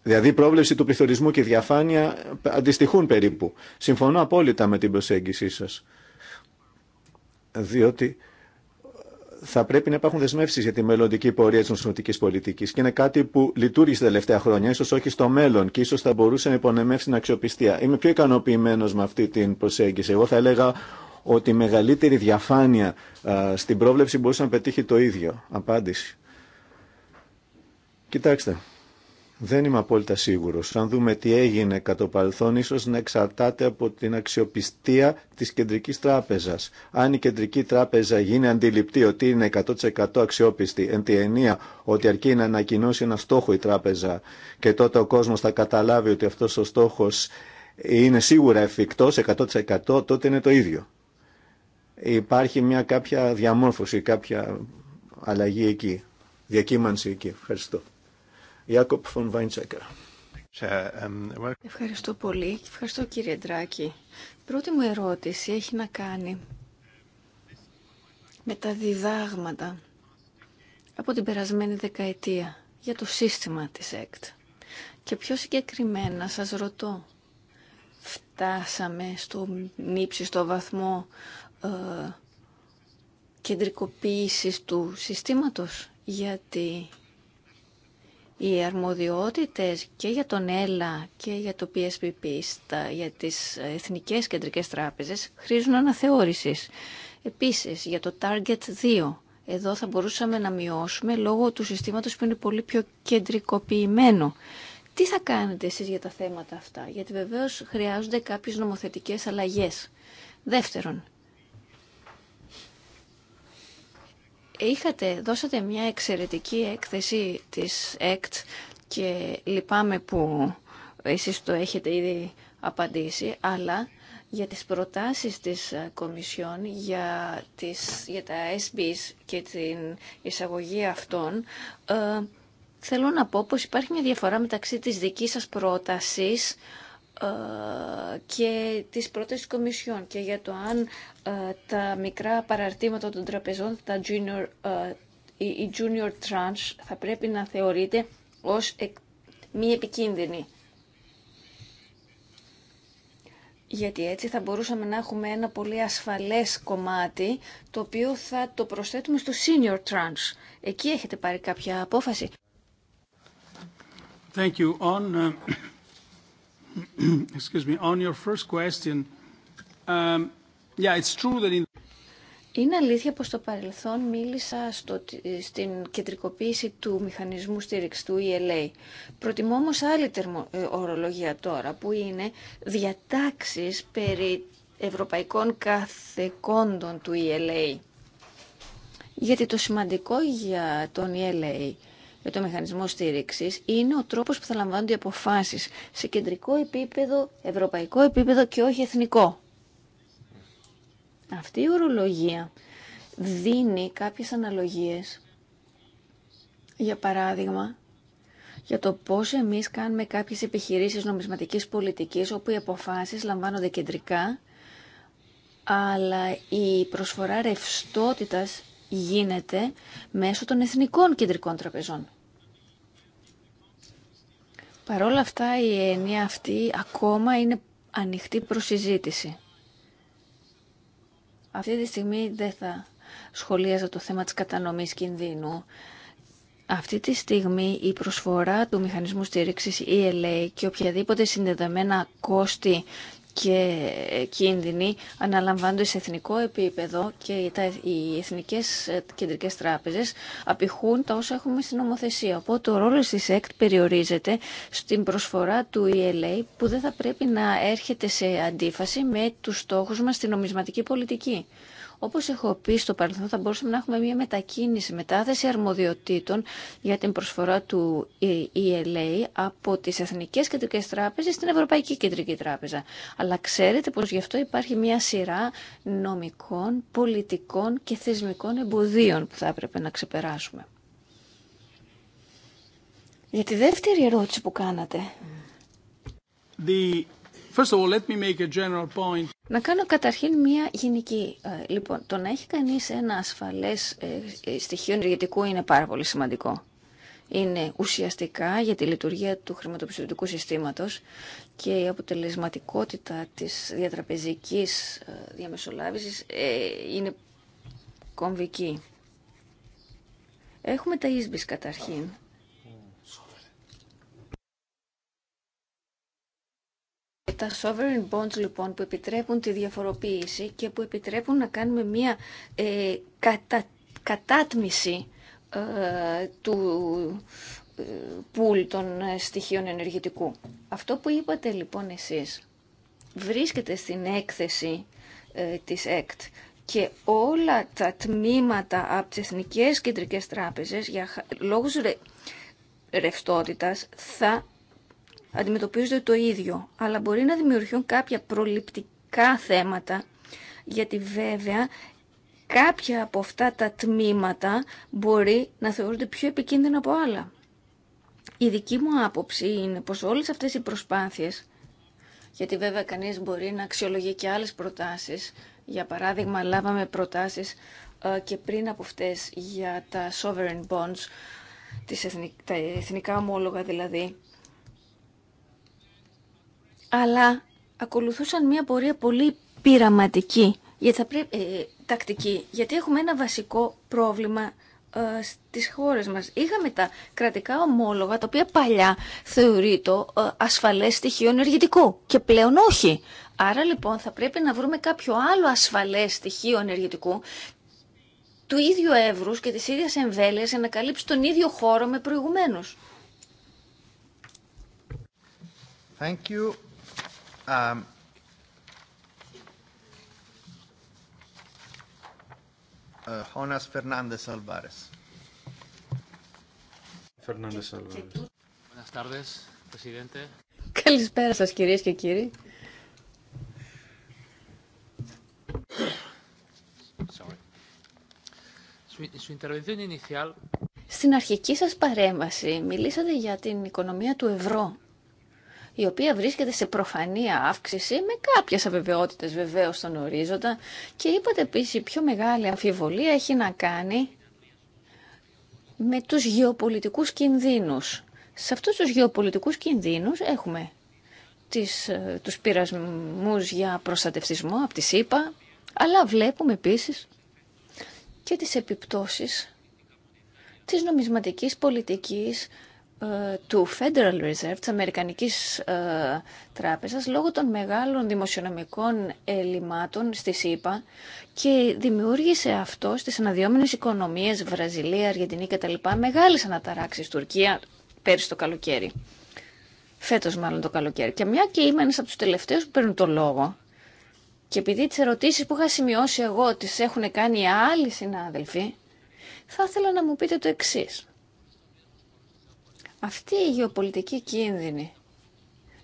Δηλαδή η πρόβλεψη του πληθωρισμού και η διαφάνεια αντιστοιχούν περίπου. Συμφωνώ απόλυτα με την προσέγγιση σας. Διότι ε, θα πρέπει να υπάρχουν δεσμεύσει για τη μελλοντική πορεία τη νοσηλευτική πολιτική. Και είναι κάτι που λειτουργήσε τα τελευταία χρόνια, ίσω όχι στο μέλλον και ίσω θα μπορούσε να υπονεμεύσει την αξιοπιστία. Είμαι πιο ικανοποιημένο με αυτή την προσέγγιση. Εγώ θα έλεγα ότι η μεγαλύτερη διαφάνεια ε, στην πρόβλεψη μπορούσε να πετύχει το ίδιο. Απάντηση. Κοιτάξτε, δεν είμαι απόλυτα σίγουρος. Αν δούμε τι έγινε κατά το παρελθόν, ίσως να εξαρτάται από την αξιοπιστία της κεντρικής τράπεζας. Αν η κεντρική τράπεζα γίνει αντιληπτή ότι είναι 100% αξιόπιστη, εν τη ενία ότι αρκεί να ανακοινώσει ένα στόχο η τράπεζα και τότε ο κόσμος θα καταλάβει ότι αυτός ο στόχος είναι σίγουρα εφικτός 100% τότε είναι το ίδιο. Υπάρχει μια κάποια διαμόρφωση, κάποια αλλαγή εκεί, διακύμανση εκεί. Ευχαριστώ. Ευχαριστώ πολύ. Ευχαριστώ κύριε Ντράκη. Πρώτη μου ερώτηση έχει να κάνει με τα διδάγματα από την περασμένη δεκαετία για το σύστημα της ΕΚΤ. Και πιο συγκεκριμένα σας ρωτώ, φτάσαμε στο στο βαθμό ε, κεντρικοποίησης του συστήματος, γιατί οι αρμοδιότητες και για τον ΕΛΑ και για το PSPP, για τις Εθνικές Κεντρικές Τράπεζες, χρήζουν αναθεώρησης. Επίσης, για το Target 2, εδώ θα μπορούσαμε να μειώσουμε λόγω του συστήματος που είναι πολύ πιο κεντρικοποιημένο. Τι θα κάνετε εσείς για τα θέματα αυτά, γιατί βεβαίως χρειάζονται κάποιες νομοθετικές αλλαγές. Δεύτερον, είχατε, δώσατε μια εξαιρετική έκθεση της ΕΚΤ και λυπάμαι που εσείς το έχετε ήδη απαντήσει, αλλά για τις προτάσεις της Κομισιόν για, τις, για τα SBs και την εισαγωγή αυτών, ε, θέλω να πω πως υπάρχει μια διαφορά μεταξύ της δικής σας πρότασης ε, και τις πρώτες κομισιόν και για το αν ε, τα μικρά παραρτήματα των τραπεζών, τα junior, η ε, junior tranche θα πρέπει να θεωρείται ως μη επικίνδυνη. Γιατί έτσι θα μπορούσαμε να έχουμε ένα πολύ ασφαλές κομμάτι το οποίο θα το προσθέτουμε στο senior trans. Εκεί έχετε πάρει κάποια απόφαση. Thank you. On, On your first question, um, Είναι αλήθεια πως στο παρελθόν μίλησα στην κεντρικοποίηση του μηχανισμού στήριξη του ELA. Προτιμώ όμως άλλη τερμο, ε, ορολογία τώρα που είναι διατάξεις περί ευρωπαϊκών καθεκόντων του ELA. Γιατί το σημαντικό για τον ELA με το μηχανισμό στήριξη είναι ο τρόπο που θα λαμβάνονται οι αποφάσει σε κεντρικό επίπεδο, ευρωπαϊκό επίπεδο και όχι εθνικό. Αυτή η ορολογία δίνει κάποιες αναλογίες, για παράδειγμα, για το πώς εμείς κάνουμε κάποιες επιχειρήσεις νομισματικής πολιτικής, όπου οι αποφάσεις λαμβάνονται κεντρικά, αλλά η προσφορά ρευστότητας γίνεται μέσω των εθνικών κεντρικών τραπεζών. Παρ' όλα αυτά η έννοια αυτή ακόμα είναι ανοιχτή προς συζήτηση. Αυτή τη στιγμή δεν θα σχολίαζα το θέμα της κατανομής κινδύνου. Αυτή τη στιγμή η προσφορά του μηχανισμού στήριξης ELA και οποιαδήποτε συνδεδεμένα κόστη και κίνδυνοι αναλαμβάνονται σε εθνικό επίπεδο και οι εθνικές ε, κεντρικές τράπεζες απηχούν τα όσα έχουμε στην νομοθεσία. Οπότε ο ρόλο της ΕΚΤ περιορίζεται στην προσφορά του ELA που δεν θα πρέπει να έρχεται σε αντίφαση με τους στόχους μας στην νομισματική πολιτική. Όπως έχω πει στο παρελθόν θα μπορούσαμε να έχουμε μια μετακίνηση, μετάθεση αρμοδιοτήτων για την προσφορά του ELA ε, ε από τις Εθνικές Κεντρικές Τράπεζες στην Ευρωπαϊκή Κεντρική Τράπεζα. Αλλά ξέρετε πως γι' αυτό υπάρχει μια σειρά νομικών, πολιτικών και θεσμικών εμποδίων που θα έπρεπε να ξεπεράσουμε. Για τη δεύτερη ερώτηση που κάνατε. Να κάνω καταρχήν μία γενική. Ε, λοιπόν, το να έχει κανείς ένα ασφαλές ε, ε, στοιχείο ενεργητικού είναι πάρα πολύ σημαντικό. Είναι ουσιαστικά για τη λειτουργία του χρηματοπιστωτικού συστήματος και η αποτελεσματικότητα της διατραπεζικής διαμεσολάβησης είναι κομβική. Έχουμε τα ίσμπις καταρχήν Τα sovereign bonds λοιπόν που επιτρέπουν τη διαφοροποίηση και που επιτρέπουν να κάνουμε μια ε, κατάτμιση ε, του ε, πουλ των ε, στοιχείων ενεργητικού. Αυτό που είπατε λοιπόν εσείς βρίσκεται στην έκθεση ε, της ΕΚΤ και όλα τα τμήματα από τις Εθνικές Κεντρικές Τράπεζες για λόγους ρευστότητας θα αντιμετωπίζονται το ίδιο, αλλά μπορεί να δημιουργηθούν κάποια προληπτικά θέματα, γιατί βέβαια κάποια από αυτά τα τμήματα μπορεί να θεωρούνται πιο επικίνδυνα από άλλα. Η δική μου άποψη είναι πως όλες αυτές οι προσπάθειες, γιατί βέβαια κανείς μπορεί να αξιολογεί και άλλες προτάσεις, για παράδειγμα λάβαμε προτάσεις ε, και πριν από αυτές για τα sovereign bonds, τα εθνικά ομόλογα δηλαδή, αλλά ακολουθούσαν μια πορεία πολύ πειραματική, γιατί θα ε, τακτική, γιατί έχουμε ένα βασικό πρόβλημα ε, στις χώρες μας. Είχαμε τα κρατικά ομόλογα, τα οποία παλιά θεωρείται ε, ασφαλές στοιχείο ενεργητικού και πλέον όχι. Άρα λοιπόν θα πρέπει να βρούμε κάποιο άλλο ασφαλές στοιχείο ενεργητικού του ίδιου εύρους και της ίδιας εμβέλειας για να καλύψει τον ίδιο χώρο με προηγουμένους. Καλησπέρα σας κυρίες και κύριοι. Στην αρχική σας παρέμβαση μιλήσατε για την οικονομία του ευρώ η οποία βρίσκεται σε προφανή αύξηση με κάποιες αβεβαιότητες βεβαίως στον ορίζοντα και είπατε επίσης η πιο μεγάλη αμφιβολία έχει να κάνει με τους γεωπολιτικούς κινδύνους. Σε αυτούς τους γεωπολιτικούς κινδύνους έχουμε τις, ε, τους πειρασμούς για προστατευτισμό από τη ΣΥΠΑ, αλλά βλέπουμε επίσης και τις επιπτώσεις της νομισματικής πολιτικής ε, του Federal Reserve, της Αμερικανικής ε, Τράπεζας, λόγω των μεγάλων δημοσιονομικών ελλημάτων στη ΣΥΠΑ και δημιούργησε αυτό στις αναδυόμενες οικονομίες, Βραζιλία, Αργεντινή κτλ. μεγάλες αναταράξεις, Τουρκία, πέρσι το καλοκαίρι. Φέτος μάλλον το καλοκαίρι. Και μια και είμαι ένας από τους τελευταίους που παίρνουν το λόγο, και επειδή τις ερωτήσεις που είχα σημειώσει εγώ τις έχουν κάνει άλλοι συνάδελφοι, θα ήθελα να μου πείτε το εξής. Αυτή η γεωπολιτική κίνδυνη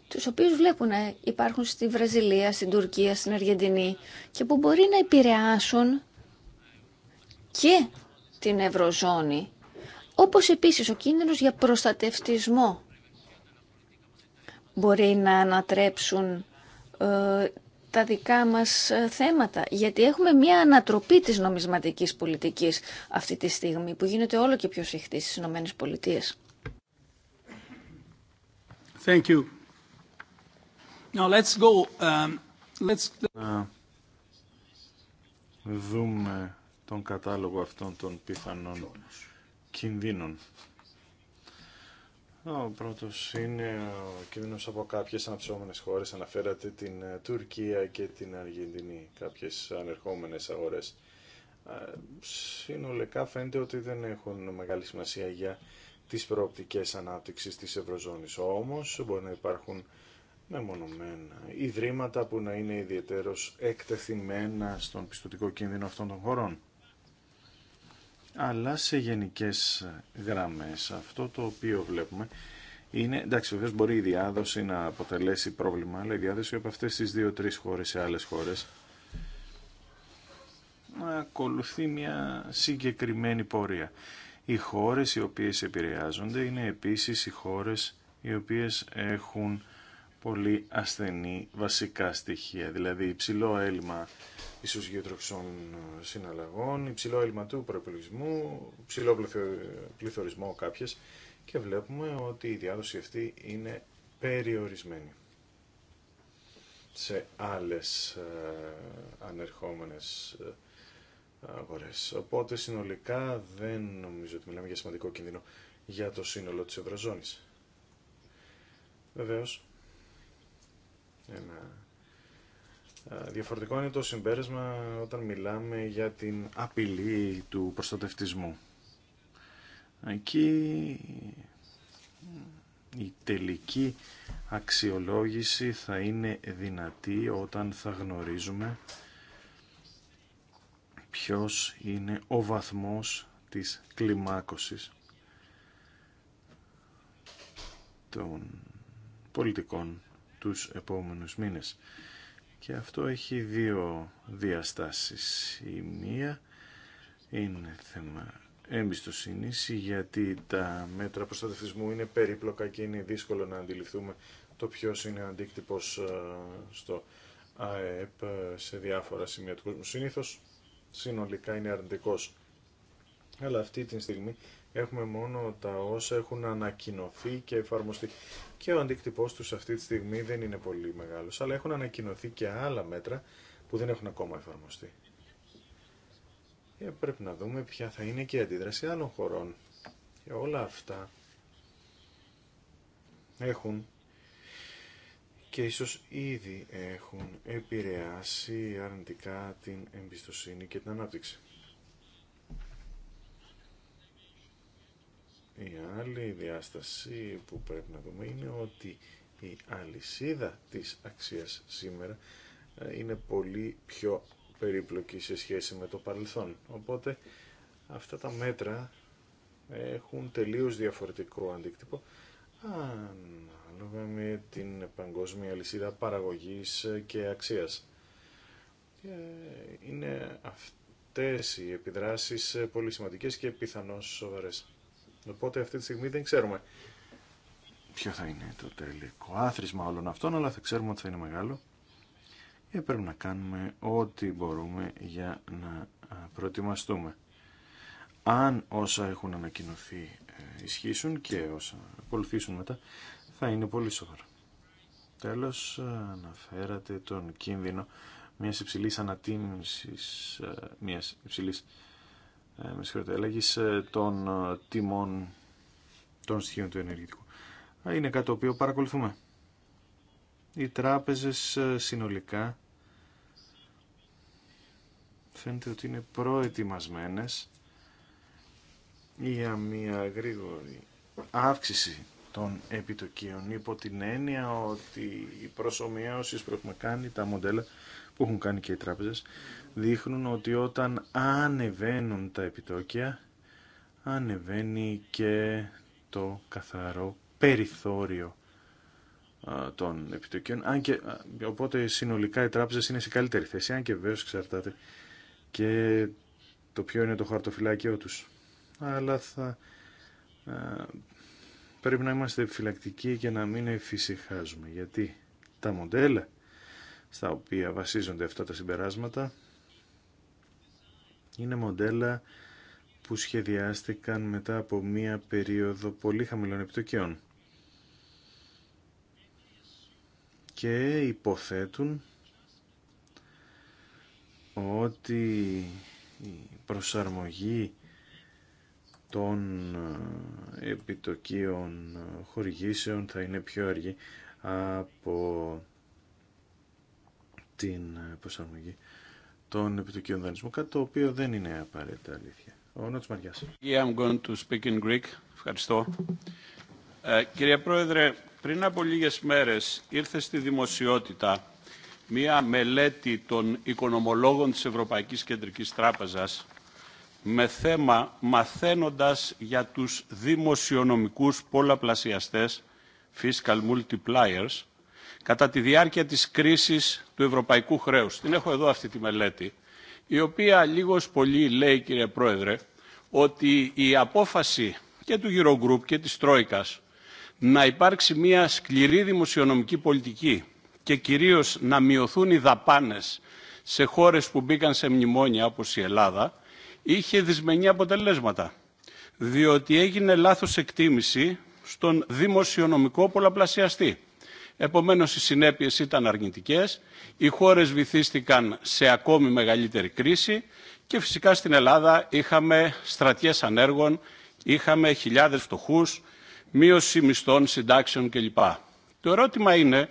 τους οποίους βλέπουν να ε, υπάρχουν στη Βραζιλία, στην Τουρκία, στην Αργεντινή και που μπορεί να επηρεάσουν και την Ευρωζώνη, όπως επίσης ο κίνδυνος για προστατευτισμό μπορεί να ανατρέψουν ε, τα δικά μας ε, θέματα, γιατί έχουμε μια ανατροπή της νομισματικής πολιτικής αυτή τη στιγμή που γίνεται όλο και πιο συχτή στις Ηνωμένες Πολιτείες. Thank you. Now let's go. Um, δούμε τον κατάλογο αυτών των πιθανών κινδύνων. Ο πρώτος είναι ο κίνδυνο από κάποιες αναψώμενες χώρες. Αναφέρατε την ε, Τουρκία και την Αργεντινή, κάποιες ανερχόμενες αγορέ. Ε, συνολικά φαίνεται ότι δεν έχουν μεγάλη σημασία για τις προοπτικές ανάπτυξης της Ευρωζώνης. Όμως μπορεί να υπάρχουν μεμονωμένα ιδρύματα που να είναι ιδιαίτερως εκτεθειμένα στον πιστοτικό κίνδυνο αυτών των χωρών. Αλλά σε γενικές γραμμές αυτό το οποίο βλέπουμε είναι, εντάξει βεβαίως μπορεί η διάδοση να αποτελέσει πρόβλημα, αλλά η διάδοση από αυτές τις δύο-τρεις χώρες σε άλλες χώρες να ακολουθεί μια συγκεκριμένη πορεία. Οι χώρες οι οποίες επηρεάζονται είναι επίσης οι χώρες οι οποίες έχουν πολύ ασθενή βασικά στοιχεία, δηλαδή υψηλό έλλειμμα ίσως γεωτροξών ε, συναλλαγών, υψηλό έλλειμμα του προπολογισμού, υψηλό πληθωρισμό κάποιες και βλέπουμε ότι η διάδοση αυτή είναι περιορισμένη σε άλλες ε, ανερχόμενες ε, αγορές. Οπότε συνολικά δεν νομίζω ότι μιλάμε για σημαντικό κίνδυνο για το σύνολο της Ευρωζώνης. Βεβαίως, διαφορετικό είναι το συμπέρασμα όταν μιλάμε για την απειλή του προστατευτισμού. Εκεί η τελική αξιολόγηση θα είναι δυνατή όταν θα γνωρίζουμε ποιος είναι ο βαθμός της κλιμάκωσης των πολιτικών τους επόμενους μήνες. Και αυτό έχει δύο διαστάσεις. Η μία είναι θέμα εμπιστοσύνη γιατί τα μέτρα προστατευτισμού είναι περίπλοκα και είναι δύσκολο να αντιληφθούμε το ποιος είναι ο αντίκτυπος ε, στο ΑΕΠ ε, σε διάφορα σημεία του κόσμου συνολικά είναι αρνητικός. Αλλά αυτή τη στιγμή έχουμε μόνο τα όσα έχουν ανακοινωθεί και εφαρμοστεί. Και ο αντίκτυπός τους αυτή τη στιγμή δεν είναι πολύ μεγάλος, αλλά έχουν ανακοινωθεί και άλλα μέτρα που δεν έχουν ακόμα εφαρμοστεί. Και ε, πρέπει να δούμε ποια θα είναι και η αντίδραση άλλων χωρών. Και όλα αυτά έχουν και ίσως ήδη έχουν επηρεάσει αρνητικά την εμπιστοσύνη και την ανάπτυξη. Η άλλη διάσταση που πρέπει να δούμε είναι ότι η αλυσίδα της αξίας σήμερα ε, είναι πολύ πιο περίπλοκη σε σχέση με το παρελθόν. Οπότε αυτά τα μέτρα έχουν τελείως διαφορετικό αντίκτυπο ανάλογα με την παγκόσμια λυσίδα παραγωγής και αξίας. είναι αυτές οι επιδράσεις πολύ σημαντικές και πιθανώς σοβαρές. Οπότε αυτή τη στιγμή δεν ξέρουμε ποιο θα είναι το τελικό άθροισμα όλων αυτών, αλλά θα ξέρουμε ότι θα είναι μεγάλο και πρέπει να κάνουμε ό,τι μπορούμε για να προετοιμαστούμε. Αν όσα έχουν ανακοινωθεί ισχύσουν και όσα ακολουθήσουν μετά θα είναι πολύ σοβαρά. Τέλος, αναφέρατε τον κίνδυνο μιας υψηλής ανατίμησης, ε, μιας υψηλής ε, με συγχωρείτε, ε, των τιμών των στοιχείων του ενεργητικού. Είναι κάτι το οποίο παρακολουθούμε. Οι τράπεζες συνολικά φαίνεται ότι είναι προετοιμασμένες για μια γρήγορη αύξηση των επιτοκίων υπό την έννοια ότι οι προσωμιώσεις που έχουμε κάνει, τα μοντέλα που έχουν κάνει και οι τράπεζες δείχνουν ότι όταν ανεβαίνουν τα επιτόκια ανεβαίνει και το καθαρό περιθώριο των επιτοκίων αν και, οπότε συνολικά οι τράπεζες είναι σε καλύτερη θέση αν και βέβαια εξαρτάται και το ποιο είναι το χαρτοφυλάκιό τους αλλά θα ε, πρέπει να είμαστε επιφυλακτικοί και να μην εφησυχάζουμε, γιατί τα μοντέλα στα οποία βασίζονται αυτά τα συμπεράσματα είναι μοντέλα που σχεδιάστηκαν μετά από μία περίοδο πολύ χαμηλών επιτοκιών και υποθέτουν ότι η προσαρμογή των ε, επιτοκίων χορηγήσεων θα είναι πιο αργή από την ε, προσαρμογή των επιτοκίων δανεισμού, κάτι το οποίο δεν είναι απαραίτητα αλήθεια. Ο Νότς Μαριάς. going to speak in Greek. Ευχαριστώ. Ε, κύριε Πρόεδρε, πριν από λίγες μέρες ήρθε στη δημοσιότητα μία μελέτη των οικονομολόγων της Ευρωπαϊκής Κεντρικής Τράπεζας με θέμα μαθαίνοντας για τους δημοσιονομικούς πολλαπλασιαστές fiscal multipliers κατά τη διάρκεια της κρίσης του ευρωπαϊκού χρέους. Την έχω εδώ αυτή τη μελέτη, η οποία λίγος πολύ λέει, κύριε Πρόεδρε, ότι η απόφαση και του Eurogroup και της Τρόικας να υπάρξει μια σκληρή δημοσιονομική πολιτική και κυρίως να μειωθούν οι δαπάνες σε χώρες που μπήκαν σε μνημόνια όπως η Ελλάδα, είχε δυσμενή αποτελέσματα, διότι έγινε λάθος εκτίμηση στον δημοσιονομικό πολλαπλασιαστή. Επομένως οι συνέπειες ήταν αρνητικές, οι χώρες βυθίστηκαν σε ακόμη μεγαλύτερη κρίση και φυσικά στην Ελλάδα είχαμε στρατιές ανέργων, είχαμε χιλιάδες φτωχούς, μείωση μισθών, συντάξεων κλπ. Το ερώτημα είναι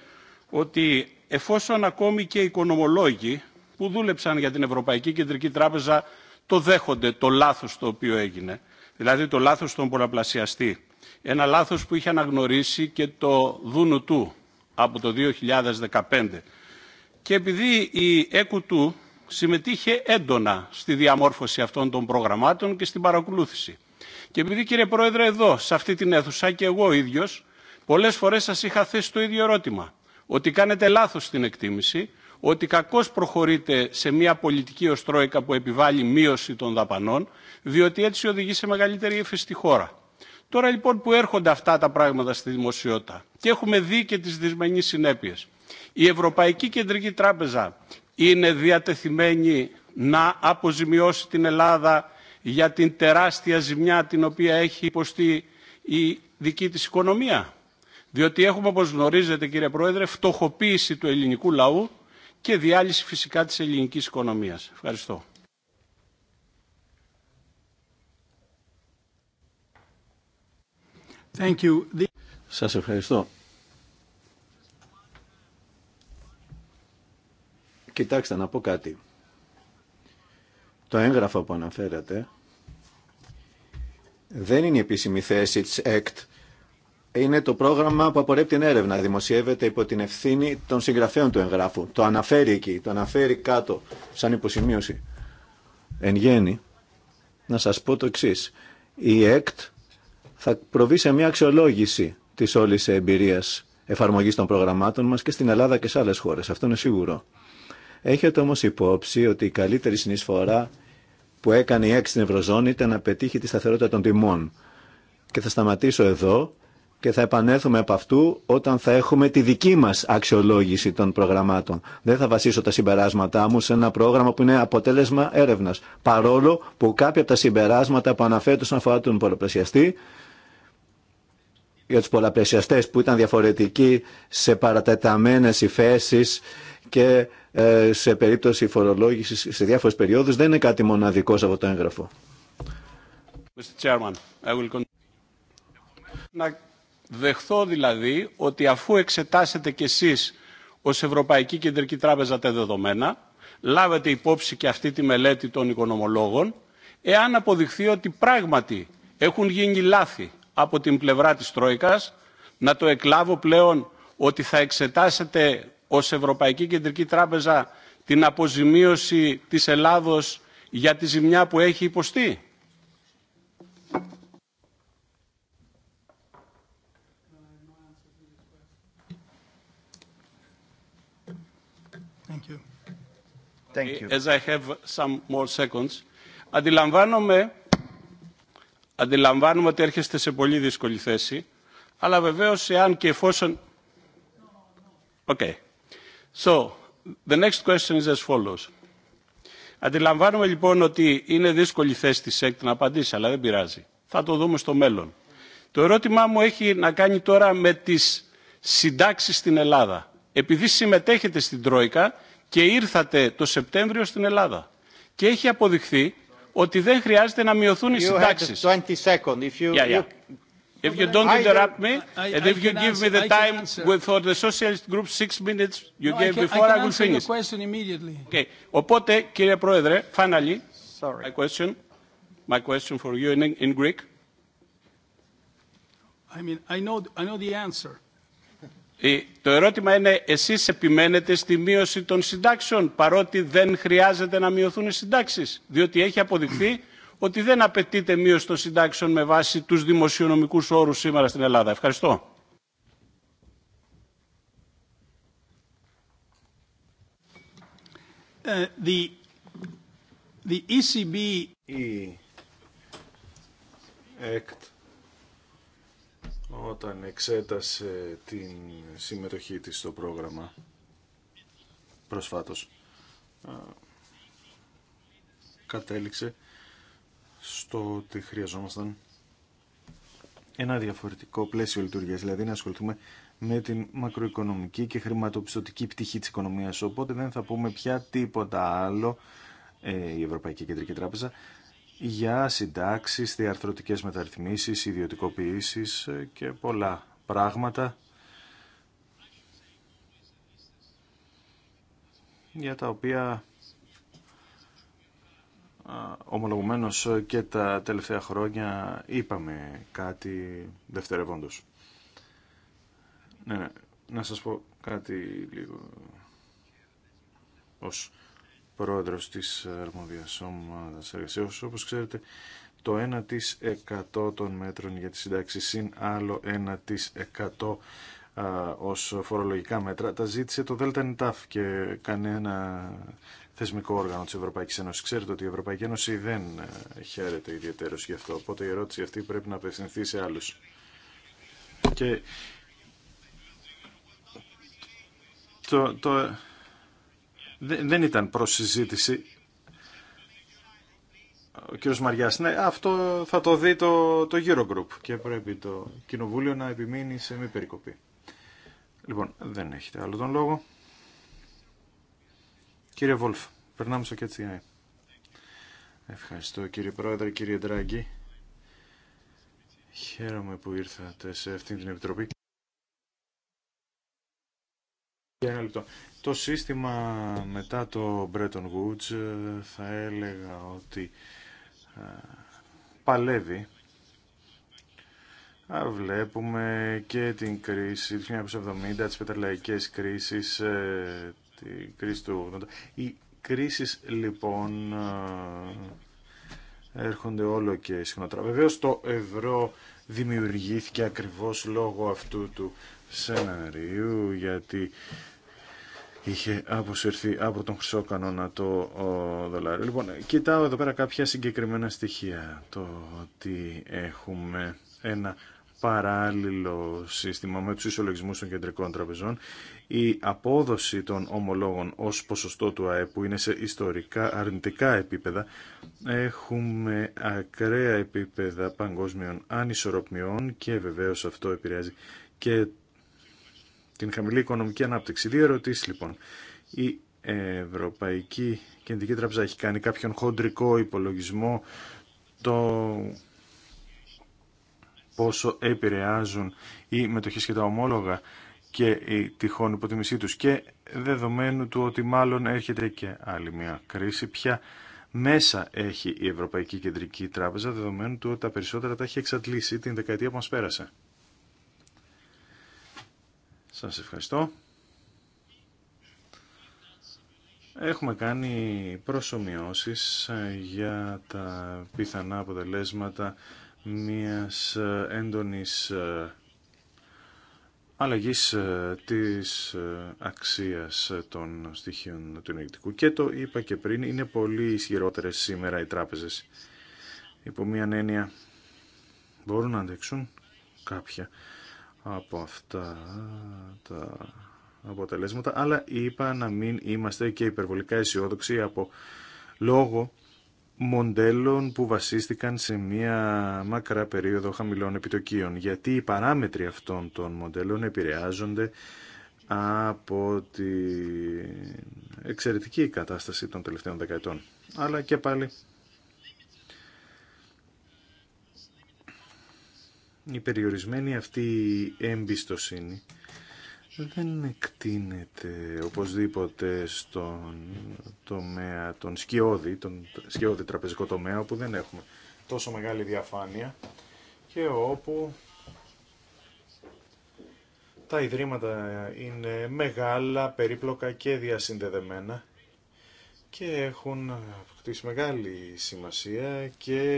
ότι εφόσον ακόμη και οι οικονομολόγοι που δούλεψαν για την Ευρωπαϊκή Κεντρική Τράπεζα το δέχονται το λάθος το οποίο έγινε. Δηλαδή το λάθος των πολλαπλασιαστή. Ένα λάθος που είχε αναγνωρίσει και το Δούνου του από το 2015. Και επειδή η ΕΚΟΥΤΟΥ συμμετείχε έντονα στη διαμόρφωση αυτών των προγραμμάτων και στην παρακολούθηση. Και επειδή κύριε Πρόεδρε εδώ, σε αυτή την αίθουσα και εγώ ίδιος, πολλές φορές σας είχα θέσει το ίδιο ερώτημα. Ότι κάνετε λάθος στην εκτίμηση ότι κακώς προχωρείται σε μια πολιτική ω Τρόικα που επιβάλλει μείωση των δαπανών, διότι έτσι οδηγεί σε μεγαλύτερη ύφεση στη χώρα. Τώρα λοιπόν που έρχονται αυτά τα πράγματα στη δημοσιότητα και έχουμε δει και τις δυσμενείς συνέπειες, η Ευρωπαϊκή Κεντρική Τράπεζα είναι διατεθειμένη να αποζημιώσει την Ελλάδα για την τεράστια ζημιά την οποία έχει υποστεί η δική της οικονομία. Διότι έχουμε, όπως γνωρίζετε κύριε Πρόεδρε, φτωχοποίηση του ελληνικού λαού και διάλυση φυσικά της ελληνικής οικονομίας. Ευχαριστώ. Thank you. Σας ευχαριστώ. Κοιτάξτε να πω κάτι. Το έγγραφο που αναφέρατε δεν είναι η επίσημη θέση της ΕΚΤ είναι το πρόγραμμα που απορρέπει την έρευνα. Δημοσιεύεται υπό την ευθύνη των συγγραφέων του εγγράφου. Το αναφέρει εκεί, το αναφέρει κάτω, σαν υποσημείωση. Εν γέννη, να σας πω το εξή. Η ΕΚΤ θα προβεί σε μια αξιολόγηση της όλης εμπειρίας εφαρμογής των προγραμμάτων μας και στην Ελλάδα και σε άλλες χώρες. Αυτό είναι σίγουρο. Έχετε όμως υπόψη ότι η καλύτερη συνεισφορά που έκανε η ΕΚΤ στην Ευρωζώνη ήταν να πετύχει τη σταθερότητα των τιμών. Και θα σταματήσω εδώ και θα επανέλθουμε από αυτού όταν θα έχουμε τη δική μας αξιολόγηση των προγραμμάτων. Δεν θα βασίσω τα συμπεράσματά μου σε ένα πρόγραμμα που είναι αποτέλεσμα έρευνας, παρόλο που κάποια από τα συμπεράσματα που αναφέρεται στον αφορά τον πολλαπλασιαστή, για τους πολλαπλασιαστές που ήταν διαφορετικοί σε παρατεταμένες υφέσεις και ε, σε περίπτωση φορολόγησης σε διάφορες περιόδους, δεν είναι κάτι μοναδικό σε αυτό το έγγραφο. Mr. Chairman, I will... Δεχθώ δηλαδή ότι αφού εξετάσετε κι εσείς ως Ευρωπαϊκή Κεντρική Τράπεζα τα δεδομένα, λάβετε υπόψη και αυτή τη μελέτη των οικονομολόγων, εάν αποδειχθεί ότι πράγματι έχουν γίνει λάθη από την πλευρά της Τρόικας, να το εκλάβω πλέον ότι θα εξετάσετε ως Ευρωπαϊκή Κεντρική Τράπεζα την αποζημίωση της Ελλάδος για τη ζημιά που έχει υποστεί. Thank ε, you. As I have some more seconds. Αντιλαμβάνομαι, αντιλαμβάνομαι ότι έρχεστε σε πολύ δύσκολη θέση, αλλά βεβαίως εάν και εφόσον... Okay. So, the next question is as follows. Αντιλαμβάνομαι λοιπόν ότι είναι δύσκολη θέση της ΕΚΤ να απαντήσει, αλλά δεν πειράζει. Θα το δούμε στο μέλλον. Το ερώτημά μου έχει να κάνει τώρα με τις συντάξεις στην Ελλάδα. Επειδή συμμετέχετε στην Τρόικα, και ήρθατε το Σεπτέμβριο στην Ελλάδα. Και έχει αποδειχθεί ότι δεν χρειάζεται να μειωθούν οι συντάξεις. If you don't interrupt me, and if you give me the time for the socialist group six minutes you gave before, I will finish. Okay. Οπότε, κύριε Πρόεδρε, finally, my question, my question for you in, in Greek. I mean, I know, I know the answer. Ε, το ερώτημα είναι εσείς επιμένετε στη μείωση των συντάξεων παρότι δεν χρειάζεται να μειωθούν οι συντάξεις διότι έχει αποδειχθεί ότι δεν απαιτείται μείωση των συντάξεων με βάση τους δημοσιονομικούς όρους σήμερα στην Ελλάδα. Ευχαριστώ. Uh, the, the ECB όταν εξέτασε την συμμετοχή της στο πρόγραμμα προσφάτως κατέληξε στο ότι χρειαζόμασταν ένα διαφορετικό πλαίσιο λειτουργίας, δηλαδή να ασχοληθούμε με την μακροοικονομική και χρηματοπιστωτική πτυχή της οικονομίας, οπότε δεν θα πούμε πια τίποτα άλλο ε, η Ευρωπαϊκή Κεντρική Τράπεζα για συντάξεις, διαρθρωτικές μεταρρυθμίσεις, ιδιωτικοποιήσεις και πολλά πράγματα για τα οποία ομολογουμένως και τα τελευταία χρόνια είπαμε κάτι δευτερευόντως. Ναι, ναι. Να σας πω κάτι λίγο ως πρόεδρος της αρμόδιας ομάδας εργασίας. Όπως ξέρετε, το 1% των μέτρων για τη συντάξη συν άλλο 1% ως φορολογικά μέτρα τα ζήτησε το ΔΝΤΑΦ και κανένα θεσμικό όργανο της Ευρωπαϊκής Ένωσης. Ξέρετε ότι η Ευρωπαϊκή Ένωση δεν χαίρεται ιδιαίτερως γι' αυτό, οπότε η ερώτηση αυτή πρέπει να απευθυνθεί σε άλλους. Και το, το, δεν ήταν προς συζήτηση. Ο κύριος Μαριάς, ναι, αυτό θα το δει το, το Eurogroup και πρέπει το Κοινοβούλιο να επιμείνει σε μη περικοπή. Λοιπόν, δεν έχετε άλλο τον λόγο. Κύριε Βόλφ, περνάμε στο KTI. Ευχαριστώ κύριε Πρόεδρε, κύριε Ντράγκη. Χαίρομαι που ήρθατε σε αυτή την Επιτροπή. Το σύστημα μετά το Bretton Woods ε, θα έλεγα ότι ε, παλεύει. Βλέπουμε και την κρίση του 1970, τις πετρελαϊκές κρίσεις, ε, την κρίση του 80. Οι κρίσεις λοιπόν έρχονται όλο και συχνότερα. Βεβαίω το ευρώ δημιουργήθηκε ακριβώς λόγω αυτού του σενάριου γιατί είχε αποσυρθεί από τον χρυσό κανόνα το δολάριο. Λοιπόν, κοιτάω εδώ πέρα κάποια συγκεκριμένα στοιχεία. Το ότι έχουμε ένα παράλληλο σύστημα με τους ισολογισμούς των κεντρικών τραπεζών, η απόδοση των ομολόγων ως ποσοστό του ΑΕΠ που είναι σε ιστορικά αρνητικά επίπεδα, έχουμε ακραία επίπεδα παγκόσμιων ανισορροπιών και βεβαίως αυτό επηρεάζει και την χαμηλή οικονομική ανάπτυξη. Δύο ερωτήσει, λοιπόν. Η Ευρωπαϊκή Κεντρική Τράπεζα έχει κάνει κάποιον χοντρικό υπολογισμό το πόσο επηρεάζουν οι μετοχέ και τα ομόλογα και η τυχόν υποτιμησή τους και δεδομένου του ότι μάλλον έρχεται και άλλη μια κρίση πια μέσα έχει η Ευρωπαϊκή Κεντρική Τράπεζα δεδομένου του ότι τα περισσότερα τα έχει εξαντλήσει την δεκαετία που μας πέρασε. Σας ευχαριστώ. Έχουμε κάνει προσωμιώσεις ε, για τα πιθανά αποτελέσματα μιας ε, έντονης ε, αλλαγής της αξίας των στοιχείων του ενεργητικού. Και το είπα και πριν, είναι πολύ ισχυρότερε σήμερα οι τράπεζες. Υπό μια έννοια μπορούν να αντέξουν κάποια από αυτά τα αποτελέσματα, αλλά είπα να μην είμαστε και υπερβολικά αισιόδοξοι από λόγο μοντέλων που βασίστηκαν σε μία μακρά περίοδο χαμηλών επιτοκίων, γιατί οι παράμετροι αυτών των μοντέλων επηρεάζονται από την εξαιρετική κατάσταση των τελευταίων δεκαετών. Αλλά και πάλι η περιορισμένη αυτή εμπιστοσύνη δεν εκτείνεται οπωσδήποτε στον τομέα, τον σκιώδη, τον σκιώδη τραπεζικό τομέα, όπου δεν έχουμε τόσο μεγάλη διαφάνεια και όπου τα ιδρύματα είναι μεγάλα, περίπλοκα και διασυνδεδεμένα και έχουν αποκτήσει μεγάλη σημασία και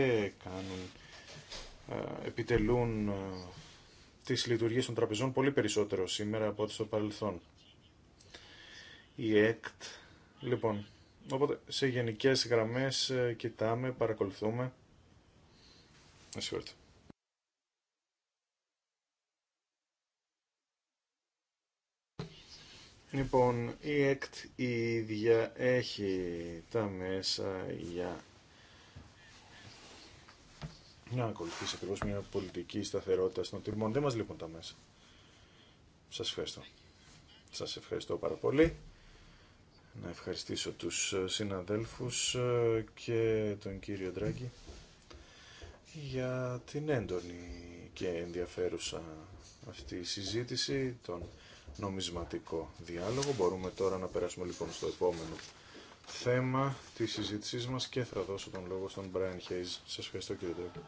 κάνουν ε, επιτελούν ε, τις λειτουργίες των τραπεζών πολύ περισσότερο σήμερα από ό,τι στο παρελθόν. Η ΕΚΤ, λοιπόν, οπότε σε γενικές γραμμές ε, κοιτάμε, παρακολουθούμε. Συγχωρείτε. Λοιπόν, η ΕΚΤ η ίδια έχει τα μέσα για να ακολουθήσει ακριβώ μια πολιτική σταθερότητα στον τιμών. Δεν μα λείπουν τα μέσα. Σας ευχαριστώ. Σας ευχαριστώ πάρα πολύ. Να ευχαριστήσω τους ε, συναδέλφους ε, και τον κύριο Ντράγκη για την έντονη και ενδιαφέρουσα αυτή η συζήτηση, τον νομισματικό διάλογο. Μπορούμε τώρα να περάσουμε λοιπόν στο επόμενο θέμα τη συζήτησή μα και θα δώσω τον λόγο στον Brian Hayes. Σα ευχαριστώ κύριε Τρέπη.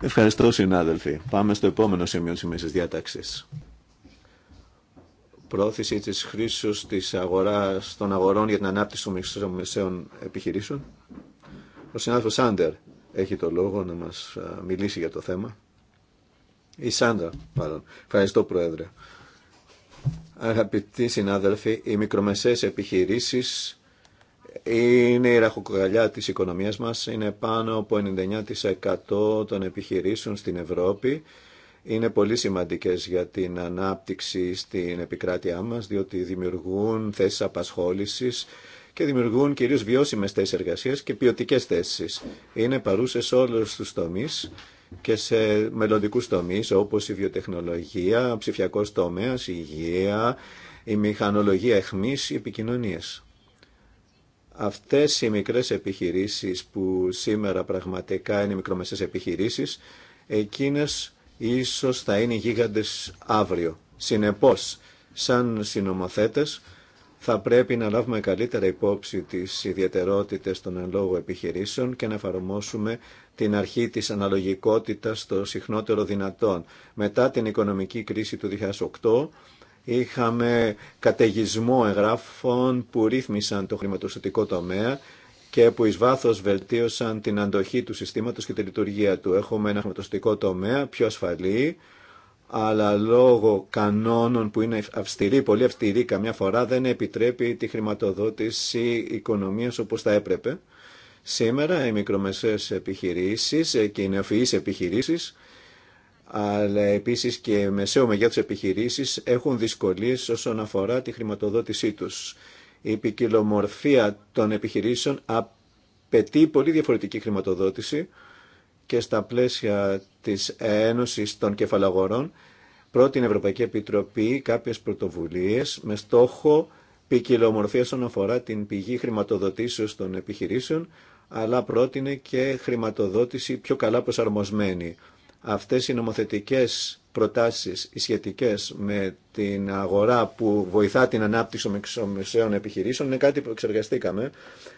Ευχαριστώ συνάδελφοι. Πάμε στο επόμενο σημείο της ημέρας διάταξης. Πρόθεση της χρήσης της αγοράς των αγορών για την ανάπτυξη των μικρομεσαίων επιχειρήσεων. Ο συνάδελφος Σάντερ έχει το λόγο να μας μιλήσει για το θέμα. Η Σάντερ, μάλλον. Ευχαριστώ Πρόεδρε. Αγαπητοί συνάδελφοι, οι μικρομεσαίες επιχειρήσεις είναι η ραχοκοκαλιά της οικονομίας μας, είναι πάνω από 99% των επιχειρήσεων στην Ευρώπη. Είναι πολύ σημαντικές για την ανάπτυξη στην επικράτειά μας, διότι δημιουργούν θέσεις απασχόλησης και δημιουργούν κυρίως βιώσιμες θέσεις εργασίας και ποιοτικές θέσεις. Είναι παρούσες όλους τους τομείς και σε μελλοντικού τομείς όπως η βιοτεχνολογία, ψηφιακός τομέας, η υγεία, η μηχανολογία εχμής, οι επικοινωνίες. Αυτές οι μικρές επιχειρήσεις που σήμερα πραγματικά είναι μικρομεσαίες επιχειρήσεις, εκείνες ίσως θα είναι γίγαντες αύριο. Συνεπώς, σαν συνομοθέτες, θα πρέπει να λάβουμε καλύτερα υπόψη τις ιδιαιτερότητες των εν επιχειρήσεων και να εφαρμόσουμε την αρχή της αναλογικότητας στο συχνότερο δυνατόν. Μετά την οικονομική κρίση του 2008, Είχαμε καταιγισμό εγγράφων που ρύθμισαν το χρηματοστατικό τομέα και που εις βάθος βελτίωσαν την αντοχή του συστήματος και τη λειτουργία του. Έχουμε ένα χρηματοστατικό τομέα πιο ασφαλή, αλλά λόγω κανόνων που είναι αυστηροί, πολύ αυστηροί καμιά φορά, δεν επιτρέπει τη χρηματοδότηση οικονομίας όπως θα έπρεπε. Σήμερα οι μικρομεσαίες επιχειρήσεις και οι νεοφυείς επιχειρήσεις αλλά επίσης και μεσαίου μεγέθους επιχειρήσεις έχουν δυσκολίες όσον αφορά τη χρηματοδότησή τους. Η ποικιλομορφία των επιχειρήσεων απαιτεί πολύ διαφορετική χρηματοδότηση και στα πλαίσια της Ένωσης των Κεφαλαγορών πρότεινε η Ευρωπαϊκή Επιτροπή κάποιες πρωτοβουλίες με στόχο ποικιλομορφία όσον αφορά την πηγή χρηματοδοτήσεως των επιχειρήσεων αλλά πρότεινε και χρηματοδότηση πιο καλά προσαρμοσμένη Αυτές οι νομοθετικές προτάσεις οι με την αγορά που βοηθά την ανάπτυξη των επιχειρήσεων είναι κάτι που εξεργαστήκαμε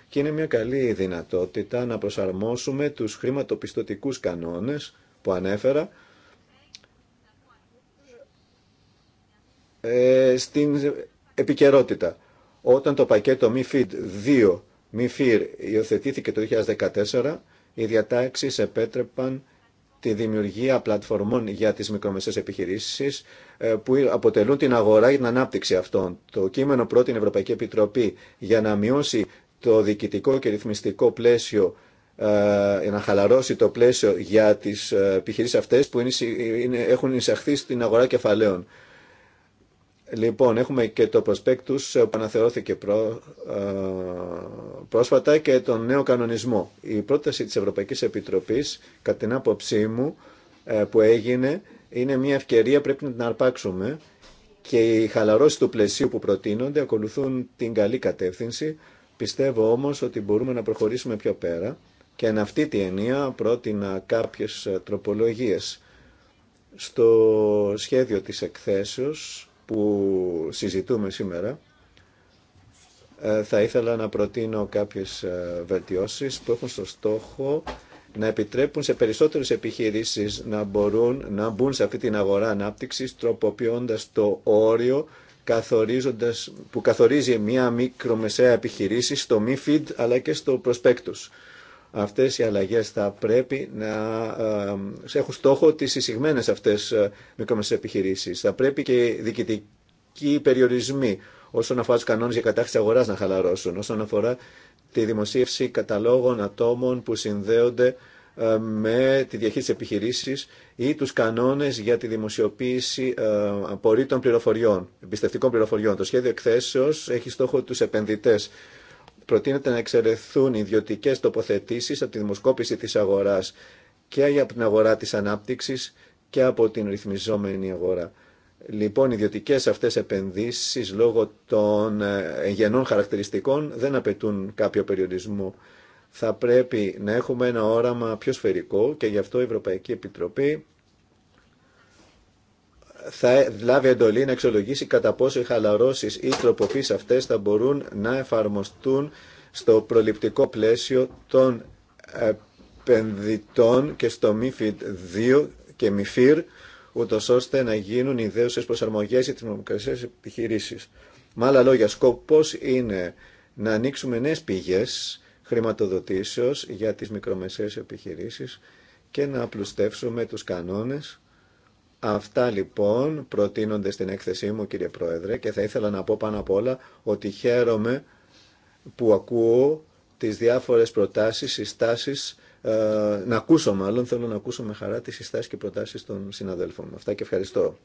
και είναι μια καλή δυνατότητα να προσαρμόσουμε τους χρηματοπιστωτικούς κανόνες που ανέφερα ε, στην επικαιρότητα. Όταν το πακέτο MIFID 2 MIFIR υιοθετήθηκε το 2014, οι διατάξεις επέτρεπαν τη δημιουργία πλατφορμών για τις μικρομεσαίες επιχειρήσεις ε, που αποτελούν την αγορά για την ανάπτυξη αυτών. Το κείμενο πρότεινε η Ευρωπαϊκή Επιτροπή για να μειώσει το διοικητικό και ρυθμιστικό πλαίσιο ε, για να χαλαρώσει το πλαίσιο για τις ε, επιχειρήσεις αυτές που έχουν εισαχθεί στην αγορά κεφαλαίων. Λοιπόν, έχουμε και το προσπέκτους ε, που αναθεώθηκε πρό, ε, πρόσφατα και τον νέο κανονισμό. Η πρόταση της Ευρωπαϊκής Επιτροπής, κατά την άποψή μου, ε, που έγινε, είναι μια ευκαιρία, πρέπει να την αρπάξουμε και οι χαλαρώσει του πλαισίου που προτείνονται ακολουθούν την καλή κατεύθυνση. Πιστεύω όμως ότι μπορούμε να προχωρήσουμε πιο πέρα και εν αυτή τη ενία πρότεινα κάποιες τροπολογίες. Στο σχέδιο της εκθέσεως που συζητούμε σήμερα, ε, θα ήθελα να προτείνω κάποιες ε, βελτιώσεις που έχουν στο στόχο να επιτρέπουν σε περισσότερες επιχειρήσεις να μπορούν να μπουν σε αυτή την αγορά ανάπτυξης τροποποιώντας το όριο που καθορίζει μια μικρομεσαία επιχειρήση στο MIFID αλλά και στο προσπέκτους. Αυτές οι αλλαγές θα πρέπει να ε, έχουν στόχο τις εισηγμένες αυτές ε, μικρόμεσες επιχειρήσεις. Θα πρέπει και οι διοικητικοί περιορισμοί όσον αφορά τους κανόνες για κατάχρηση αγοράς να χαλαρώσουν, όσον αφορά τη δημοσίευση καταλόγων ατόμων που συνδέονται ε, με τη διαχείριση επιχειρήσης ή τους κανόνες για τη δημοσιοποίηση απορρίτων πληροφοριών, εμπιστευτικών πληροφοριών. Το σχέδιο εκθέσεως έχει στόχο τους επενδυτές προτείνεται να εξαιρεθούν ιδιωτικέ τοποθετήσει από τη δημοσκόπηση τη αγορά και από την αγορά τη ανάπτυξη και από την ρυθμιζόμενη αγορά. Λοιπόν, οι ιδιωτικέ αυτέ επενδύσει λόγω των ε, γενών χαρακτηριστικών δεν απαιτούν κάποιο περιορισμό. Θα πρέπει να έχουμε ένα όραμα πιο σφαιρικό και γι' αυτό η Ευρωπαϊκή Επιτροπή θα λάβει εντολή να εξολογήσει κατά πόσο οι χαλαρώσεις ή τροποποίησεις αυτές θα μπορούν να εφαρμοστούν στο προληπτικό πλαίσιο των επενδυτών και στο MIFID 2 και MIFIR, ούτω ώστε να γίνουν ιδέωσες προσαρμογές για τις νομικές επιχειρήσεις. Με άλλα λόγια, σκοπός είναι να ανοίξουμε νέες πηγές χρηματοδοτήσεως για τις μικρομεσαίες επιχειρήσεις και να απλουστεύσουμε τους κανόνες Αυτά λοιπόν προτείνονται στην έκθεσή μου κύριε Πρόεδρε και θα ήθελα να πω πάνω απ' όλα ότι χαίρομαι που ακούω τις διάφορες προτάσεις, συστάσεις, ε, να ακούσω μάλλον, θέλω να ακούσω με χαρά τις συστάσεις και προτάσεις των συναδέλφων. Αυτά και ευχαριστώ.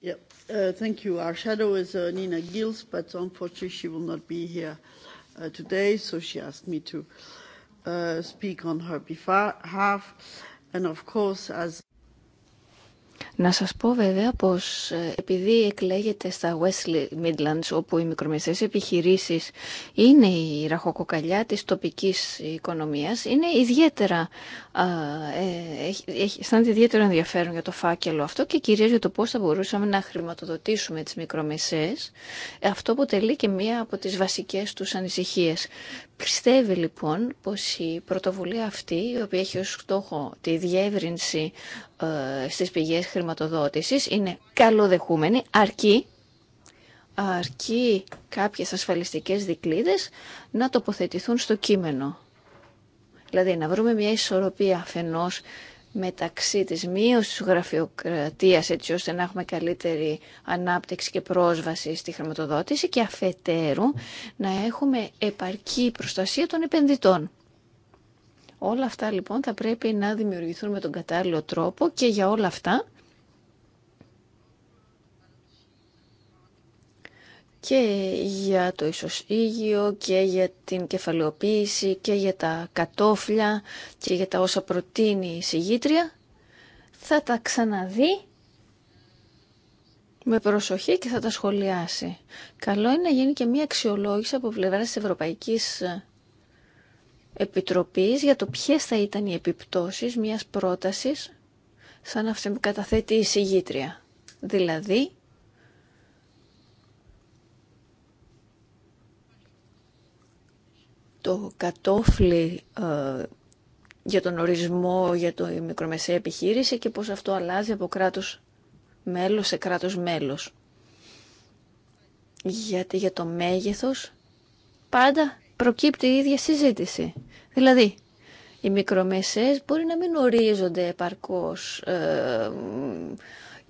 Yeah, uh, thank you. Our shadow is uh, Nina Gills, but unfortunately she will not be here uh, today, so she asked me to uh, speak on her behalf. And of course, as να σας πω βέβαια πως ε, επειδή εκλέγεται στα Wesley Midlands όπου οι μικρομεσαίες επιχειρήσεις είναι η ραχοκοκαλιά της τοπικής οικονομίας είναι ιδιαίτερα, ε, αισθάνεται ιδιαίτερο ενδιαφέρον για το φάκελο αυτό και κυρίως για το πώς θα μπορούσαμε να χρηματοδοτήσουμε τις μικρομεσαίες. Αυτό αποτελεί και μία από τις βασικές τους ανησυχίες. Πιστεύει λοιπόν πως η πρωτοβουλία αυτή, η οποία έχει ως στόχο τη διεύρυνση ε, στις πηγές χρηματοδότησης, είναι καλοδεχούμενη, αρκεί, αρκεί κάποιες ασφαλιστικές δικλίδες να τοποθετηθούν στο κείμενο. Δηλαδή να βρούμε μια ισορροπία αφενός μεταξύ της μείωσης της γραφειοκρατίας έτσι ώστε να έχουμε καλύτερη ανάπτυξη και πρόσβαση στη χρηματοδότηση και αφετέρου να έχουμε επαρκή προστασία των επενδυτών. Όλα αυτά λοιπόν θα πρέπει να δημιουργηθούν με τον κατάλληλο τρόπο και για όλα αυτά και για το ισοσύγιο, και για την κεφαλαιοποίηση και για τα κατόφλια και για τα όσα προτείνει η συγγήτρια. Θα τα ξαναδεί με προσοχή και θα τα σχολιάσει. Καλό είναι να γίνει και μια αξιολόγηση από πλευρά της Ευρωπαϊκής Επιτροπής για το ποιες θα ήταν οι επιπτώσεις μιας πρότασης σαν αυτή που καταθέτει η συγγήτρια. Δηλαδή, το κατόφλι ε, για τον ορισμό για το μικρομεσαία επιχείρηση και πώς αυτό αλλάζει από κράτος μέλος σε κράτος μέλος. Γιατί για το μέγεθος πάντα προκύπτει η ίδια συζήτηση. Δηλαδή, οι μικρομεσαίες μπορεί να μην ορίζονται επαρκώς ε,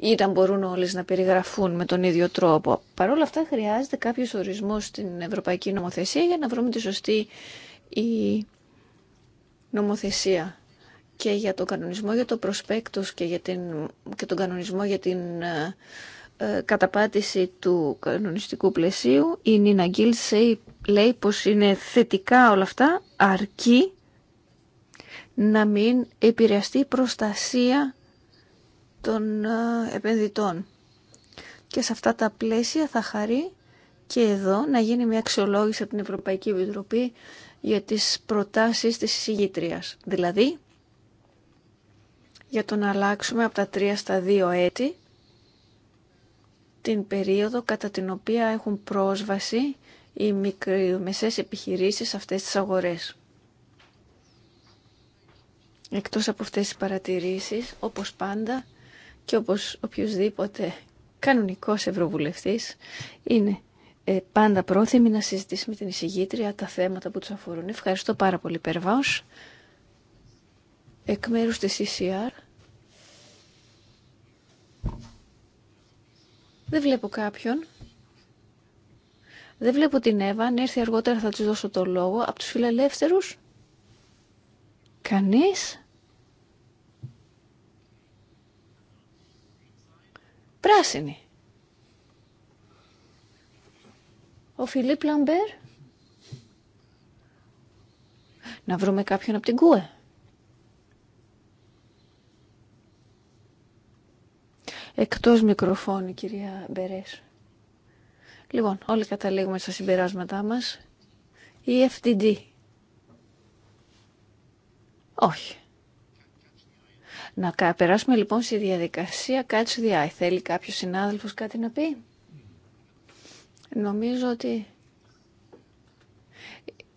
ήταν μπορούν όλες να περιγραφούν με τον ίδιο τρόπο. Παρ' όλα αυτά χρειάζεται κάποιος ορισμός στην Ευρωπαϊκή Νομοθεσία για να βρούμε τη σωστή η νομοθεσία και για τον κανονισμό για το προσπέκτος και, για την, τον κανονισμό για την ε, ε, καταπάτηση του κανονιστικού πλαισίου η Νίνα Γκίλ λέει πως είναι θετικά όλα αυτά αρκεί να μην επηρεαστεί η προστασία των ε, επενδυτών. Και σε αυτά τα πλαίσια θα χαρεί και εδώ να γίνει μια αξιολόγηση από την Ευρωπαϊκή Επιτροπή για τις προτάσεις της εισηγήτριας. Δηλαδή, για το να αλλάξουμε από τα τρία στα δύο έτη την περίοδο κατά την οποία έχουν πρόσβαση οι μικρομεσαίες επιχειρήσεις σε αυτές τις αγορές. Εκτός από αυτές τις παρατηρήσεις, όπως πάντα, και όπως οποιοδήποτε κανονικός ευρωβουλευτής είναι ε, πάντα πρόθυμη να συζητήσει με την εισηγήτρια τα θέματα που του αφορούν. Ευχαριστώ πάρα πολύ Περβάος. Εκ μέρους της ECR. Δεν βλέπω κάποιον. Δεν βλέπω την Εύα. Αν έρθει αργότερα θα της δώσω το λόγο. Από τους φιλελεύθερους. Κανείς. πράσινη. Ο Φιλίπ Λαμπέρ. Να βρούμε κάποιον από την ΚΟΕ. Εκτός μικροφώνη, κυρία Μπερές. Λοιπόν, όλοι καταλήγουμε στα συμπεράσματά μας. Η FTD. Όχι. Να περάσουμε λοιπόν στη διαδικασία κάτι διά Θέλει κάποιος συνάδελφος κάτι να πει. Νομίζω ότι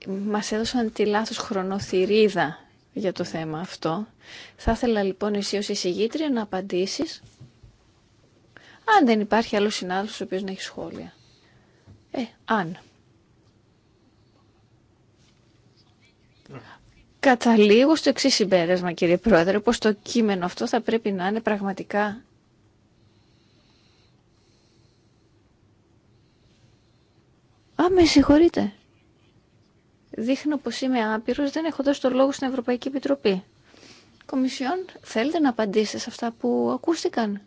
μας έδωσαν τη λάθος χρονοθυρίδα για το θέμα αυτό. Θα ήθελα λοιπόν εσύ ως εισηγήτρια να απαντήσεις αν δεν υπάρχει άλλος συνάδελφος ο οποίος να έχει σχόλια. Ε, αν. Καταλήγω στο εξή συμπέρασμα, κύριε Πρόεδρε, πως το κείμενο αυτό θα πρέπει να είναι πραγματικά Α, με συγχωρείτε. Δείχνω πως είμαι άπειρος, δεν έχω δώσει το λόγο στην Ευρωπαϊκή Επιτροπή. Κομισιόν, θέλετε να απαντήσετε σε αυτά που ακούστηκαν.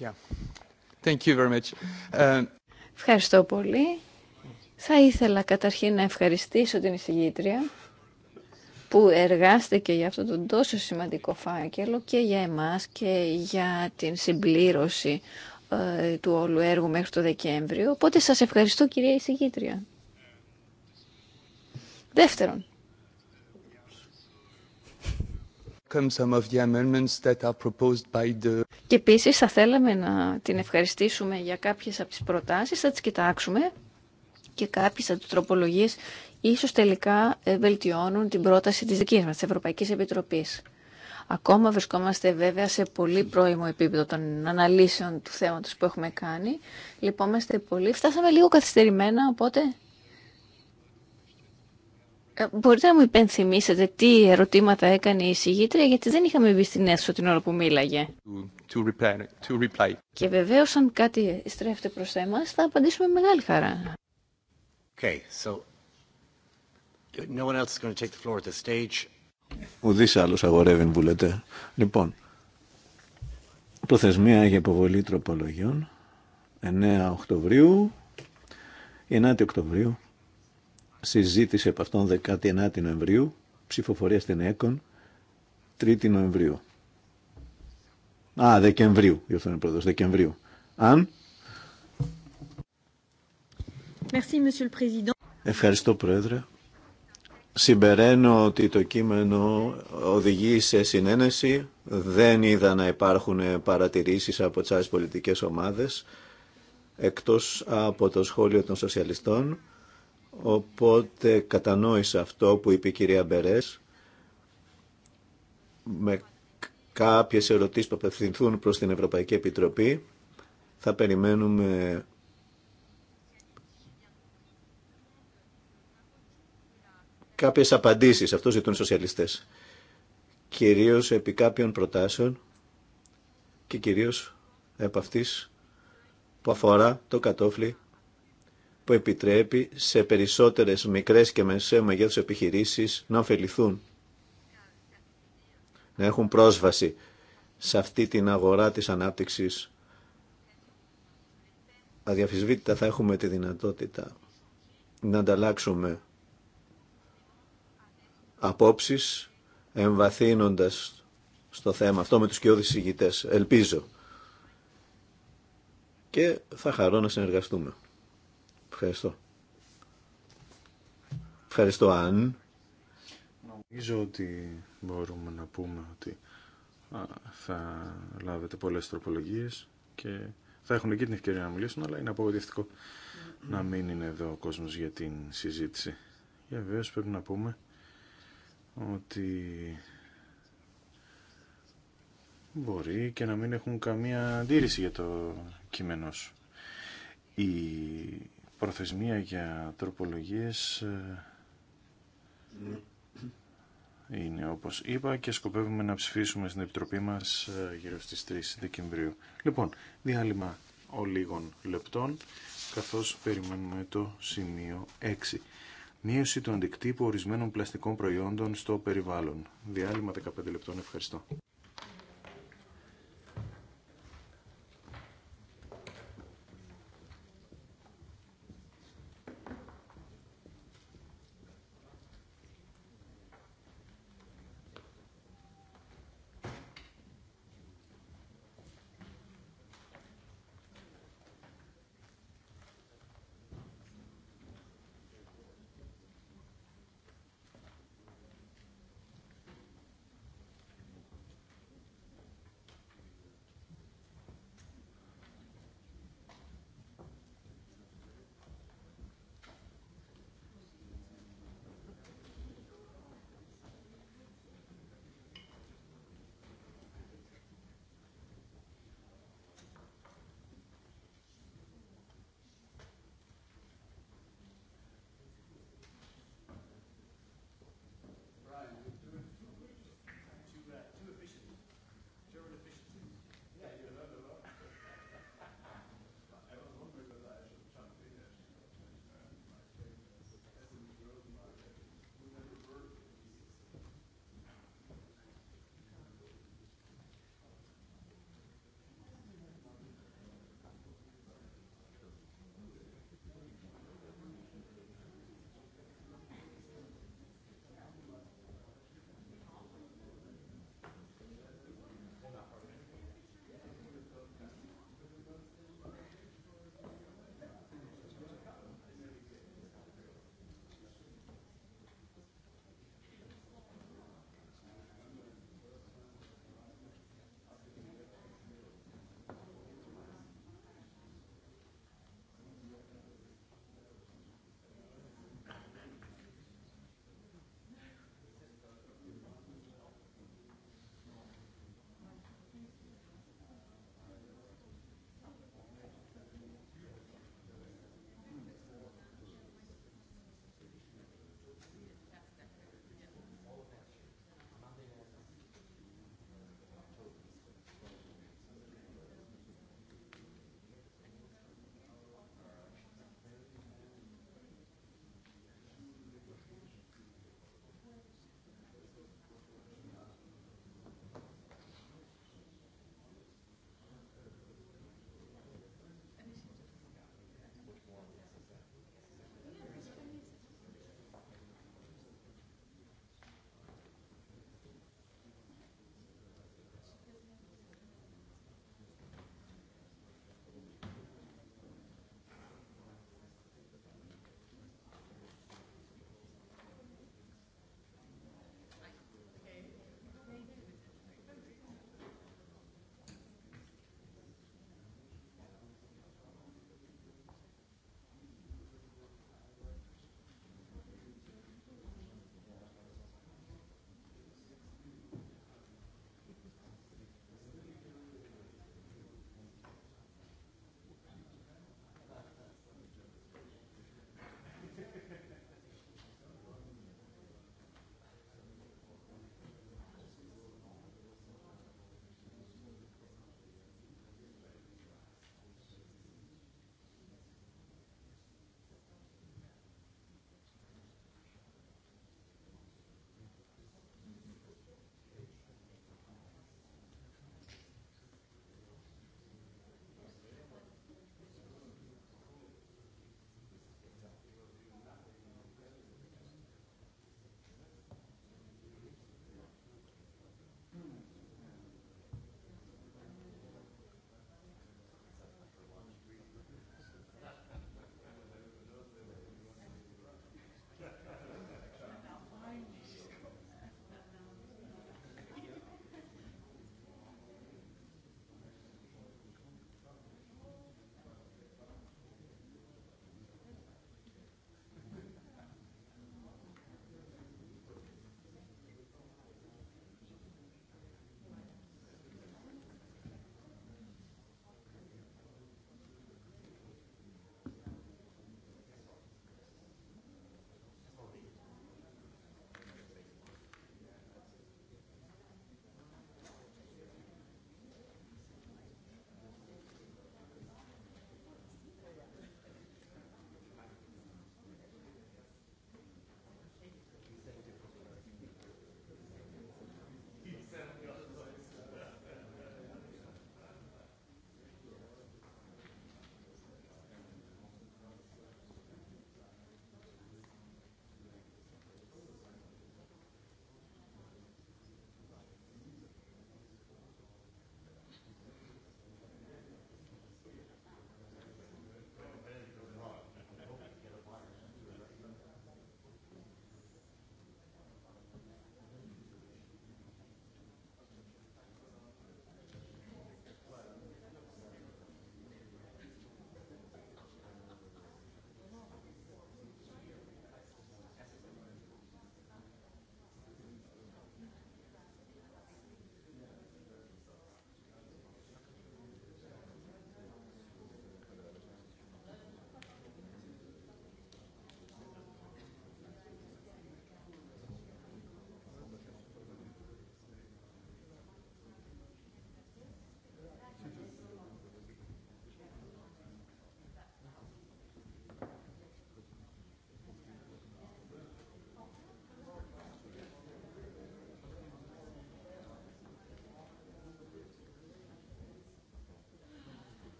Uh, ευχαριστώ πολύ. Θα ήθελα καταρχήν να ευχαριστήσω την εισηγήτρια που εργάστηκε για αυτό τον τόσο σημαντικό φάκελο και για εμάς και για την συμπλήρωση ε, του όλου έργου μέχρι το Δεκέμβριο. Οπότε σας ευχαριστώ κυρία εισηγήτρια. Δεύτερον, Και επίση θα θέλαμε να την ευχαριστήσουμε για κάποιες από τις προτάσεις, θα τι κοιτάξουμε και κάποιες από τι τροπολογίε ίσως τελικά ε, βελτιώνουν την πρόταση της δική μα, τη Ευρωπαϊκή Επιτροπή. Ακόμα βρισκόμαστε βέβαια σε πολύ πρώιμο επίπεδο των αναλύσεων του θέματος που έχουμε κάνει. Λυπόμαστε πολύ. Φτάσαμε λίγο καθυστερημένα, οπότε ε, μπορείτε να μου υπενθυμίσετε τι ερωτήματα έκανε η εισηγήτρια, γιατί δεν είχαμε μπει στην αίθουσα την ώρα που μίλαγε. Και βεβαίω αν κάτι στρέφεται προς εμάς, θα απαντήσουμε μεγάλη χαρά. Okay, so... No one else is going to take the floor at stage. άλλος αγορεύει, που λέτε. Λοιπόν, προθεσμία για υποβολή τροπολογιών, 9 Οκτωβρίου, 9 Οκτωβρίου, συζήτηση από αυτόν 19 Νοεμβρίου, ψηφοφορία στην ΕΚΟΝ 3η Νοεμβρίου. Α, Δεκεμβρίου, γι' αυτό Δεκεμβρίου. Αν... Ευχαριστώ, Πρόεδρε. Συμπεραίνω ότι το κείμενο οδηγεί σε συνένεση. Δεν είδα να υπάρχουν παρατηρήσεις από τις άλλες πολιτικές ομάδες, εκτός από το σχόλιο των σοσιαλιστών. Οπότε κατανόησα αυτό που είπε η κυρία Μπερές με κάποιες ερωτήσεις που απευθυνθούν προς την Ευρωπαϊκή Επιτροπή. Θα περιμένουμε κάποιες απαντήσεις. Αυτό ζητούν οι σοσιαλιστές. Κυρίως επί κάποιων προτάσεων και κυρίως επ' αυτής που αφορά το κατόφλι που επιτρέπει σε περισσότερες μικρές και μεσαίου μεγέθους επιχειρήσεις να ωφεληθούν, να έχουν πρόσβαση σε αυτή την αγορά της ανάπτυξης. Αδιαφυσβήτητα θα έχουμε τη δυνατότητα να ανταλλάξουμε απόψεις εμβαθύνοντας στο θέμα αυτό με τους κοιόδης ηγητές. Ελπίζω. Και θα χαρώ να συνεργαστούμε. Ευχαριστώ. Ευχαριστώ, Αν. Νομίζω ότι μπορούμε να πούμε ότι θα λάβετε πολλές τροπολογίες και θα έχουν και την ευκαιρία να μιλήσουν, αλλά είναι απογοητευτικό να μην είναι εδώ ο κόσμος για την συζήτηση. Για βεβαίω πρέπει να πούμε ότι μπορεί και να μην έχουν καμία αντίρρηση για το κείμενο σου. Η προθεσμία για τροπολογίες ε, είναι όπως είπα και σκοπεύουμε να ψηφίσουμε στην Επιτροπή μας ε, γύρω στις 3 Δεκεμβρίου. Λοιπόν, διάλειμμα ολίγων λεπτών καθώς περιμένουμε το σημείο 6. Μείωση του αντικτύπου ορισμένων πλαστικών προϊόντων στο περιβάλλον. Διάλειμμα 15 λεπτών. Ευχαριστώ.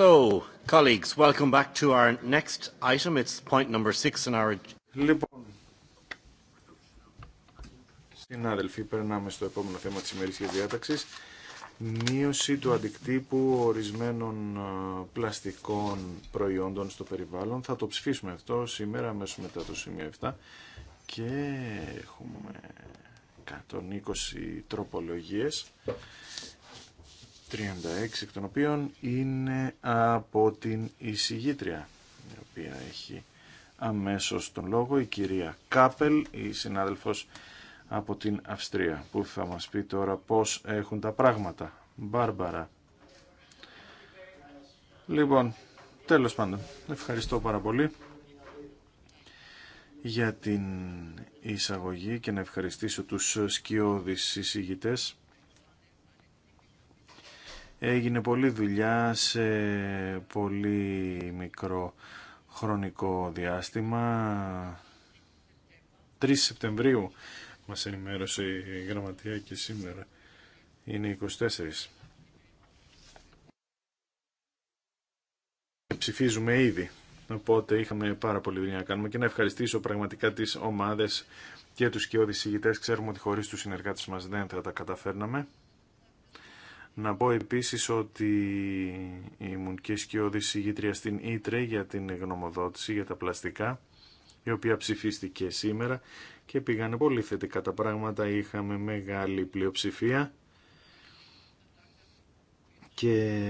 So, colleagues, welcome back to our next item. It's point number in our... Λοιπόν, συνάδελφοι, περνάμε στο επόμενο θέμα της και διάταξης. Μείωση του αντικτύπου ορισμένων πλαστικών προϊόντων στο περιβάλλον. Θα το ψηφίσουμε αυτό σήμερα, αμέσως μετά το σημείο 7. Και έχουμε 120 τροπολογίες. 36 εκ των οποίων είναι από την εισηγήτρια η οποία έχει αμέσως τον λόγο η κυρία Κάπελ η συνάδελφος από την Αυστρία που θα μας πει τώρα πώς έχουν τα πράγματα Μπάρμπαρα Λοιπόν, τέλος πάντων ευχαριστώ πάρα πολύ για την εισαγωγή και να ευχαριστήσω τους σκιώδεις εισηγητές Έγινε πολλή δουλειά σε πολύ μικρό χρονικό διάστημα. 3 Σεπτεμβρίου μας ενημέρωσε η γραμματεία και σήμερα είναι 24. Ψηφίζουμε ήδη, οπότε είχαμε πάρα πολύ δουλειά να κάνουμε και να ευχαριστήσω πραγματικά τις ομάδες και τους κοιόδης ηγητές. Ξέρουμε ότι χωρίς τους συνεργάτες μας δεν θα τα καταφέρναμε. Να πω επίσης ότι ήμουν και σκιώδη συγγήτρια στην Ήτρε για την γνωμοδότηση για τα πλαστικά, η οποία ψηφίστηκε σήμερα και πήγανε πολύ θετικά τα πράγματα, είχαμε μεγάλη πλειοψηφία και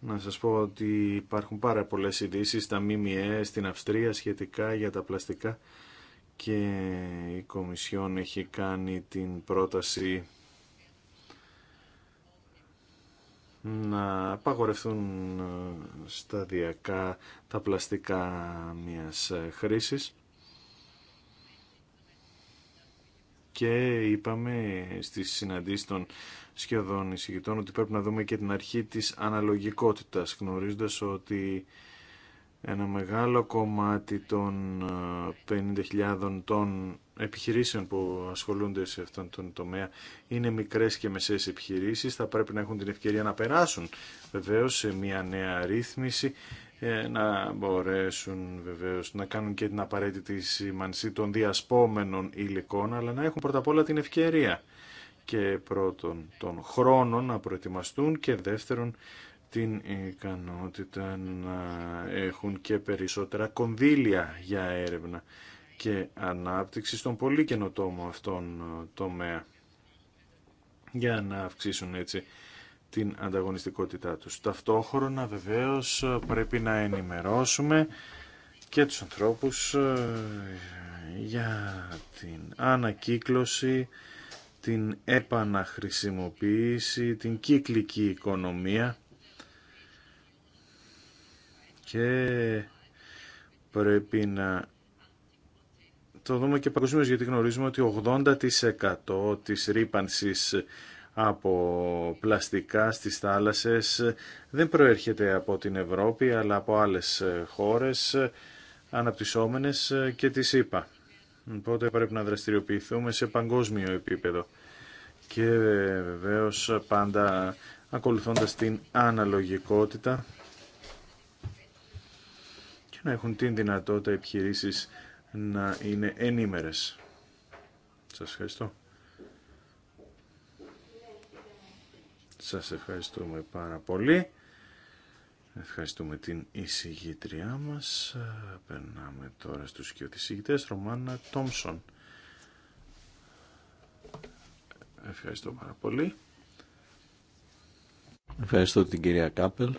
να σας πω ότι υπάρχουν πάρα πολλές ειδήσει στα ΜΜΕ στην Αυστρία σχετικά για τα πλαστικά και η Κομισιόν έχει κάνει την πρόταση να απαγορευτούν ε, σταδιακά τα πλαστικά μιας ε, χρήσης και είπαμε στις συναντήσεις των σχεδόν εισηγητών ότι πρέπει να δούμε και την αρχή της αναλογικότητας γνωρίζοντας ότι ένα μεγάλο κομμάτι των 50.000 ε, των επιχειρήσεων που ασχολούνται σε αυτόν τον τομέα είναι μικρές και μεσαίες επιχειρήσεις. Θα πρέπει να έχουν την ευκαιρία να περάσουν βεβαίως σε μια νέα ρύθμιση ε, να μπορέσουν βεβαίως να κάνουν και την απαραίτητη σημανσή των διασπόμενων υλικών αλλά να έχουν πρώτα απ' όλα την ευκαιρία και πρώτον τον χρόνο να προετοιμαστούν και δεύτερον την ικανότητα να έχουν και περισσότερα κονδύλια για έρευνα και ανάπτυξη στον πολύ καινοτόμο αυτόν τομέα για να αυξήσουν έτσι την ανταγωνιστικότητά τους. Ταυτόχρονα βεβαίως πρέπει να ενημερώσουμε και τους ανθρώπους ε, για την ανακύκλωση, την επαναχρησιμοποίηση, την κύκλική οικονομία και πρέπει να το δούμε και παγκοσμίως γιατί γνωρίζουμε ότι 80% της ρήπανσης από πλαστικά στις θάλασσες δεν προέρχεται από την Ευρώπη αλλά από άλλες χώρες αναπτυσσόμενες και τις ΗΠΑ. Οπότε πρέπει να δραστηριοποιηθούμε σε παγκόσμιο επίπεδο και βεβαίως πάντα ακολουθώντας την αναλογικότητα να έχουν την δυνατότητα επιχειρήσει να είναι ενήμερες. Σας ευχαριστώ. Σας ευχαριστούμε πάρα πολύ. Ευχαριστούμε την εισηγήτριά μας. Περνάμε τώρα στους σκιωτισηγητές. Ρωμάνα Τόμσον. Ευχαριστώ πάρα πολύ. Ευχαριστώ την κυρία Κάπελ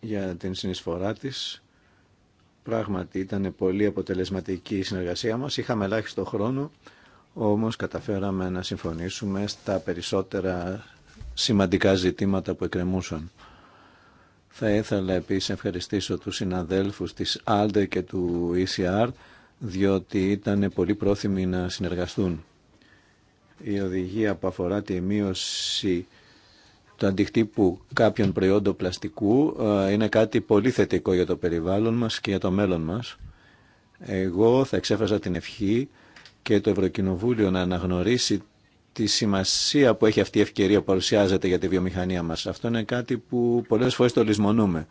για την συνεισφορά της Πράγματι ήταν πολύ αποτελεσματική η συνεργασία μας, είχαμε ελάχιστο χρόνο, όμως καταφέραμε να συμφωνήσουμε στα περισσότερα σημαντικά ζητήματα που εκκρεμούσαν. Θα ήθελα επίσης να ευχαριστήσω τους συναδέλφους της ALDE και του ECR, διότι ήταν πολύ πρόθυμοι να συνεργαστούν. Η οδηγία που αφορά τη μείωση το αντιχτύπου κάποιων προϊόντων πλαστικού ε, είναι κάτι πολύ θετικό για το περιβάλλον μας και για το μέλλον μας. Εγώ θα εξέφρασα την ευχή και το Ευρωκοινοβούλιο να αναγνωρίσει τη σημασία που έχει αυτή η ευκαιρία που παρουσιάζεται για τη βιομηχανία μας. Αυτό είναι κάτι που πολλές φορές το λησμονούμε.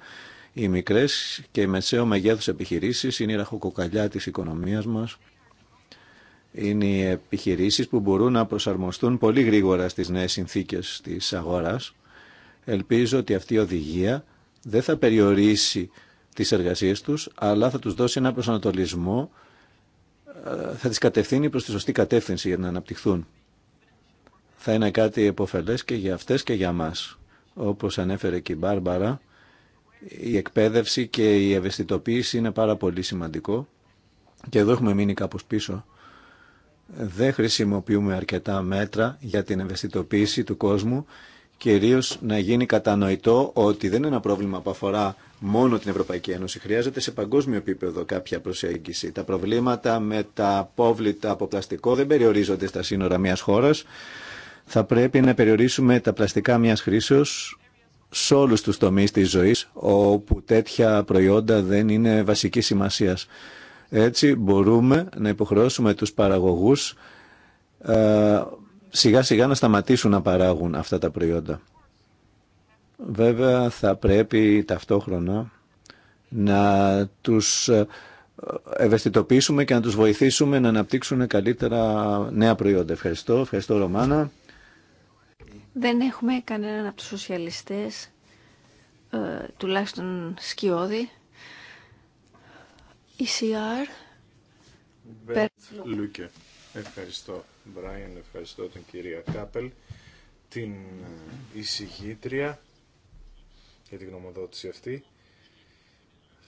Οι μικρές και οι μεσαίο μεγέθους επιχειρήσεις είναι η ραχοκοκαλιά της οικονομίας μας είναι οι επιχειρήσεις που μπορούν να προσαρμοστούν πολύ γρήγορα στις νέες συνθήκες της αγοράς. Ελπίζω ότι αυτή η οδηγία δεν θα περιορίσει τις εργασίες τους, αλλά θα τους δώσει ένα προσανατολισμό, ε, θα τις κατευθύνει προς τη σωστή κατεύθυνση για να αναπτυχθούν. Θα είναι κάτι επωφελές και για αυτές και για μας. Όπως ανέφερε και η Μπάρμπαρα, η εκπαίδευση και η ευαισθητοποίηση είναι πάρα πολύ σημαντικό και εδώ έχουμε μείνει κάπως πίσω δεν χρησιμοποιούμε αρκετά μέτρα για την ευαισθητοποίηση του κόσμου, κυρίως να γίνει κατανοητό ότι δεν είναι ένα πρόβλημα που αφορά μόνο την Ευρωπαϊκή Ένωση. Χρειάζεται σε παγκόσμιο επίπεδο κάποια προσέγγιση. Τα προβλήματα με τα απόβλητα από πλαστικό δεν περιορίζονται στα σύνορα μιας χώρας. Θα πρέπει να περιορίσουμε τα πλαστικά μιας χρήσεως σε όλους τους τομείς της ζωής, όπου τέτοια προϊόντα δεν είναι βασική σημασίας. Έτσι μπορούμε να υποχρεώσουμε τους παραγωγούς ε, σιγά σιγά να σταματήσουν να παράγουν αυτά τα προϊόντα. Βέβαια θα πρέπει ταυτόχρονα να τους ε, ευαισθητοποιήσουμε και να τους βοηθήσουμε να αναπτύξουν καλύτερα νέα προϊόντα. Ευχαριστώ. Ευχαριστώ Ρωμάνα. Δεν έχουμε κανέναν από τους σοσιαλιστές, ε, τουλάχιστον σκιώδη. ECR. Λούκε. Ευχαριστώ, Μπράιν. Ευχαριστώ την κυρία Κάπελ, την ε, εισηγήτρια για την γνωμοδότηση αυτή.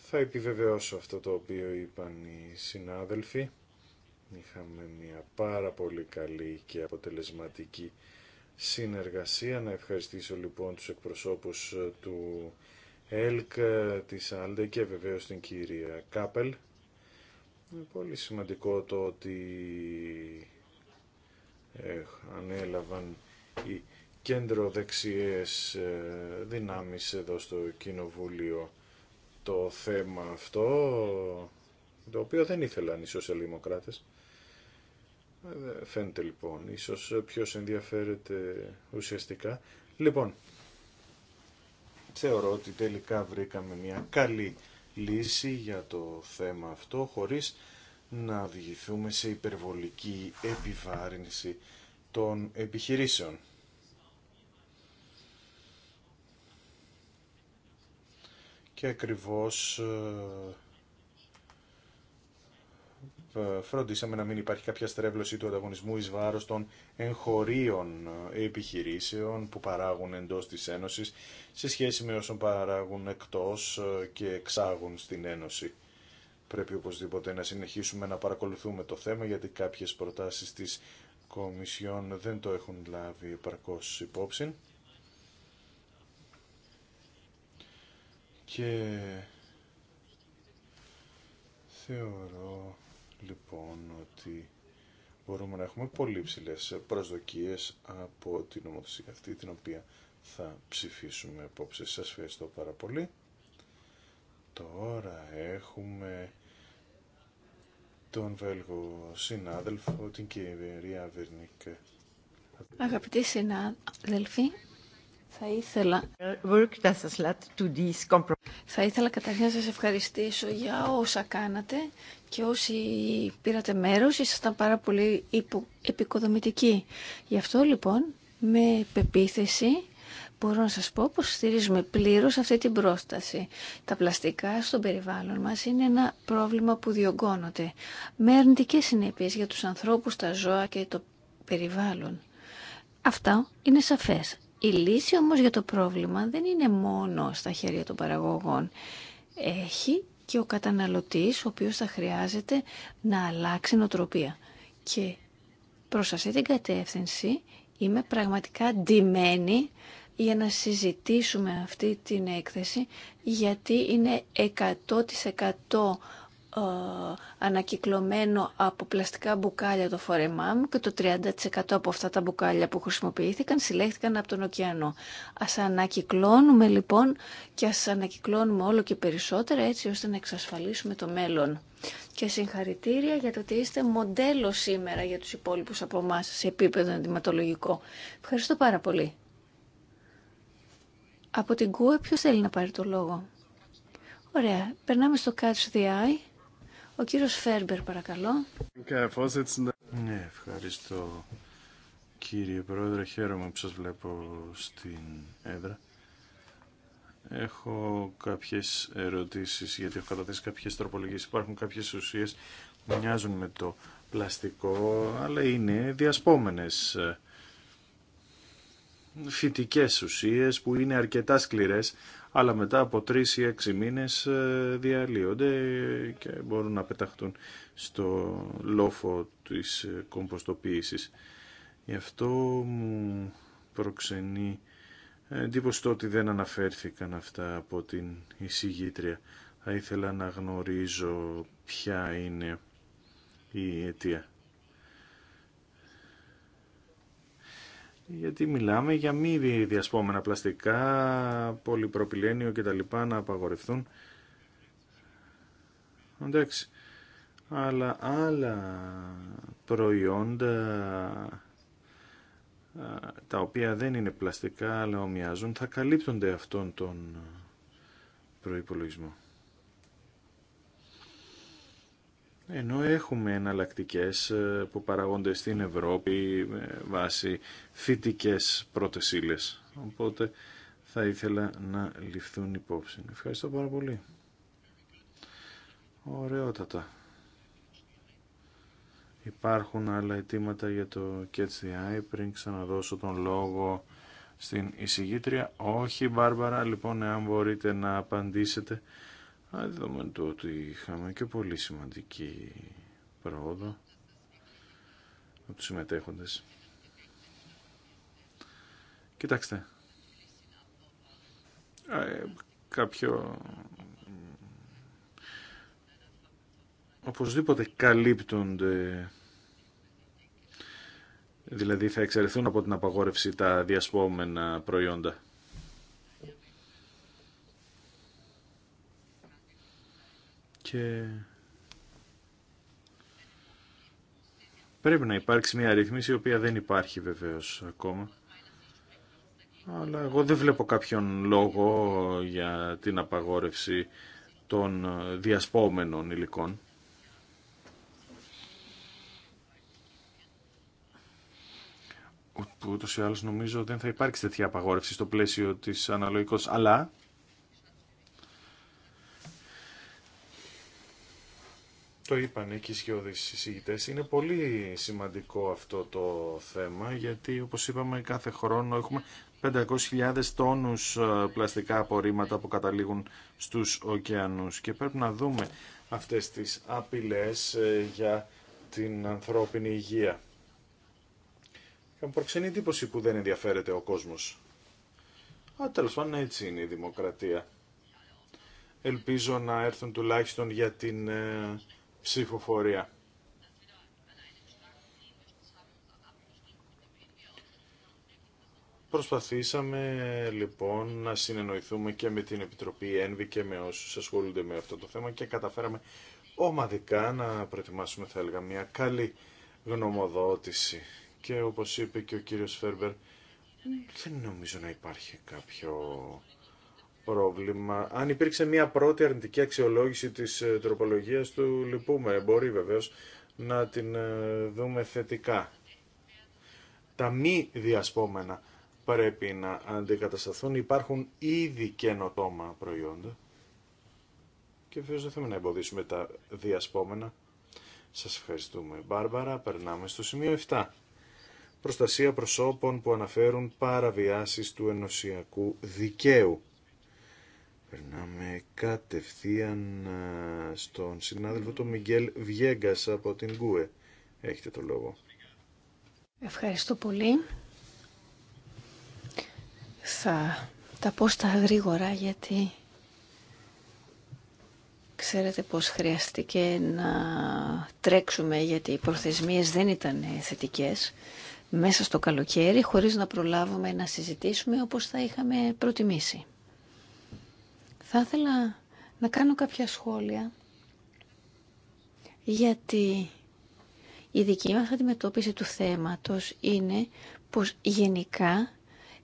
Θα επιβεβαιώσω αυτό το οποίο είπαν οι συνάδελφοι. Είχαμε μια πάρα πολύ καλή και αποτελεσματική συνεργασία. Να ευχαριστήσω λοιπόν τους εκπροσώπους ε, του ΕΛΚ της Άλντε και βεβαίως την κυρία Κάπελ. Είναι πολύ σημαντικό το ότι ε, ανέλαβαν οι κέντρο δεξιές ε, δυνάμεις εδώ στο Κοινοβούλιο το θέμα αυτό, το οποίο δεν ήθελαν οι σοσιαλδημοκράτες. Ε, φαίνεται λοιπόν, ίσως ποιος ενδιαφέρεται ουσιαστικά. Λοιπόν, Θεωρώ ότι τελικά βρήκαμε μια καλή λύση για το θέμα αυτό χωρίς να οδηγηθούμε σε υπερβολική επιβάρυνση των επιχειρήσεων. Και ακριβώς ε, ε, φροντίσαμε να μην υπάρχει κάποια στρέβλωση του ανταγωνισμού εις βάρος των εγχωρίων ε, επιχειρήσεων που παράγουν εντός της Ένωσης σε σχέση με όσων παράγουν εκτός ε, και εξάγουν στην Ένωση. Πρέπει οπωσδήποτε να συνεχίσουμε να παρακολουθούμε το θέμα γιατί κάποιες προτάσεις της Κομισιόν δεν το έχουν λάβει επαρκώς υπόψη. Και θεωρώ λοιπόν ότι μπορούμε να έχουμε πολύ ψηλέ προσδοκίες από την νομοθεσία αυτή την οποία θα ψηφίσουμε απόψε. Σας ευχαριστώ πάρα πολύ. Τώρα έχουμε τον Βέλγο συνάδελφο, την κυρία Βερνίκ. Αγαπητοί συνάδελφοι, θα ήθελα... Ε, θα ήθελα καταρχήν να σας ευχαριστήσω για όσα κάνατε και όσοι πήρατε μέρος ήσασταν πάρα πολύ επικοδομητικοί. Γι' αυτό λοιπόν με πεποίθηση μπορώ να σας πω πως στηρίζουμε πλήρως αυτή την πρόσταση. Τα πλαστικά στο περιβάλλον μας είναι ένα πρόβλημα που διωγγώνονται με αρνητικές συνέπειες για τους ανθρώπους, τα ζώα και το περιβάλλον. Αυτά είναι σαφές. Η λύση όμως για το πρόβλημα δεν είναι μόνο στα χέρια των παραγωγών. Έχει και ο καταναλωτής ο οποίος θα χρειάζεται να αλλάξει νοοτροπία. Και προς αυτή την κατεύθυνση είμαι πραγματικά ντυμένη για να συζητήσουμε αυτή την έκθεση γιατί είναι 100% ε, ανακυκλωμένο από πλαστικά μπουκάλια το φορεμά μου και το 30% από αυτά τα μπουκάλια που χρησιμοποιήθηκαν συλλέχθηκαν από τον ωκεανό. Ας ανακυκλώνουμε λοιπόν και ας ανακυκλώνουμε όλο και περισσότερα έτσι ώστε να εξασφαλίσουμε το μέλλον. Και συγχαρητήρια για το ότι είστε μοντέλο σήμερα για τους υπόλοιπους από εμά σε επίπεδο ενδυματολογικό. Ευχαριστώ πάρα πολύ. Από την ΚΟΕ ποιος θέλει να πάρει το λόγο. Ωραία, περνάμε στο Catch the Eye. Ο κύριος Φέρμπερ, παρακαλώ. Ναι, ευχαριστώ κύριε Πρόεδρε. Χαίρομαι που σας βλέπω στην έδρα. Έχω κάποιες ερωτήσεις, γιατί έχω καταθέσει κάποιες τροπολογίες. Υπάρχουν κάποιες ουσίες που μοιάζουν με το πλαστικό, αλλά είναι διασπόμενες ε, φυτικές ουσίες που είναι αρκετά σκληρές, αλλά μετά από τρεις ή έξι μήνες ε, διαλύονται και μπορούν να πεταχτούν στο λόφο της ε, κομποστοποίησης. Γι' αυτό μου προξενεί ε, εντύπωση το ότι δεν αναφέρθηκαν αυτά από την εισηγήτρια. Θα ήθελα να γνωρίζω ποια είναι η αιτία. γιατί μιλάμε για μη διασπόμενα πλαστικά, πολυπροπυλένιο κτλ. να απαγορευτούν. Εντάξει. Αλλά άλλα προϊόντα τα οποία δεν είναι πλαστικά αλλά ομοιάζουν θα καλύπτονται αυτόν τον προϋπολογισμό. Ενώ έχουμε εναλλακτικέ ε, που παραγόνται στην Ευρώπη με βάση φυτικές πρώτες Οπότε θα ήθελα να ληφθούν υπόψη. Ευχαριστώ πάρα πολύ. Ωραιότατα. Υπάρχουν άλλα αιτήματα για το Catch the Eye πριν ξαναδώσω τον λόγο στην εισηγήτρια. Όχι, Μπάρμπαρα, λοιπόν, εάν μπορείτε να απαντήσετε δεδομένου το ότι είχαμε και πολύ σημαντική πρόοδο από τους συμμετέχοντες. Κοιτάξτε, ε, κάποιο οπωσδήποτε καλύπτονται δηλαδή θα εξαιρεθούν από την απαγόρευση τα διασπόμενα προϊόντα και πρέπει να υπάρξει μια ρύθμιση η οποία δεν υπάρχει βεβαίως ακόμα αλλά εγώ δεν βλέπω κάποιον λόγο για την απαγόρευση των διασπόμενων υλικών. Ούτως ή άλλως νομίζω δεν θα υπάρξει τέτοια απαγόρευση στο πλαίσιο της αναλογικός, αλλά το είπαν και οι είναι πολύ σημαντικό αυτό το θέμα γιατί όπως είπαμε κάθε χρόνο έχουμε 500.000 τόνους ε, πλαστικά απορρίμματα που καταλήγουν στους ωκεανούς και πρέπει να δούμε αυτές τις απειλές ε, για την ανθρώπινη υγεία. Και προξενή εντύπωση που δεν ενδιαφέρεται ο κόσμος. Α, τέλος πάντων έτσι είναι η δημοκρατία. Ελπίζω να έρθουν τουλάχιστον για την ε, ψηφοφορία. Προσπαθήσαμε λοιπόν να συνεννοηθούμε και με την Επιτροπή ΕΝΒΙ και με όσους ασχολούνται με αυτό το θέμα και καταφέραμε ομαδικά να προετοιμάσουμε θα έλεγα μια καλή γνωμοδότηση και όπως είπε και ο κύριος Φέρμπερ δεν νομίζω να υπάρχει κάποιο πρόβλημα. Αν υπήρξε μια πρώτη αρνητική αξιολόγηση της ε, τροπολογίας του, λυπούμε. Μπορεί βεβαίως να την ε, δούμε θετικά. Τα μη διασπόμενα πρέπει να αντικατασταθούν. Υπάρχουν ήδη καινοτόμα προϊόντα. Και βεβαίως δεν θέλουμε να εμποδίσουμε τα διασπόμενα. Σας ευχαριστούμε. Μπάρμπαρα, περνάμε στο σημείο 7. Προστασία προσώπων που αναφέρουν παραβιάσεις του ενωσιακού δικαίου. Περνάμε κατευθείαν στον συνάδελφο τον Μιγγέλ Βιέγκας από την ΚΟΕ. Έχετε το λόγο. Ευχαριστώ πολύ. Θα τα πω στα γρήγορα γιατί ξέρετε πως χρειαστήκε να τρέξουμε γιατί οι προθεσμίες δεν ήταν θετικές μέσα στο καλοκαίρι χωρίς να προλάβουμε να συζητήσουμε όπως θα είχαμε προτιμήσει. Θα ήθελα να κάνω κάποια σχόλια γιατί η δική μας αντιμετώπιση του θέματος είναι πως γενικά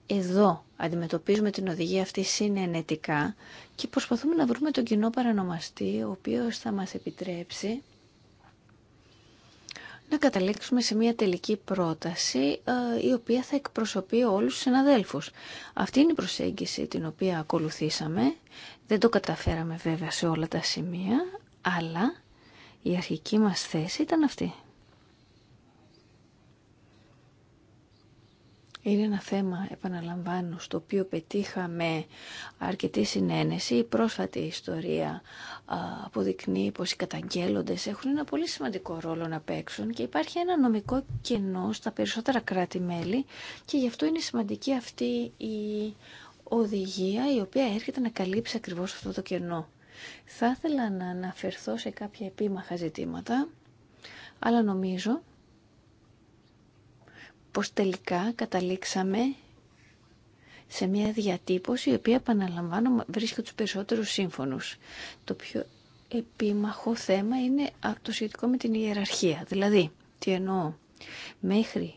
εδώ αντιμετωπίζουμε την οδηγία αυτή συνενετικά και προσπαθούμε να βρούμε τον κοινό παρανομαστή ο οποίος θα μας επιτρέψει να καταλήξουμε σε μια τελική πρόταση ε, η οποία θα εκπροσωπεί όλους τους συναδέλφους. Αυτή είναι η προσέγγιση την οποία ακολουθήσαμε. Δεν το καταφέραμε βέβαια σε όλα τα σημεία, αλλά η αρχική μας θέση ήταν αυτή. Είναι ένα θέμα, επαναλαμβάνω, στο οποίο πετύχαμε αρκετή συνένεση. Η πρόσφατη ιστορία αποδεικνύει πως οι καταγγέλλοντες έχουν ένα πολύ σημαντικό ρόλο να παίξουν και υπάρχει ένα νομικό κενό στα περισσότερα κράτη-μέλη και γι' αυτό είναι σημαντική αυτή η οδηγία η οποία έρχεται να καλύψει ακριβώς αυτό το κενό. Θα ήθελα να αναφερθώ σε κάποια επίμαχα ζητήματα, αλλά νομίζω πως τελικά καταλήξαμε σε μια διατύπωση η οποία, επαναλαμβάνω, βρίσκει τους περισσότερους σύμφωνους. Το πιο επίμαχο θέμα είναι το σχετικό με την ιεραρχία. Δηλαδή, τι εννοώ, μέχρι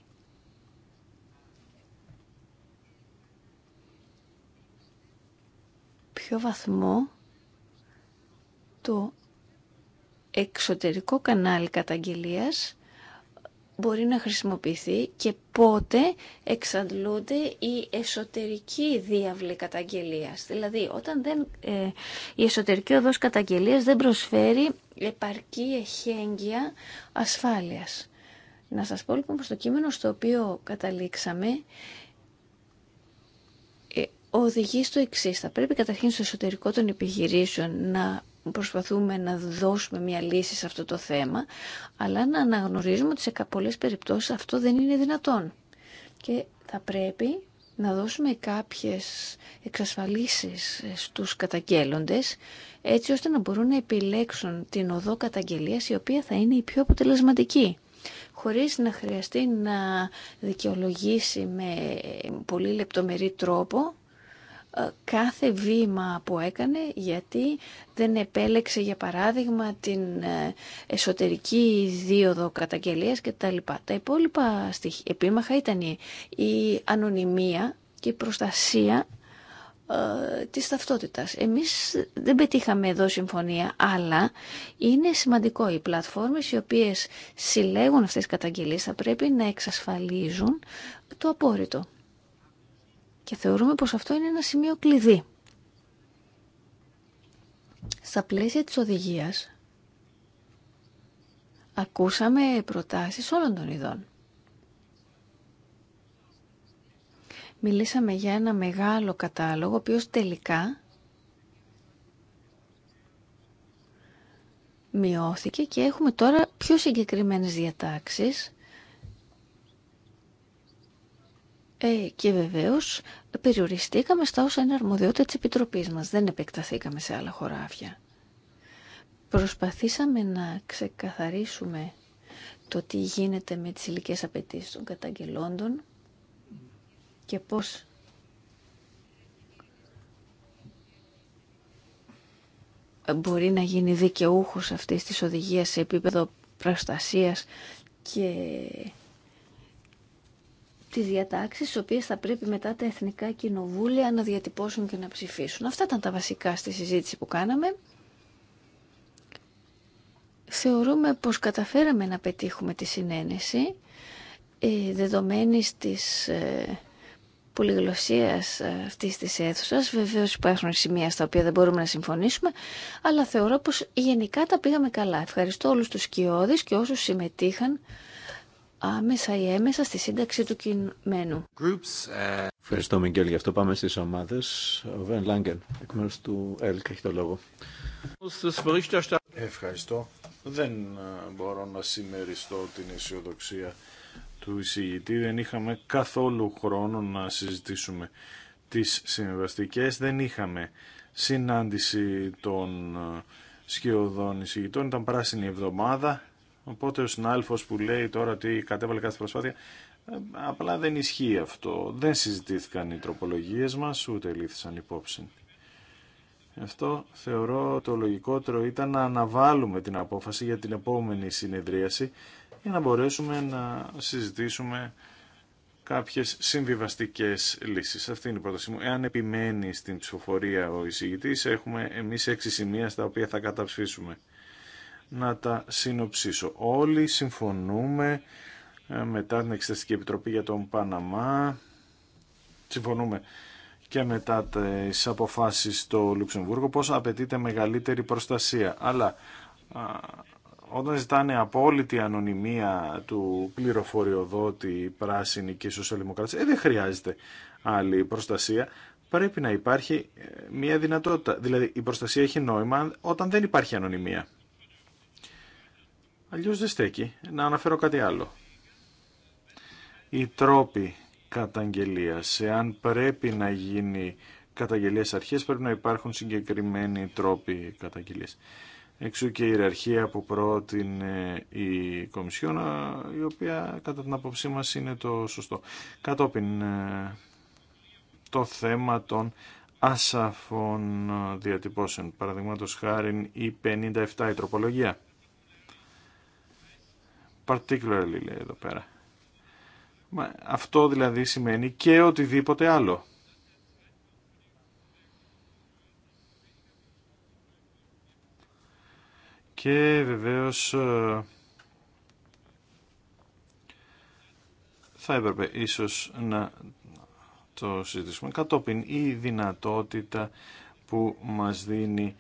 ποιο βαθμό το εξωτερικό κανάλι καταγγελίας μπορεί να χρησιμοποιηθεί και πότε εξαντλούνται οι εσωτερικοί διάβλοι καταγγελίας. Δηλαδή, όταν δεν, ε, η εσωτερική οδός καταγγελίας δεν προσφέρει επαρκή εχέγγυα ασφάλειας. Να σας πω λοιπόν στο κείμενο στο οποίο καταλήξαμε ε, οδηγεί στο εξή. Θα πρέπει καταρχήν στο εσωτερικό των επιχειρήσεων να προσπαθούμε να δώσουμε μια λύση σε αυτό το θέμα, αλλά να αναγνωρίζουμε ότι σε πολλές περιπτώσεις αυτό δεν είναι δυνατόν. Και θα πρέπει να δώσουμε κάποιες εξασφαλίσεις στους καταγγέλλοντες, έτσι ώστε να μπορούν να επιλέξουν την οδό καταγγελίας η οποία θα είναι η πιο αποτελεσματική χωρίς να χρειαστεί να δικαιολογήσει με πολύ λεπτομερή τρόπο ε, κάθε βήμα που έκανε γιατί δεν επέλεξε για παράδειγμα την ε, εσωτερική δίωδο καταγγελίας και τα λοιπά. Τα υπόλοιπα επίμαχα ήταν η ανωνυμία και η προστασία ε, της ταυτότητας. Εμείς δεν πετύχαμε εδώ συμφωνία, αλλά είναι σημαντικό οι πλατφόρμες οι οποίες συλλέγουν αυτές τις καταγγελίες θα πρέπει να εξασφαλίζουν το απόρριτο. Και θεωρούμε πως αυτό είναι ένα σημείο κλειδί. Στα πλαίσια της οδηγίας ακούσαμε προτάσεις όλων των ειδών. Μιλήσαμε για ένα μεγάλο κατάλογο, ο οποίος τελικά μειώθηκε και έχουμε τώρα πιο συγκεκριμένες διατάξεις Ε, και βεβαίως περιοριστήκαμε στα όσα είναι αρμοδιότητα της Επιτροπής μας. Δεν επεκταθήκαμε σε άλλα χωράφια. Προσπαθήσαμε να ξεκαθαρίσουμε το τι γίνεται με τις υλικέ απαιτήσει των καταγγελόντων και πώς μπορεί να γίνει δικαιούχος αυτής της οδηγίας σε επίπεδο προστασίας και τις διατάξεις τι οποίε θα πρέπει μετά τα εθνικά κοινοβούλια να διατυπώσουν και να ψηφίσουν. Αυτά ήταν τα βασικά στη συζήτηση που κάναμε. Θεωρούμε πως καταφέραμε να πετύχουμε τη συνένεση ε, δεδομένης της ε, πολυγλωσσίας ε, αυτής της αίθουσας. Βεβαίως υπάρχουν σημεία στα οποία δεν μπορούμε να συμφωνήσουμε, αλλά θεωρώ πως γενικά τα πήγαμε καλά. Ευχαριστώ όλους τους σκιώδεις και όσους συμμετείχαν άμεσα ή έμεσα στη σύνταξη του κειμένου. Ε, Ευχαριστώ Μιγγέλ, γι' αυτό πάμε στις ομάδες. Ο Βεν Λάγκεν, εκ μέρους του ΕΛΚ, έχει το λόγο. Ευχαριστώ. Δεν ε, μπορώ να συμμεριστώ την αισιοδοξία του εισηγητή. Δεν είχαμε καθόλου χρόνο να συζητήσουμε τις συμβαστικές. Δεν είχαμε συνάντηση των ε, σκιωδών εισηγητών. Ήταν πράσινη εβδομάδα Οπότε ο συνάλφος που λέει τώρα ότι κατέβαλε κάθε προσπάθεια, ε, απλά δεν ισχύει αυτό. Δεν συζητήθηκαν οι τροπολογίες μας, ούτε λήφθησαν υπόψη. Αυτό θεωρώ το λογικότερο ήταν να αναβάλουμε την απόφαση για την επόμενη συνεδρίαση για να μπορέσουμε να συζητήσουμε κάποιες συμβιβαστικές λύσεις. Αυτή είναι η πρότασή μου. Εάν επιμένει στην ψηφοφορία ο εισηγητής, έχουμε εμείς έξι σημεία στα οποία θα καταψηφίσουμε να τα συνοψίσω. Όλοι συμφωνούμε ε, μετά την Εξεταστική Επιτροπή για τον Παναμά. Συμφωνούμε και μετά τις αποφάσεις στο Λουξεμβούργο πως απαιτείται μεγαλύτερη προστασία. Αλλά όταν ζητάνε απόλυτη ανωνυμία του πληροφοριοδότη πράσινη και σοσιαλδημοκρατία, ε, δεν χρειάζεται άλλη προστασία. Πρέπει να υπάρχει ε, μια δυνατότητα. Δηλαδή η προστασία έχει νόημα όταν δεν υπάρχει ανωνυμία. Αλλιώς δεν στέκει. Να αναφέρω κάτι άλλο. Οι τρόποι καταγγελίας. Εάν πρέπει να γίνει καταγγελία αρχές, πρέπει να υπάρχουν συγκεκριμένοι τρόποι καταγγελίας. Εξού και η ιεραρχία που πρότεινε η Κομισιόνα, η οποία κατά την απόψή μας είναι το σωστό. Κατόπιν ε, το θέμα των ασαφών διατυπώσεων. Παραδείγματος χάρη η 57 η τροπολογία particularly λέει εδώ πέρα. αυτό δηλαδή σημαίνει και οτιδήποτε άλλο. Και βεβαίως ε, θα έπρεπε ίσως να το συζητήσουμε κατόπιν η δυνατότητα που μας δίνει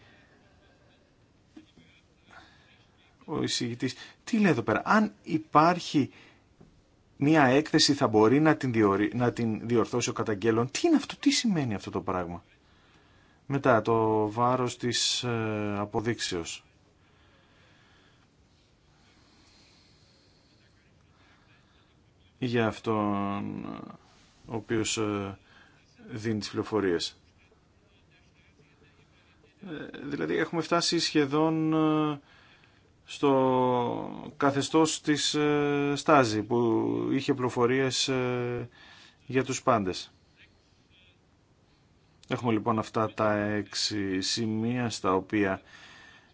ο εισηγητής τι λέει εδώ πέρα, αν υπάρχει μία έκθεση θα μπορεί να την, να την διορθώσει ο καταγγέλων. Τι είναι αυτό, τι σημαίνει αυτό το πράγμα. Μετά το βάρος της ε, αποδείξεως. Για αυτόν ο οποίος ε, δίνει τις πληροφορίες. Ε, δηλαδή έχουμε φτάσει σχεδόν στο καθεστώς της ε, Στάζη που είχε πληροφορίες ε, για τους πάντες. Έχουμε λοιπόν αυτά τα έξι σημεία στα οποία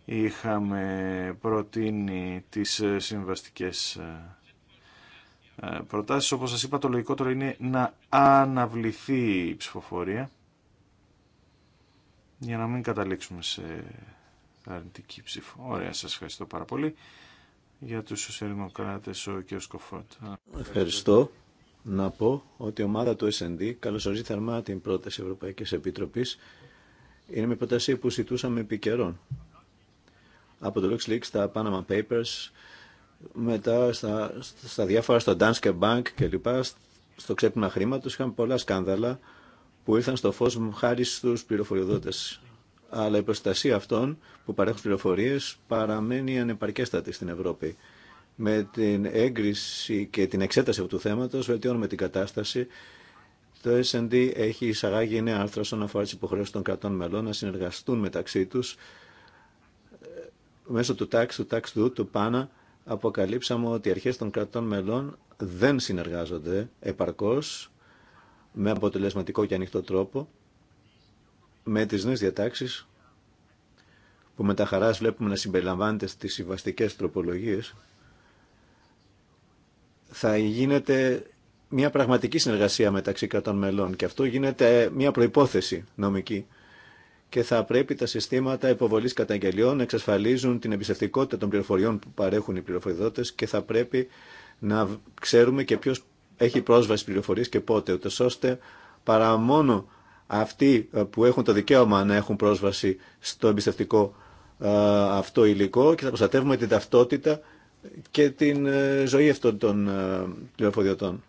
είχαμε προτείνει τις ε, συμβαστικές προτάσεις. Όπως σας είπα το λογικό τώρα είναι να αναβληθεί η ψηφοφορία για να μην καταλήξουμε σε αρνητική ψήφο. Ωραία, Σα ευχαριστώ πάρα πολύ. Για τους σοσιαλδημοκράτε, ο κ. Σκοφότ. Ευχαριστώ. Να πω ότι η ομάδα του SND καλωσορίζει θερμά την πρόταση Ευρωπαϊκή Επίτροπή, Είναι μια πρόταση που ζητούσαμε επί καιρών. Από το LuxLeaks στα Panama Papers, μετά στα, στα διάφορα στο Danske Bank κλπ. Στο ξέπλυμα χρήματο, είχαν πολλά σκάνδαλα που ήρθαν στο φω χάρη στου πληροφοριοδότε αλλά η προστασία αυτών που παρέχουν πληροφορίε, παραμένει ανεπαρκέστατη στην Ευρώπη. Με την έγκριση και την εξέταση αυτού του θέματο, βελτιώνουμε την κατάσταση. Το S&D έχει εισαγάγει νέα άρθρα όσον αφορά τι υποχρεώσει των κρατών μελών να συνεργαστούν μεταξύ του. μέσω του ΤΑΚΣ, του τάξ του, του ΠΑΝΑ, αποκαλύψαμε ότι οι αρχέ των κρατών μελών δεν συνεργάζονται επαρκώ με αποτελεσματικό και ανοιχτό τρόπο με τις νέες διατάξεις που με τα χαράς βλέπουμε να συμπεριλαμβάνεται στις συμβαστικές τροπολογίες θα γίνεται μια πραγματική συνεργασία μεταξύ κρατών μελών και αυτό γίνεται μια προϋπόθεση νομική και θα πρέπει τα συστήματα υποβολή καταγγελιών να εξασφαλίζουν την εμπιστευτικότητα των πληροφοριών που παρέχουν οι πληροφοριδότε και θα πρέπει να ξέρουμε και ποιο έχει πρόσβαση πληροφορίε και πότε, ώστε παρά μόνο αυτοί ε, που έχουν το δικαίωμα να έχουν πρόσβαση στο εμπιστευτικό ε, αυτό υλικό και θα προστατεύουμε την ταυτότητα και την ε, ζωή αυτών των πληροφοριωτών.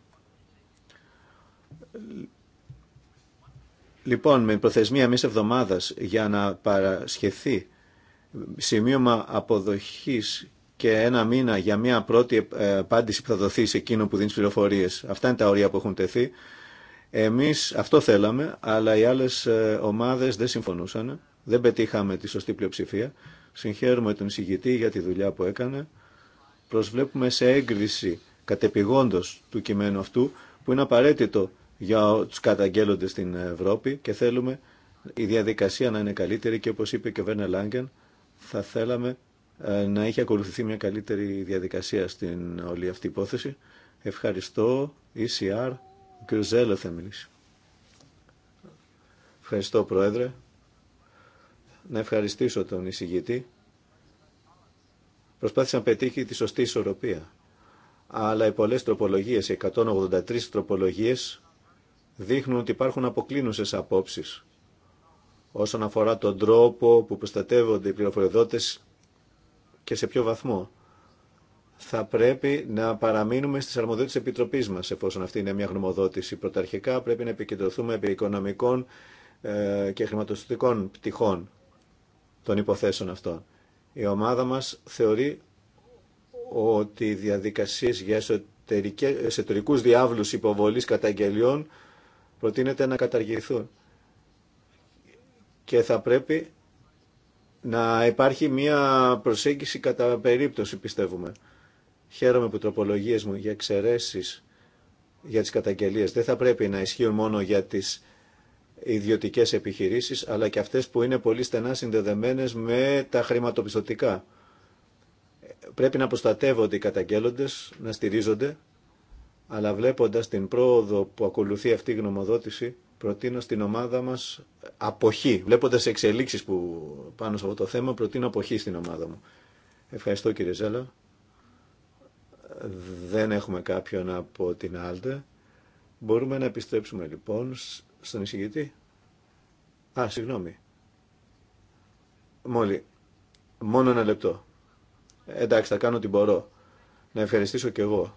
Λοιπόν, με προθεσμία μιας εβδομάδας για να παρασχεθεί σημείωμα αποδοχής και ένα μήνα για μια πρώτη απάντηση που θα δοθεί σε εκείνο που δίνει τις πληροφορίες. Αυτά είναι τα όρια που έχουν τεθεί εμείς αυτό θέλαμε, αλλά οι άλλες ε, ομάδες δεν συμφωνούσαν, δεν πετύχαμε τη σωστή πλειοψηφία. Συγχαίρουμε τον εισηγητή για τη δουλειά που έκανε. Προσβλέπουμε σε έγκριση κατεπηγόντος του κειμένου αυτού, που είναι απαραίτητο για τους καταγγέλλοντες στην Ευρώπη και θέλουμε η διαδικασία να είναι καλύτερη και όπως είπε και ο Βέρνε Λάγκεν, θα θέλαμε ε, να είχε ακολουθηθεί μια καλύτερη διαδικασία στην όλη αυτή υπόθεση. Ευχαριστώ, ECR, ο θα μιλήσει. Ευχαριστώ, Πρόεδρε. Να ευχαριστήσω τον εισηγητή. Προσπάθησα να πετύχει τη σωστή ισορροπία. Αλλά οι πολλές τροπολογίες, οι 183 τροπολογίες, δείχνουν ότι υπάρχουν αποκλίνουσες απόψεις όσον αφορά τον τρόπο που προστατεύονται οι πληροφοριοδότες και σε ποιο βαθμό θα πρέπει να παραμείνουμε στις αρμοδιότητες της Επιτροπής μας, εφόσον αυτή είναι μια γνωμοδότηση. Πρωταρχικά πρέπει να επικεντρωθούμε επί οικονομικών ε, και χρηματοστατικών πτυχών των υποθέσεων αυτών. Η ομάδα μας θεωρεί ότι οι διαδικασίες για εσωτερικούς διάβλους υποβολής καταγγελιών προτείνεται να καταργηθούν και θα πρέπει να υπάρχει μια προσέγγιση κατά περίπτωση πιστεύουμε. Χαίρομαι που τροπολογίε μου για εξαιρέσει για τι καταγγελίε. δεν θα πρέπει να ισχύουν μόνο για τι ιδιωτικέ επιχειρήσει, αλλά και αυτέ που είναι πολύ στενά συνδεδεμένε με τα χρηματοπιστωτικά. Πρέπει να προστατεύονται οι καταγγέλλοντε, να στηρίζονται, αλλά βλέποντα την πρόοδο που ακολουθεί αυτή η γνωμοδότηση, προτείνω στην ομάδα μα αποχή. βλέποντα εξελίξεις που πάνω σε αυτό το θέμα, προτείνω αποχή στην ομάδα μου. Ευχαριστώ κύριε Ζέλα δεν έχουμε κάποιον από την Άλτε. Μπορούμε να επιστρέψουμε λοιπόν στον εισηγητή. Α, συγγνώμη. Μόλι. Μόνο ένα λεπτό. Εντάξει, θα κάνω ό,τι μπορώ. Να ευχαριστήσω και εγώ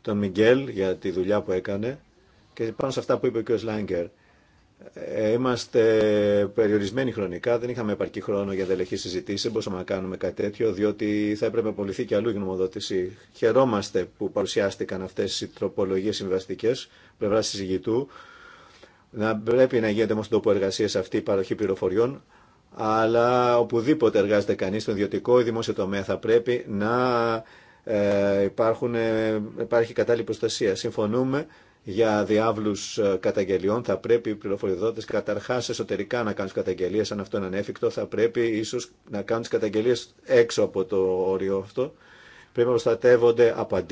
τον Μιγγέλ για τη δουλειά που έκανε και πάνω σε αυτά που είπε ο ο Λάγκερ. Ε, είμαστε περιορισμένοι χρονικά, δεν είχαμε επαρκή χρόνο για δελεχή συζητήσει, δεν μπορούσαμε να κάνουμε κάτι τέτοιο, διότι θα έπρεπε να απολυθεί και αλλού η γνωμοδότηση. Χαιρόμαστε που παρουσιάστηκαν αυτέ οι τροπολογίε συμβαστικέ πλευρά συζητητού. Να πρέπει να γίνεται όμω στον τόπο εργασία αυτή η παροχή πληροφοριών, αλλά οπουδήποτε εργάζεται κανεί, στον ιδιωτικό ή δημόσιο τομέα, θα πρέπει να ε, ε υπάρχει κατάλληλη προστασία. Συμφωνούμε για διάβλου ε, καταγγελιών. Θα πρέπει οι πληροφοριοδότες καταρχάς εσωτερικά να κάνουν καταγγελίες, αν αυτό είναι ανέφικτο. Θα πρέπει ίσως να κάνουν τι καταγγελίες έξω από το όριο αυτό. Πρέπει να προστατεύονται από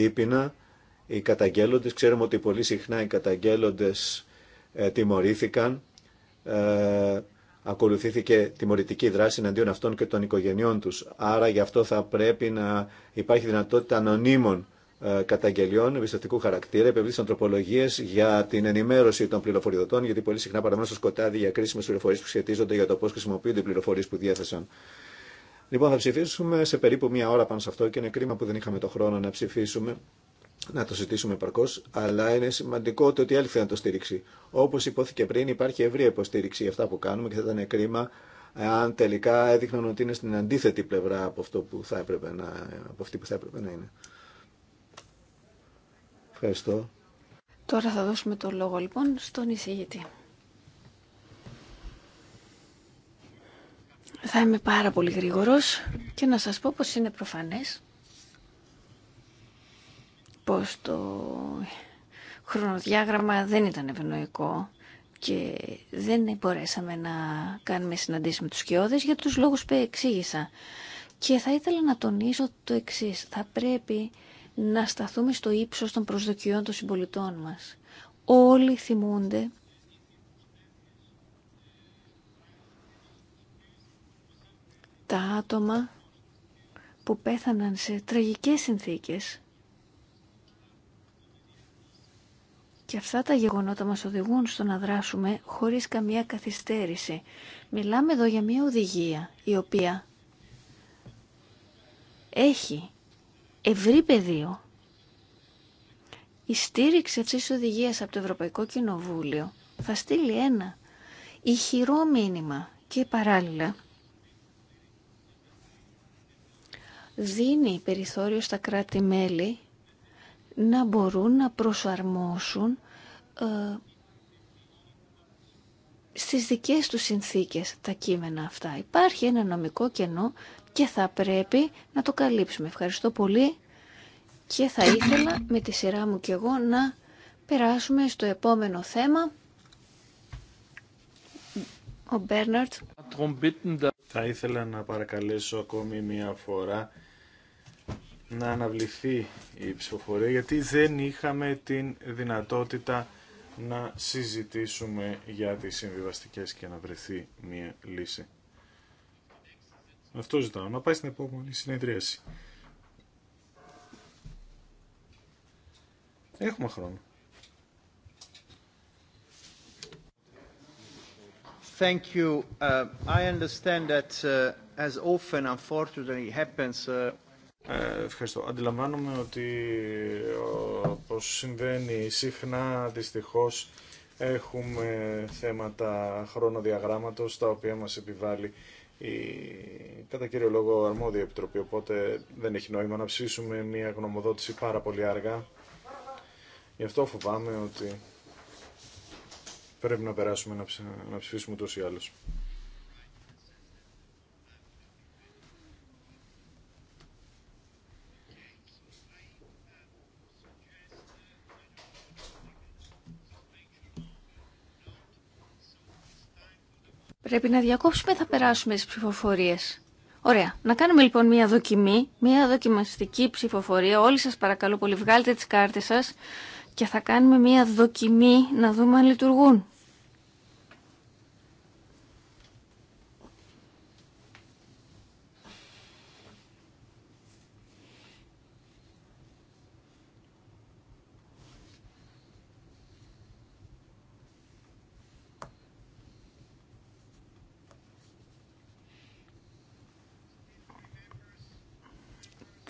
οι καταγγέλλοντε. Ξέρουμε ότι πολύ συχνά οι καταγγέλλοντε ε, τιμωρήθηκαν. Ε, ακολουθήθηκε τιμωρητική δράση εναντίον αυτών και των οικογενειών τους. Άρα γι' αυτό θα πρέπει να υπάρχει δυνατότητα ανωνύμων ε, καταγγελιών εμπιστευτικού χαρακτήρα, επευλήθησαν τροπολογίε για την ενημέρωση των πληροφοριοδοτών, γιατί πολύ συχνά παραμένουν στο σκοτάδι για κρίσιμε πληροφορίε που σχετίζονται για το πώ χρησιμοποιούνται οι πληροφορίε που διέθεσαν. Λοιπόν, θα ψηφίσουμε σε περίπου μία ώρα πάνω σε αυτό και είναι κρίμα που δεν είχαμε το χρόνο να ψηφίσουμε, να το συζητήσουμε επαρκώ, αλλά είναι σημαντικό το ότι έλθει να το στηρίξει. Όπω υπόθηκε πριν, υπάρχει ευρία υποστήριξη για αυτά που κάνουμε και θα ήταν κρίμα αν τελικά έδειχναν ότι είναι στην αντίθετη πλευρά από, αυτό που θα έπρεπε να, από αυτή που θα έπρεπε να είναι. Ευχαριστώ. Τώρα θα δώσουμε το λόγο λοιπόν στον εισηγητή. Θα είμαι πάρα πολύ γρήγορος και να σας πω πως είναι προφανές πως το χρονοδιάγραμμα δεν ήταν ευνοϊκό και δεν μπορέσαμε να κάνουμε συναντήσεις με τους σκιώδες για τους λόγους που εξήγησα. Και θα ήθελα να τονίσω το εξής. Θα πρέπει να σταθούμε στο ύψος των προσδοκιών των συμπολιτών μας. Όλοι θυμούνται τα άτομα που πέθαναν σε τραγικές συνθήκες Και αυτά τα γεγονότα μας οδηγούν στο να δράσουμε χωρίς καμία καθυστέρηση. Μιλάμε εδώ για μια οδηγία η οποία έχει ευρύ πεδίο. Η στήριξη αυτής της οδηγίας από το Ευρωπαϊκό Κοινοβούλιο θα στείλει ένα ηχηρό μήνυμα και παράλληλα δίνει περιθώριο στα κράτη-μέλη να μπορούν να προσαρμόσουν ε, στις δικές τους συνθήκες τα κείμενα αυτά. Υπάρχει ένα νομικό κενό και θα πρέπει να το καλύψουμε. Ευχαριστώ πολύ και θα ήθελα με τη σειρά μου και εγώ να περάσουμε στο επόμενο θέμα. Ο Μπέρναρτ. Θα ήθελα να παρακαλέσω ακόμη μία φορά να αναβληθεί η ψηφοφορία γιατί δεν είχαμε την δυνατότητα να συζητήσουμε για τις συμβιβαστικές και να βρεθεί μία λύση. Αυτό ζητάω, να πάει στην επόμενη συνεδρίαση. Έχουμε χρόνο. Thank you. Uh, I understand that uh, as often unfortunately happens uh... Ε, ευχαριστώ. Αντιλαμβάνομαι ότι όπω συμβαίνει συχνά δυστυχώ έχουμε θέματα χρόνο διαγράμματο τα οποία μα επιβάλλει η κατά κύριο λόγο αρμόδια επιτροπή, οπότε δεν έχει νόημα να ψήσουμε μια γνωμοδότηση πάρα πολύ αργά. Γι' αυτό φοβάμαι ότι πρέπει να περάσουμε να ψήσουμε τους ή Πρέπει να διακόψουμε θα περάσουμε τις ψηφοφορίες. Ωραία. Να κάνουμε λοιπόν μια δοκιμή, μια δοκιμαστική ψηφοφορία. Όλοι σας παρακαλώ πολύ βγάλτε τις κάρτες σας και θα κάνουμε μια δοκιμή να δούμε αν λειτουργούν.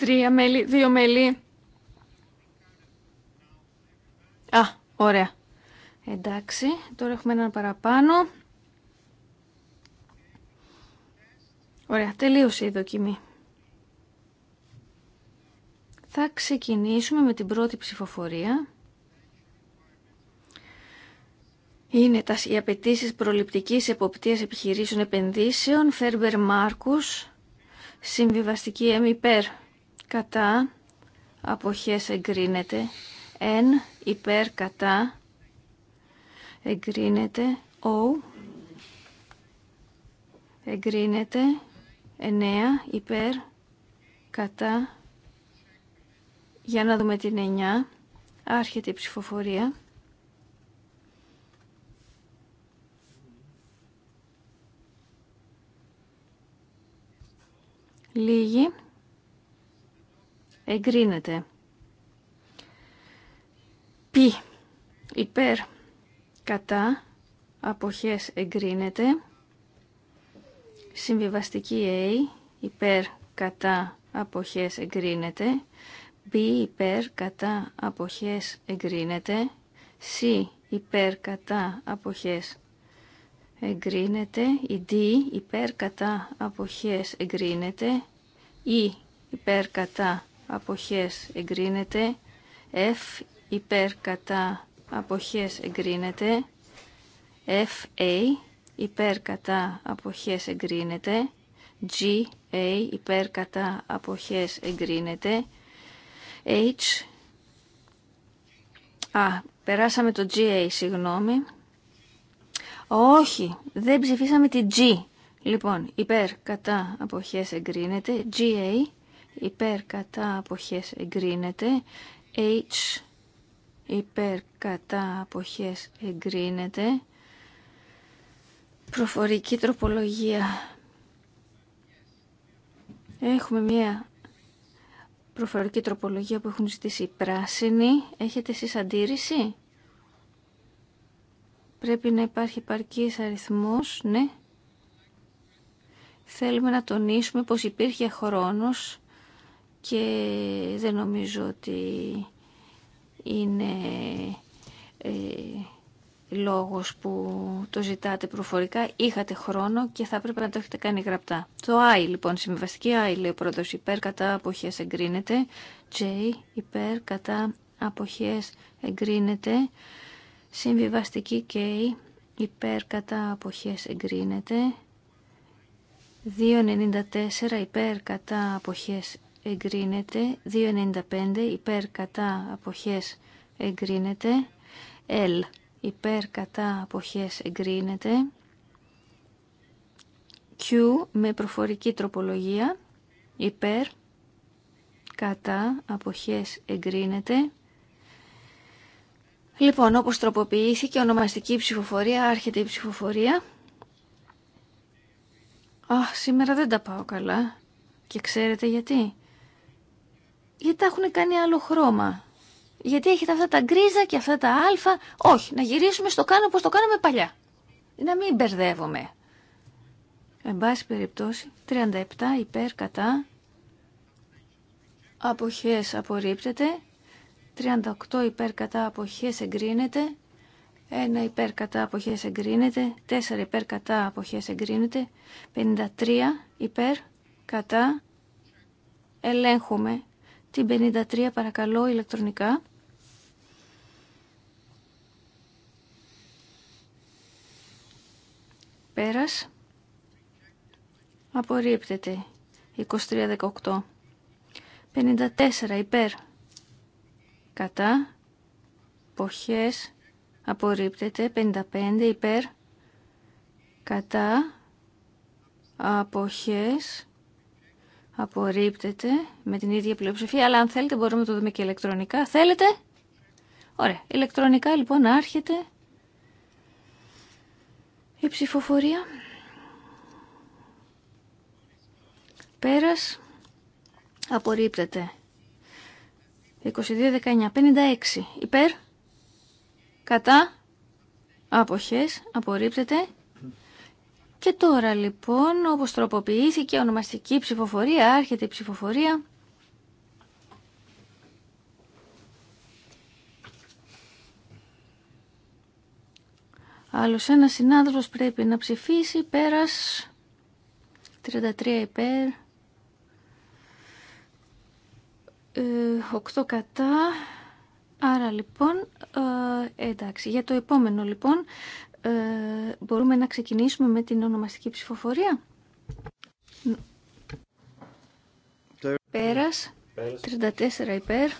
τρία μέλη, δύο μέλη. Α, ωραία. Εντάξει, τώρα έχουμε ένα παραπάνω. Ωραία, τελείωσε η δοκιμή. Θα ξεκινήσουμε με την πρώτη ψηφοφορία. Είναι τα, οι απαιτήσει προληπτικής εποπτείας επιχειρήσεων επενδύσεων, Φέρμπερ Μάρκους, συμβιβαστική M κατά αποχές εγκρίνεται. Εν υπέρ κατά εγκρίνεται. Ο εγκρίνεται. Εννέα υπέρ κατά για να δούμε την εννιά. άρχεται η ψηφοφορία λίγη εγκρίνεται. Π. υπέρ κατά αποχές εγκρίνεται. Συμβιβαστική A υπέρ κατά αποχές εγκρίνεται. B υπέρ κατά αποχές εγκρίνεται. C υπέρ κατά αποχές εγκρίνεται. Η D υπέρ κατά αποχές εγκρίνεται. E υπέρ κατά αποχές εγκρίνεται. F υπέρ κατά αποχές εγκρίνεται. FA υπέρ κατά αποχές εγκρίνεται. GA υπέρ κατά αποχές εγκρίνεται. H Α, περάσαμε το GA, συγγνώμη. Όχι, δεν ψηφίσαμε τη G. Λοιπόν, υπέρ κατά αποχές εγκρίνεται. GA υπέρ κατά αποχές εγκρίνεται. H υπέρ κατά αποχές εγκρίνεται. Προφορική τροπολογία. Έχουμε μία προφορική τροπολογία που έχουν ζητήσει οι πράσινοι. Έχετε εσείς αντίρρηση? Πρέπει να υπάρχει παρκής αριθμός, ναι. Θέλουμε να τονίσουμε πως υπήρχε χρόνος και δεν νομίζω ότι είναι ε, λόγος που το ζητάτε προφορικά. Είχατε χρόνο και θα πρέπει να το έχετε κάνει γραπτά. Το I λοιπόν, συμβαστική I λέει ο πρώτος υπέρ κατά αποχές εγκρίνεται. J υπέρ κατά αποχές εγκρίνεται. Συμβιβαστική K υπέρ κατά αποχές εγκρίνεται. 2.94 υπέρ κατά αποχές εγκρίνεται. 2.95 υπέρ κατά αποχές εγκρίνεται. L υπέρ κατά αποχές εγκρίνεται. Q με προφορική τροπολογία υπέρ κατά αποχές εγκρίνεται. Λοιπόν, όπως τροποποιήθηκε, ονομαστική ψηφοφορία, άρχεται η ψηφοφορία. Α, σήμερα δεν τα πάω καλά. Και ξέρετε γιατί γιατί τα έχουν κάνει άλλο χρώμα. Γιατί έχετε αυτά τα γκρίζα και αυτά τα αλφα. Όχι, να γυρίσουμε στο κάνω όπως το κάναμε παλιά. Να μην μπερδεύομαι. Εν πάση περιπτώσει, 37 υπέρ κατά. Αποχές απορρίπτεται. 38 υπέρ κατά αποχές εγκρίνεται. 1 υπέρ κατά αποχές εγκρίνεται. 4 υπέρ κατά αποχές εγκρίνεται. 53 υπέρ κατά ελέγχουμε την 53 παρακαλώ ηλεκτρονικά. Πέρας. Απορρίπτεται. 23-18. 54 υπέρ. Κατά. Ποχές. Απορρίπτεται. 55 υπέρ. Κατά. Αποχές. Απορρίπτεται με την ίδια πλειοψηφία, αλλά αν θέλετε μπορούμε να το δούμε και ηλεκτρονικά. Θέλετε? Ωραία. Ηλεκτρονικά λοιπόν άρχεται η ψηφοφορία. Πέρας. Απορρίπτεται. 22-19. 56. Υπέρ. Κατά. Αποχές. Απορρίπτεται. Και τώρα λοιπόν, όπως τροποποιήθηκε ονομαστική ψηφοφορία, άρχεται η ψηφοφορία. Άλλος ένας συνάδελφος πρέπει να ψηφίσει, πέρας 33 υπέρ, 8 ε, κατά, άρα λοιπόν, ε, εντάξει, για το επόμενο λοιπόν ε, μπορούμε να ξεκινήσουμε με την ονομαστική ψηφοφορία. Πέρας, 34 υπέρ,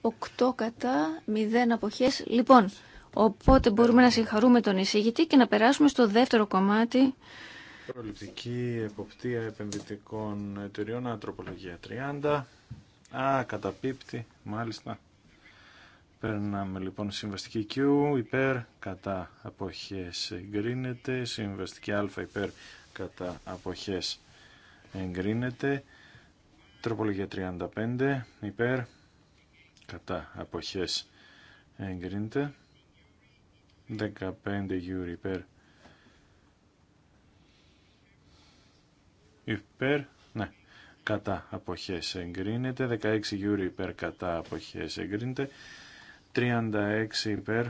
8 κατά, 0 αποχές. Λοιπόν, οπότε μπορούμε να συγχαρούμε τον εισήγητη και να περάσουμε στο δεύτερο κομμάτι. Προληπτική εποπτεία επενδυτικών εταιριών, ανθρωπολογία 30. Α, καταπίπτει, μάλιστα. Περνάμε λοιπόν συμβαστική Q υπέρ κατά αποχές εγκρίνεται, συμβαστική α υπέρ κατά αποχές εγκρίνεται, τροπολογία 35 υπέρ κατά αποχές εγκρίνεται, 15 γιουρ υπέρ υπέρ, ναι, κατά αποχές εγκρίνεται, 16 γιουρ υπέρ κατά αποχές εγκρίνεται, 36 υπέρ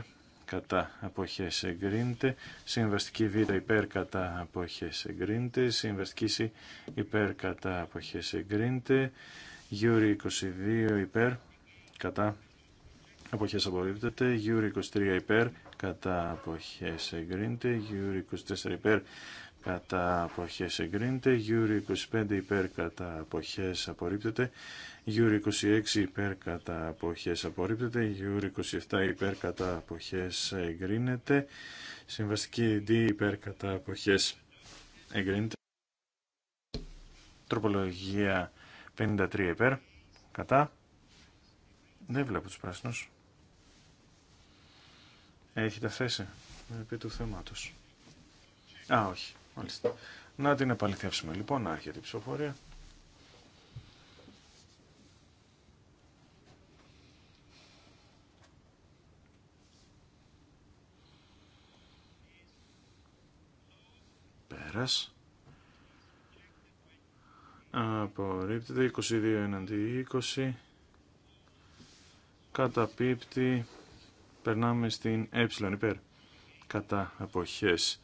κατά αποχές εγκρίνεται, συμβαστική β υπέρ κατά αποχές εγκρίνεται, συμβαστική σ υπέρ κατά αποχές εγκρίνεται, γιούρι 22 υπέρ κατά αποχές απορρίπτεται, γιούρι 23 υπέρ κατά αποχές εγκρίνεται, γιούρι 24 υπέρ κατά αποχές εγκρίνεται, Γιούρι 25 υπέρ κατά αποχές απορρίπτεται, Γιούρι 26 υπέρ κατά αποχές απορρίπτεται, Γιούρι 27 υπέρ κατά αποχές εγκρίνεται, Συμβαστική D υπέρ κατά αποχές εγκρίνεται, Τροπολογία 53 υπέρ κατά, δεν βλέπω τους πράσινους, έχει τα θέση επί του θέματος. Α, όχι. Μάλιστα. Να την επαληθεύσουμε λοιπόν, να έρχεται η ψηφοφορία. Πέρας. Απορρίπτεται 22 εναντί 20. Καταπίπτει. Περνάμε στην ε υπέρ. Κατά αποχές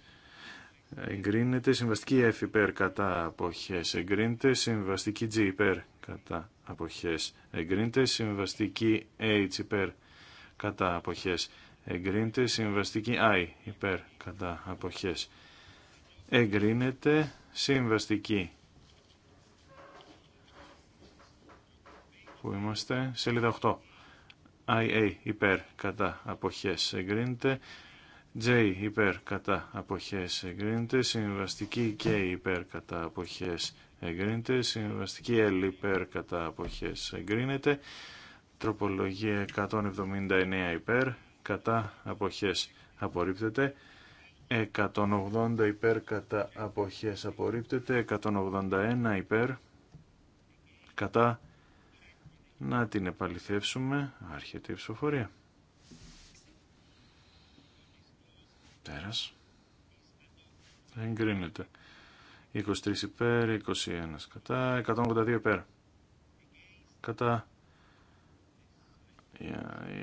εγκρίνεται. Συμβαστική F υπέρ κατά αποχές εγκρίνεται. Συμβαστική G υπέρ κατά αποχές εγκρίνεται. Συμβαστική H υπέρ κατά αποχές εγκρίνεται. Συμβαστική I υπέρ κατά αποχές εγκρίνεται. Συμβαστική που είμαστε σελίδα 8. IA υπέρ κατά αποχές εγκρίνεται J υπέρ κατά αποχές εγκρίνεται, συμβαστική και υπέρ κατά αποχές εγκρίνεται, συμβαστική L υπέρ κατά αποχές εγκρίνεται, τροπολογία 179 υπέρ κατά αποχές απορρίπτεται, 180 υπέρ κατά αποχές απορρίπτεται, 181 υπέρ κατά να την επαληθεύσουμε, άρχεται η ψηφοφορία. Πέρας. Εγκρίνεται. 23 υπέρ, 21 κατά, 182 υπέρ. Κατά. Η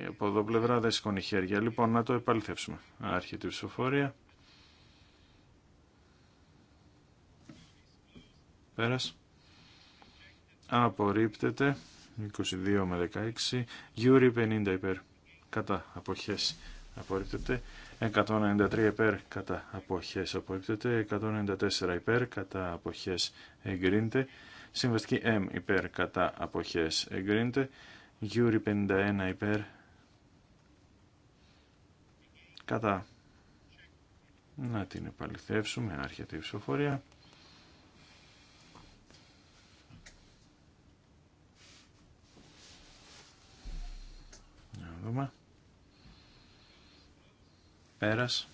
από εδώ πλευρά δεν σηκώνει χέρια. Λοιπόν, να το επαληθεύσουμε. Άρχεται η ψηφοφορία. Πέρας. Απορρίπτεται. 22 με 16. Γιούρι 50 υπέρ. Κατά αποχές. Απορρίπτεται. 193 υπέρ κατά αποχές απορρίπτεται, 194 υπέρ κατά αποχές εγκρίνεται, συμβαστική M υπέρ κατά αποχές εγκρίνεται, γιούρι 51 υπέρ κατά να την επαληθεύσουμε, άρχεται η ψηφοφορία. Να δούμε. Πέρας.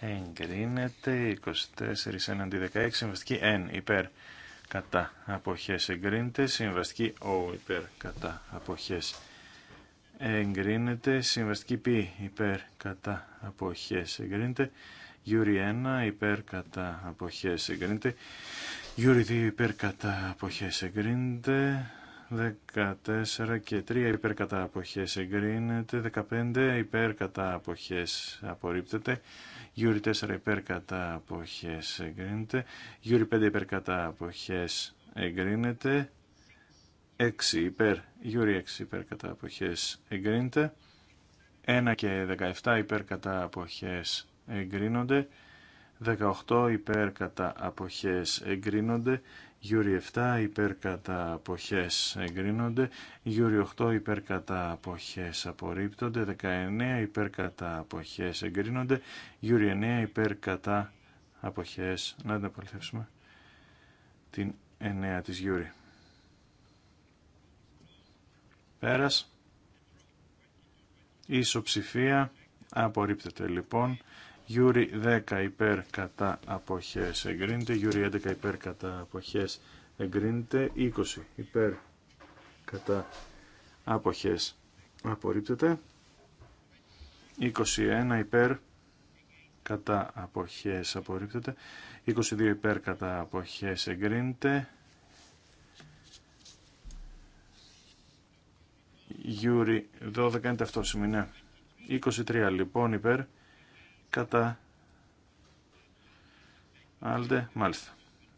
Εγκρίνεται 24 έναντι 16. Συμβαστική N υπέρ κατά αποχές εγκρίνεται. Συμβαστική O υπέρ κατά αποχές εγκρίνεται. Συμβαστική P υπέρ κατά αποχές εγκρίνεται. Γιούρι 1 υπέρ κατά αποχές εγκρίνεται. Γιούρι 2 υπέρ κατά αποχές εγκρίνεται. 14 και 3 υπέρ κατά αποχές εγκρίνεται, 15 υπέρ κατά αποχές απορρίπτεται, Γιούρι 4 υπέρ κατά αποχές εγκρίνεται, Γιούρι 5 υπέρ κατά αποχές εγκρίνεται, 6 υπέρ, Γιούρι 6 υπέρ κατά αποχές εγκρίνεται, 1 και 17 υπέρ κατά αποχές εγκρίνονται, 18 υπέρ κατά αποχές εγκρίνονται, Γιούρι 7 υπέρ κατά αποχές εγκρίνονται, Γιούρι 8 υπέρ κατά αποχές απορρίπτονται, 19 υπέρ κατά αποχές εγκρίνονται, Γιούρι 9 υπέρ κατά αποχές, να την απολυθεύσουμε, την 9 της Γιούρι. Πέρας, η ισοψηφία απορρίπτεται λοιπόν. Γιούρι 10 υπέρ κατά αποχές εγκρίνεται. Γιούρι 11 υπέρ κατά αποχές εγκρίνεται. 20 υπέρ κατά αποχές απορρίπτεται. 21 υπέρ κατά αποχές απορρίπτεται. 22 υπέρ κατά αποχές εγκρίνεται. Γιούρι 12 είναι ταυτόσημη, ναι. 23 λοιπόν υπέρ κατά άλτε μάλιστα.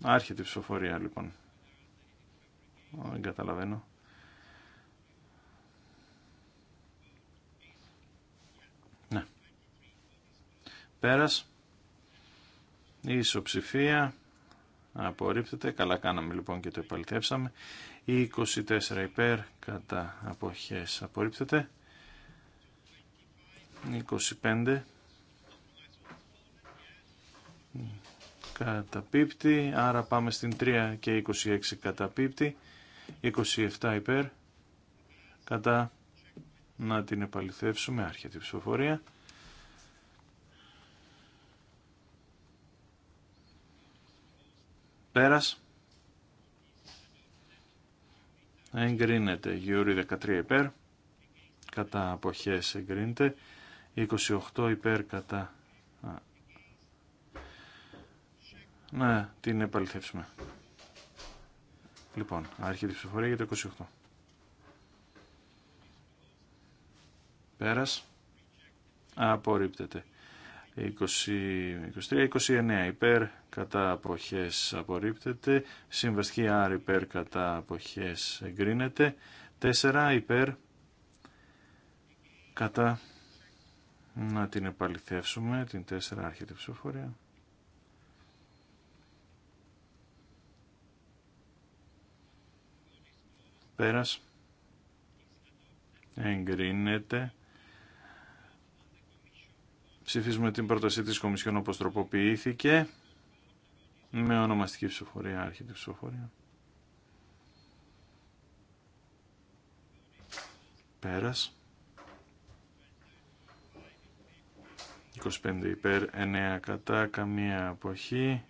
Άρχεται η ψηφοφορία λοιπόν. Δεν καταλαβαίνω. Ναι. Πέρας. Η ισοψηφία απορρίπτεται. Καλά κάναμε λοιπόν και το επαληθεύσαμε. Η 24 υπέρ κατά αποχές απορρίπτεται. 25 καταπίπτει, άρα πάμε στην 3 και 26 καταπίπτει, 27 υπέρ, κατά να την επαληθεύσουμε, άρχεται την ψηφοφορία. Πέρας. Εγκρίνεται Γιούρι 13 υπέρ, κατά αποχές εγκρίνεται, 28 υπέρ κατά να την επαληθεύσουμε. Λοιπόν, άρχεται τη ψηφοφορία για το 28. Πέρας. Απορρίπτεται. 23-29 υπέρ κατά αποχές απορρίπτεται. Συμβαστική R υπέρ κατά αποχές εγκρίνεται. 4 υπέρ κατά να την επαληθεύσουμε. Την 4 άρχεται η ψηφοφορία. Πέρας. Εγκρίνεται. Ψηφίζουμε την πρόταση της Κομισιόν όπως τροποποιήθηκε. Με ονομαστική ψηφοφορία, άρχιτη ψηφοφορία. Πέρας. 25 υπέρ, 9 κατά, καμία αποχή.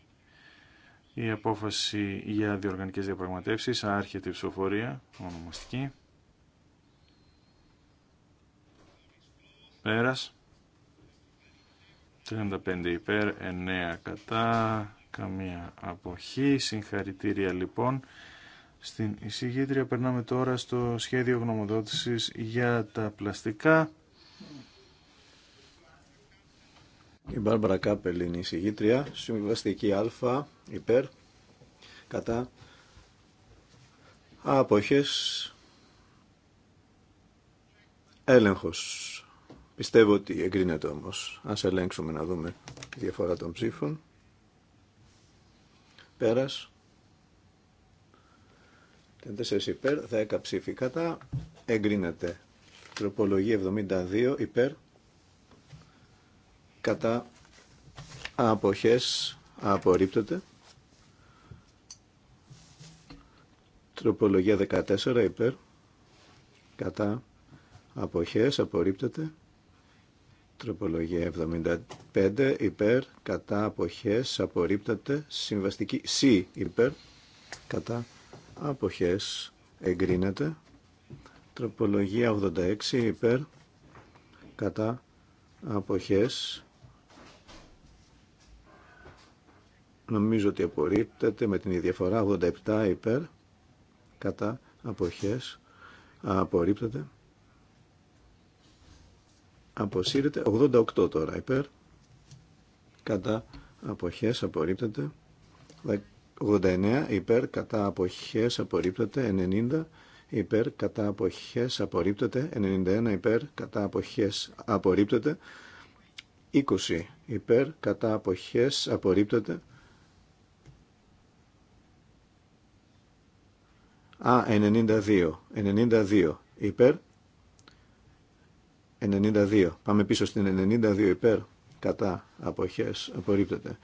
Η απόφαση για διοργανικές διαπραγματεύσεις, άρχεται η ψηφοφορία, ονομαστική. Πέρας. 35 υπέρ, 9 κατά, καμία αποχή. Συγχαρητήρια λοιπόν στην εισηγήτρια. Περνάμε τώρα στο σχέδιο γνωμοδότησης για τα πλαστικά. Η Μπάρμπαρα Κάπελ είναι η συγγήτρια. Συμβιβαστική Α, υπέρ, κατά, αποχές, έλεγχος. Πιστεύω ότι εγκρίνεται όμως. Ας ελέγξουμε να δούμε τη διαφορά των ψήφων. Πέρας. 4 υπέρ, 10 ψήφοι κατά. Εγκρίνεται. Τροπολογία 72 υπέρ κατά αποχές απορρίπτεται. Τροπολογία 14 υπέρ κατά αποχές απορρίπτεται. Τροπολογία 75 υπέρ κατά αποχές απορρίπτεται. Συμβαστική C υπέρ κατά αποχές εγκρίνεται. Τροπολογία 86 υπέρ κατά αποχές Νομίζω ότι απορρίπτεται με την ίδια 87 υπέρ κατά αποχές απορρίπτεται. Αποσύρεται 88 τώρα υπέρ κατά αποχές απορρίπτεται. 89 υπέρ κατά αποχές απορρίπτεται. 90 υπέρ κατά αποχές απορρίπτεται. 91 υπέρ κατά αποχές απορρίπτεται. 20 υπέρ κατά αποχές απορρίπτεται. Α, 92. 92 υπέρ. 92. Πάμε πίσω στην 92 υπέρ. Κατά αποχές. Απορρίπτεται.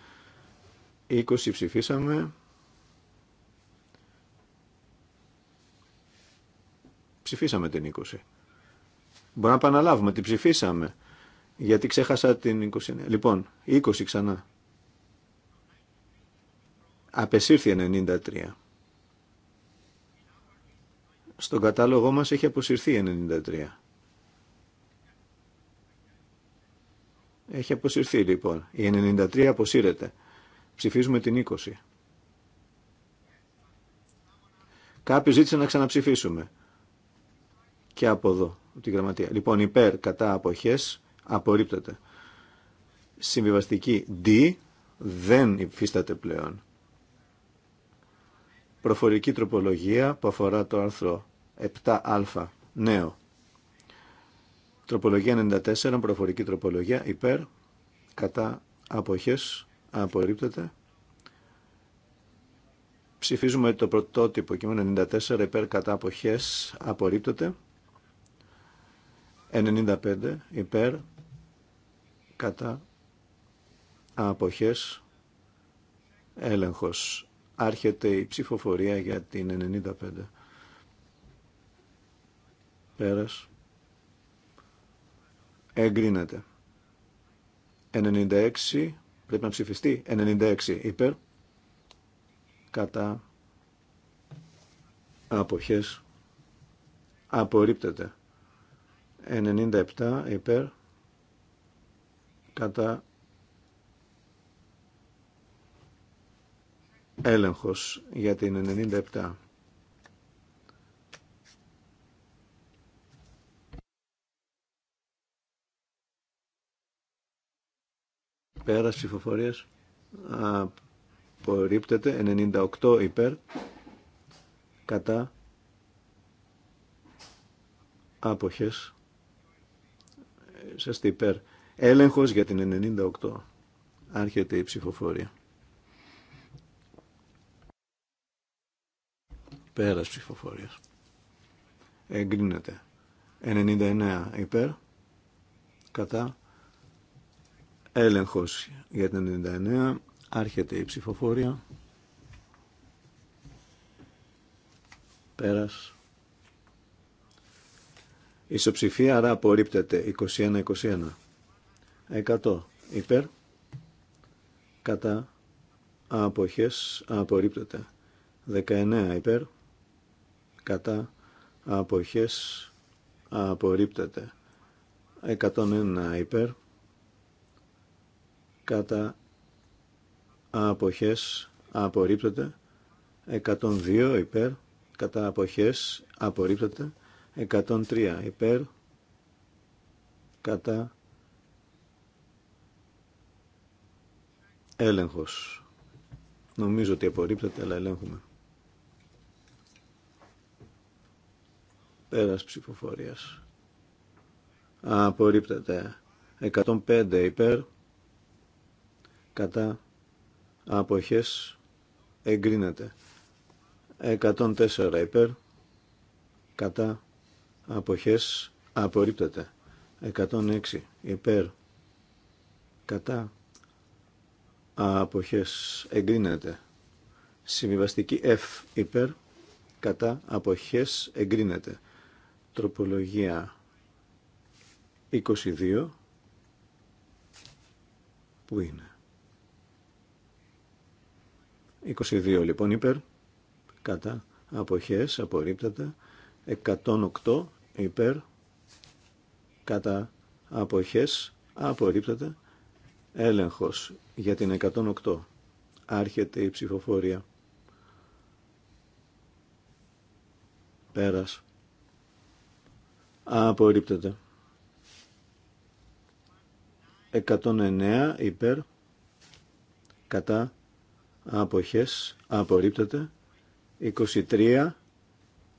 20 ψηφίσαμε. Ψηφίσαμε την 20. Μπορώ να επαναλάβουμε. Την ψηφίσαμε. Γιατί ξέχασα την 29. Λοιπόν, 20 ξανά. Απεσύρθη 93. Στον κατάλογό μας έχει αποσυρθεί 93. Έχει αποσυρθεί λοιπόν. Η 93 αποσύρεται. Ψηφίζουμε την 20. Κάποιος ζήτησε να ξαναψηφίσουμε. Και από εδώ, την γραμματεία. Λοιπόν, υπέρ κατά αποχές απορρίπτεται. Συμβιβαστική D δεν υφίσταται πλέον προφορική τροπολογία που αφορά το άρθρο 7α νέο. Τροπολογία 94, προφορική τροπολογία, υπέρ, κατά, αποχές, απορρίπτεται. Ψηφίζουμε το πρωτότυπο κείμενο 94, υπέρ, κατά, αποχές, απορρίπτεται. 95, υπέρ, κατά, αποχές, έλεγχος. Άρχεται η ψηφοφορία για την 95. Πέρας. Εγκρίνεται. 96. Πρέπει να ψηφιστεί. 96 υπέρ. Κατά. Αποχές. Απορρίπτεται. 97 υπέρ. Κατά. Έλεγχος για την 97. Πέρας ψηφοφορίας απορρίπτεται 98 υπέρ κατά άποχες σε υπέρ έλεγχος για την 98 άρχεται η ψηφοφορία Πέρας ψηφοφορίας. Εγκρίνεται. 99 υπέρ. Κατά. Έλεγχος για την 99. Άρχεται η ψηφοφορία. Πέρας. Ισοψηφία άρα απορρίπτεται. 21-21. 100 υπέρ. Κατά. Αποχές απορρίπτεται. 19 υπέρ κατά αποχές απορρίπτεται 101 υπέρ κατά αποχές απορρίπτεται 102 υπέρ κατά αποχές απορρίπτεται 103 υπέρ κατά έλεγχος νομίζω ότι απορρίπτεται αλλά ελέγχουμε Πέρας ψηφοφορίας. Απορρίπτεται. 105 υπέρ. Κατά. Αποχές. Εγκρίνεται. 104 υπέρ. Κατά. Αποχές. Απορρίπτεται. 106 υπέρ. Κατά. Αποχές. Εγκρίνεται. Συμβιβαστική F υπέρ. Κατά. Αποχές. Εγκρίνεται. Τροπολογία 22. Πού είναι. 22 λοιπόν υπέρ. Κατά. Αποχές. Απορρίπτεται. 108 υπέρ. Κατά. Αποχές. Απορρίπτεται. Έλεγχος για την 108. Άρχεται η ψηφοφορία. Πέρας. Απορρίπτεται. 109 υπέρ κατά αποχές απορρίπτεται 23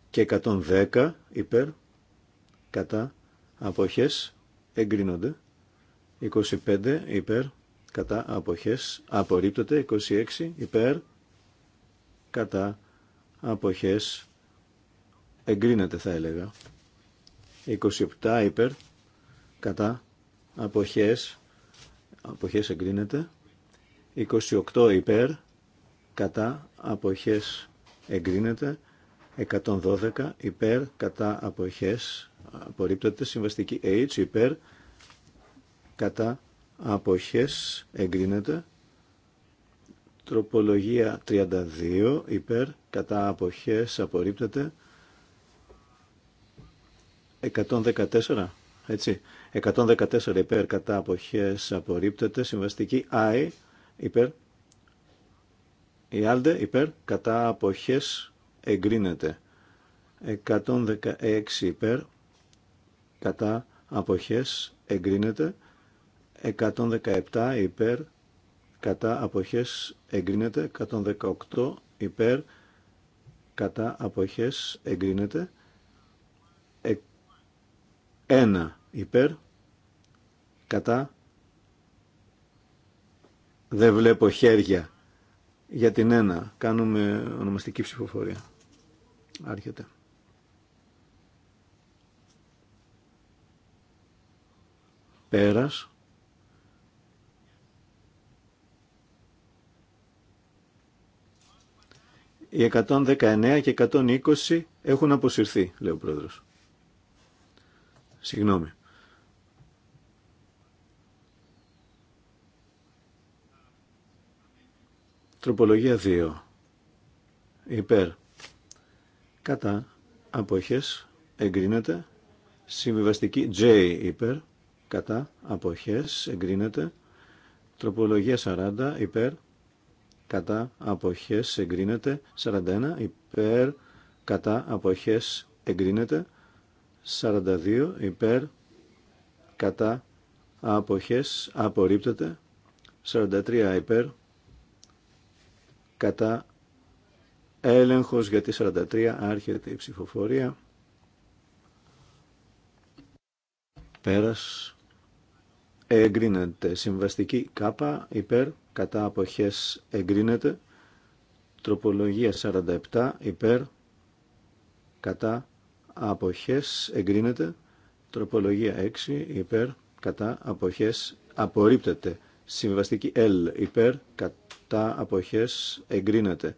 και 110 υπέρ κατά αποχές εγκρίνονται 25 υπέρ κατά αποχές απορρίπτεται 26 υπέρ κατά αποχές εγκρίνεται θα έλεγα 27 υπέρ κατά αποχές αποχές εγκρίνεται 28 υπέρ κατά αποχές εγκρίνεται 112 υπέρ κατά αποχές απορρίπτεται συμβαστική H υπέρ κατά αποχές εγκρίνεται τροπολογία 32 υπέρ κατά αποχές απορρίπτεται 114, έτσι. 114 υπέρ κατά αποχές απορρίπτεται. Συμβαστική I υπέρ. Η Άλντε υπέρ κατά αποχές εγκρίνεται. 116 υπέρ κατά αποχές εγκρίνεται. 117 υπέρ κατά αποχές εγκρίνεται. 118 υπέρ κατά αποχές εγκρίνεται. Ένα υπέρ, κατά, δεν βλέπω χέρια για την ένα. Κάνουμε ονομαστική ψηφοφορία. Άρχεται. Πέρας. Οι 119 και 120 έχουν αποσυρθεί, λέει ο πρόεδρος. Συγγνώμη. Τροπολογία 2. Υπέρ. Κατά. Αποχές. Εγκρίνεται. Συμβιβαστική J υπέρ. Κατά. Αποχές. Εγκρίνεται. Τροπολογία 40 υπέρ. Κατά. Αποχές. Εγκρίνεται. 41 υπέρ. Κατά. Αποχές. Εγκρίνεται. 42 υπέρ κατά αποχές απορρίπτεται 43 υπέρ κατά έλεγχος γιατί 43 άρχεται η ψηφοφορία πέρας εγκρίνεται συμβαστική κάπα υπέρ κατά αποχές εγκρίνεται τροπολογία 47 υπέρ κατά αποχές εγκρίνεται. Τροπολογία 6 υπέρ κατά αποχές απορρίπτεται. Συμβαστική L υπέρ κατά αποχές εγκρίνεται.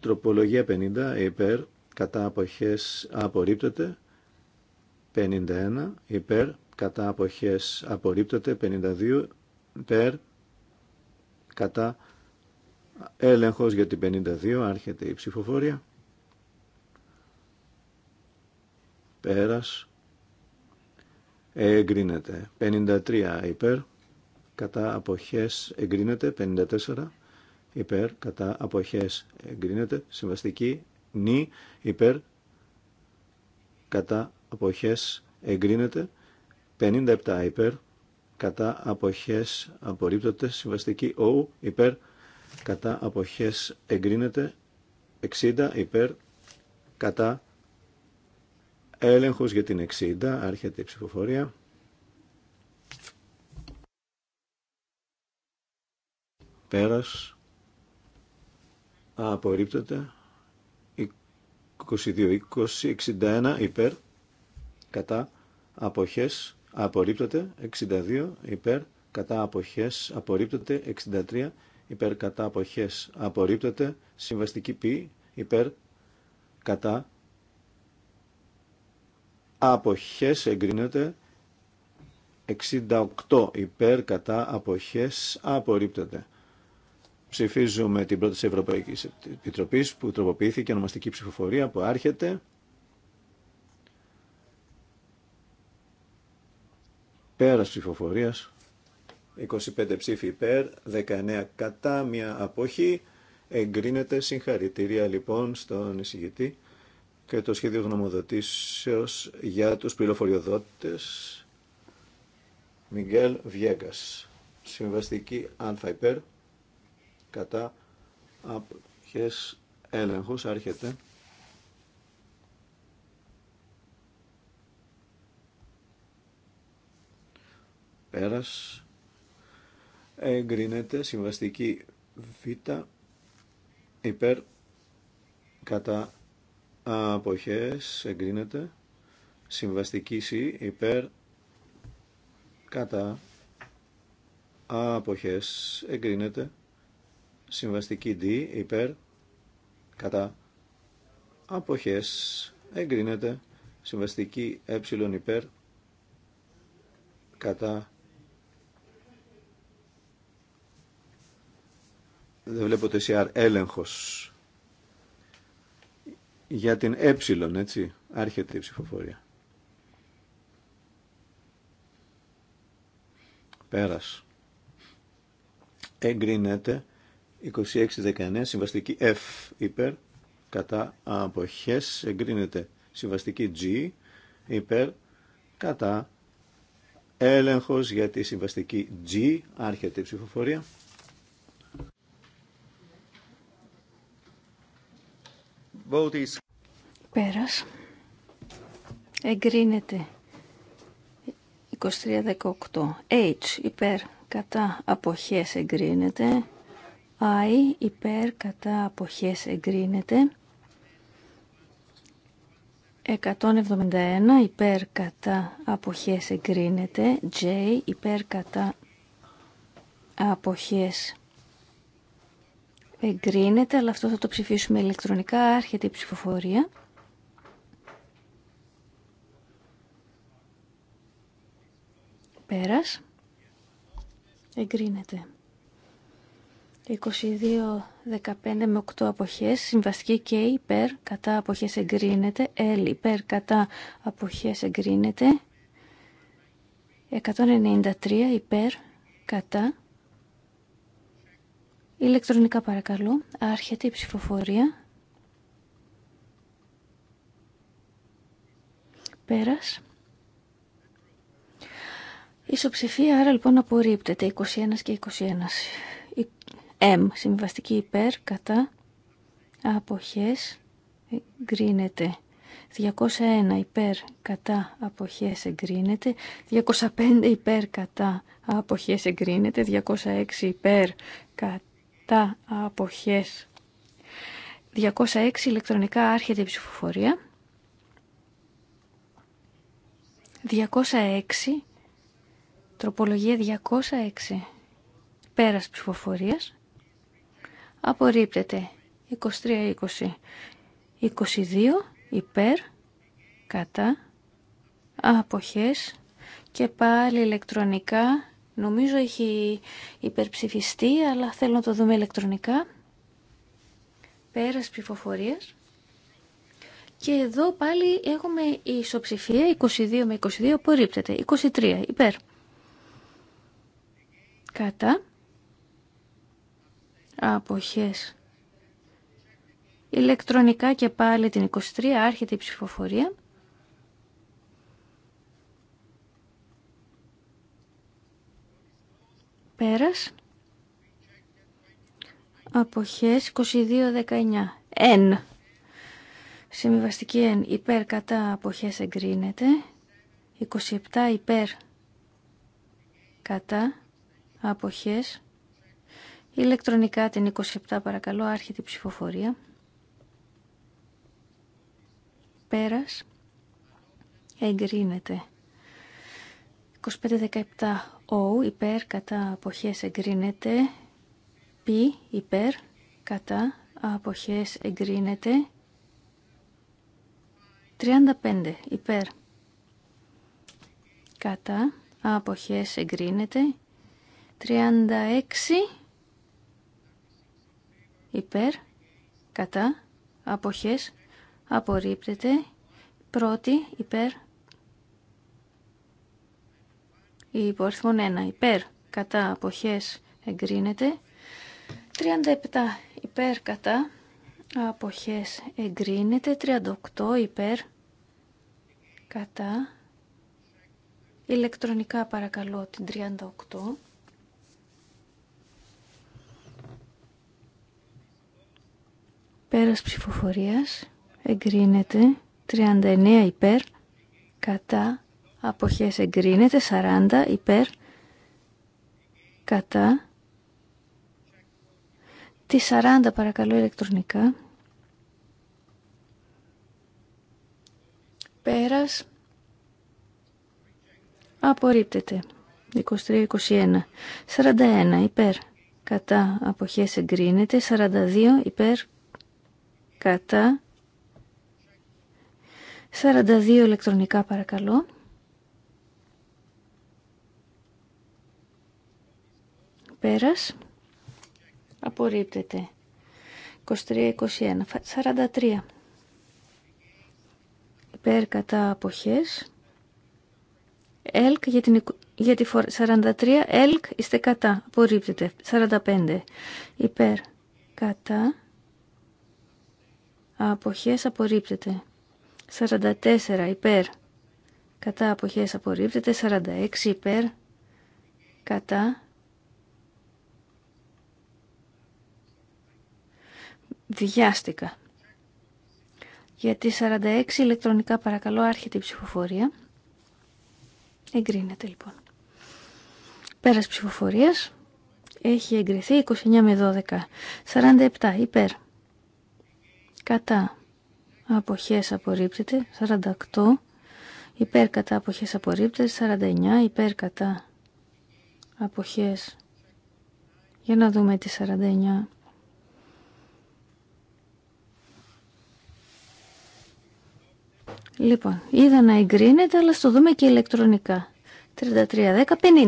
Τροπολογία 50 υπέρ κατά αποχές απορρίπτεται. 51 υπέρ κατά αποχές απορρίπτεται. 52 υπέρ κατά έλεγχος για την 52 άρχεται η ψηφοφορία. πέρας εγκρίνεται 53 υπέρ κατά αποχές εγκρίνεται 54 υπέρ κατά αποχές εγκρίνεται συμβαστική νη υπέρ κατά αποχές εγκρίνεται 57 υπέρ κατά αποχές απορρίπτονται συμβαστική ο υπέρ κατά αποχές εγκρίνεται 60 υπέρ κατά Έλεγχος για την 60, άρχεται η ψηφοφορία. Πέρας. Απορρίπτεται. 22, 20, 61 υπέρ. Κατά αποχές απορρίπτεται. 62 υπέρ. Κατά αποχές απορρίπτεται. 63 υπέρ. Κατά αποχές απορρίπτεται. Συμβαστική π υπέρ. Κατά αποχές εγκρίνεται 68 υπέρ κατά αποχές απορρίπτεται. Ψηφίζουμε την πρώτη της Ευρωπαϊκής Επιτροπής που τροποποιήθηκε ονομαστική ψηφοφορία που άρχεται. Πέρας ψηφοφορίας. 25 ψήφοι υπέρ, 19 κατά, μια αποχή. Εγκρίνεται συγχαρητήρια λοιπόν στον εισηγητή και το σχέδιο γνωμοδοτήσεως για τους πληροφοριοδότες Μιγγέλ Βιέγκας. Συμβαστική ανθαϊπέρ κατά αρχές έλεγχος άρχεται. Πέρας εγκρίνεται συμβαστική β υπέρ κατά αποχές εγκρίνεται συμβαστική C υπέρ κατά αποχές εγκρίνεται συμβαστική D υπέρ κατά αποχές εγκρίνεται συμβαστική ε υπέρ κατά δεν βλέπω το έλεγχος για την ε, έτσι, άρχεται η ψηφοφορία. Πέρας. Εγκρίνεται 26-19 συμβαστική F υπέρ κατά αποχές. Εγκρίνεται συμβαστική G υπέρ κατά έλεγχος για τη συμβαστική G άρχεται η ψηφοφορία. Πέρας. 2318 H υπέρ κατά αποχές εγκρίνεται. I υπέρ κατά αποχές εγκρίνεται. 171 υπέρ κατά αποχές εγκρίνεται. J υπέρ κατά αποχές εγκρίνεται εγκρίνεται, αλλά αυτό θα το ψηφίσουμε ηλεκτρονικά. Άρχεται η ψηφοφορία. Πέρας. Εγκρίνεται. 22-15 με 8 αποχές, συμβαστική και υπέρ, κατά αποχές εγκρίνεται, L υπέρ, κατά αποχές εγκρίνεται, 193 υπέρ, κατά Ηλεκτρονικά παρακαλώ. Άρχεται η ψηφοφορία. Πέρας. Ισοψηφία, άρα λοιπόν απορρίπτεται 21 και 21. M, συμβαστική υπέρ, κατά, αποχές, εγκρίνεται. 201 υπέρ κατά αποχές εγκρίνεται, 205 υπέρ κατά αποχές εγκρίνεται, 206 υπέρ κατά τα αποχές 206 ηλεκτρονικά άρχεται η ψηφοφορία 206 τροπολογία 206 πέρας ψηφοφορίας απορρίπτεται 23-20 22 υπέρ κατά αποχές και πάλι ηλεκτρονικά Νομίζω έχει υπερψηφιστεί, αλλά θέλω να το δούμε ηλεκτρονικά. Πέρας ψηφοφορίας. Και εδώ πάλι έχουμε ισοψηφία 22 με 22 απορρίπτεται. 23 υπέρ. Κατά. Αποχές. Ηλεκτρονικά και πάλι την 23 άρχεται η ψηφοφορία. Πέρας. Αποχές 22-19. Εν. Συμβιβαστική εν. Υπέρ κατά αποχές εγκρίνεται. 27 υπέρ κατά αποχές. Ηλεκτρονικά την 27 παρακαλώ άρχεται η ψηφοφορία. Πέρας. Εγκρίνεται. 25-17 ο υπέρ κατά αποχές εγκρίνεται. Π υπέρ κατά αποχές εγκρίνεται. 35 υπέρ κατά αποχές εγκρίνεται. 36 υπέρ κατά αποχές απορρίπτεται. Πρώτη υπέρ Υπορθμόν 1 υπέρ κατά αποχές εγκρίνεται. 37 υπέρ κατά αποχές εγκρίνεται. 38 υπέρ κατά ηλεκτρονικά παρακαλώ την 38. Πέρας ψηφοφορίας εγκρίνεται 39 υπέρ κατά αποχές εγκρίνεται 40 υπέρ κατά τη 40 παρακαλώ ηλεκτρονικά πέρας απορρίπτεται 23-21 41 υπέρ κατά αποχές εγκρίνεται 42 υπέρ κατά 42 ηλεκτρονικά παρακαλώ Πέρας. Απορρίπτεται. 23-21. 43. Υπέρ κατά αποχές. Ελκ για, την, για τη 43. Ελκ είστε κατά. Απορρίπτεται. 45. Υπέρ κατά αποχές απορρίπτεται. 44 υπέρ κατά αποχές απορρίπτεται. 46 υπέρ κατά Διαστηκά, γιατί 46 ηλεκτρονικά παρακαλώ άρχεται η ψηφοφορία. Εγκρίνεται λοιπόν. Πέρας ψηφοφορίας έχει εγκριθεί 29 με 12. 47 υπέρ. Κατά αποχές απορρίπτεται. 48 υπέρ κατά αποχές απορρίπτεται. 49 υπέρ κατά αποχές. Για να δούμε τη 49. Λοιπόν, είδα να εγκρίνεται, αλλά στο δούμε και ηλεκτρονικά. 33, 10,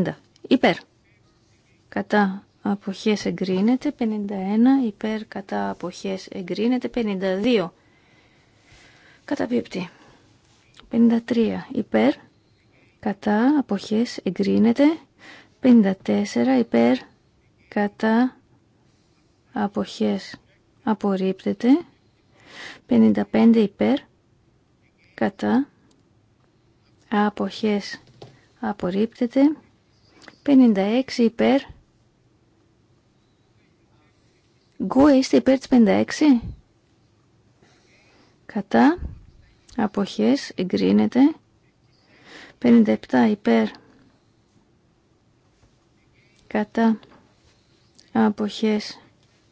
50. Υπέρ. Κατά αποχές εγκρίνεται. 51. Υπέρ κατά αποχές εγκρίνεται. 52. Καταπίπτει. 53. Υπέρ κατά αποχές εγκρίνεται. 54. Υπέρ κατά αποχές απορρίπτεται. 55. Υπέρ κατά αποχές απορρίπτεται 56 υπέρ Γκου, είστε υπέρ της 56 κατά αποχές εγκρίνεται 57 υπέρ κατά αποχές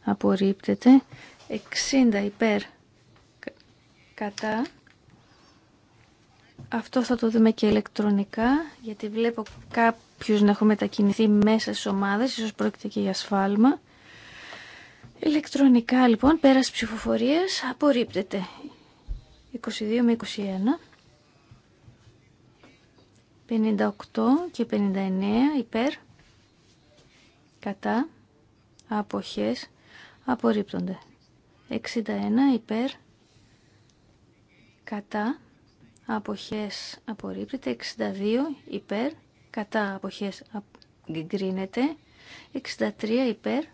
απορρίπτεται 60 υπέρ κατά αυτό θα το δούμε και ηλεκτρονικά, γιατί βλέπω κάποιους να έχουν μετακινηθεί μέσα στις ομάδες, ίσως πρόκειται και για σφάλμα. Ηλεκτρονικά λοιπόν, πέρας ψηφοφορίες, απορρίπτεται. 22 με 21. 58 και 59 υπέρ. Κατά. Αποχές. Απορρίπτονται. 61 υπέρ. Κατά αποχές απορρίπτεται 62 υπέρ κατά αποχές εγκρίνεται 63 υπέρ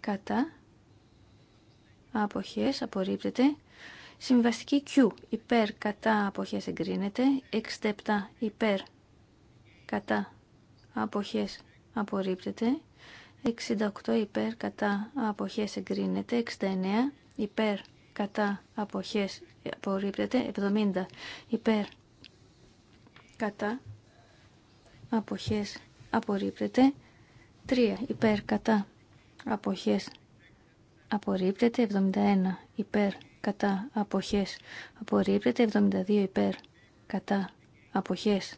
κατά αποχές απορρίπτεται συμβαστική Q υπέρ κατά αποχές εγκρίνεται 67 υπέρ κατά αποχές απορρίπτεται 68 υπέρ κατά αποχές εγκρίνεται 69 υπέρ κατά αποχές απορρίπτεται 70 υπέρ κατά αποχές απορρίπτεται 3 υπέρ κατά αποχές απορρίπτεται 71 υπέρ κατά αποχές απορρίπτεται 72 υπέρ κατά αποχές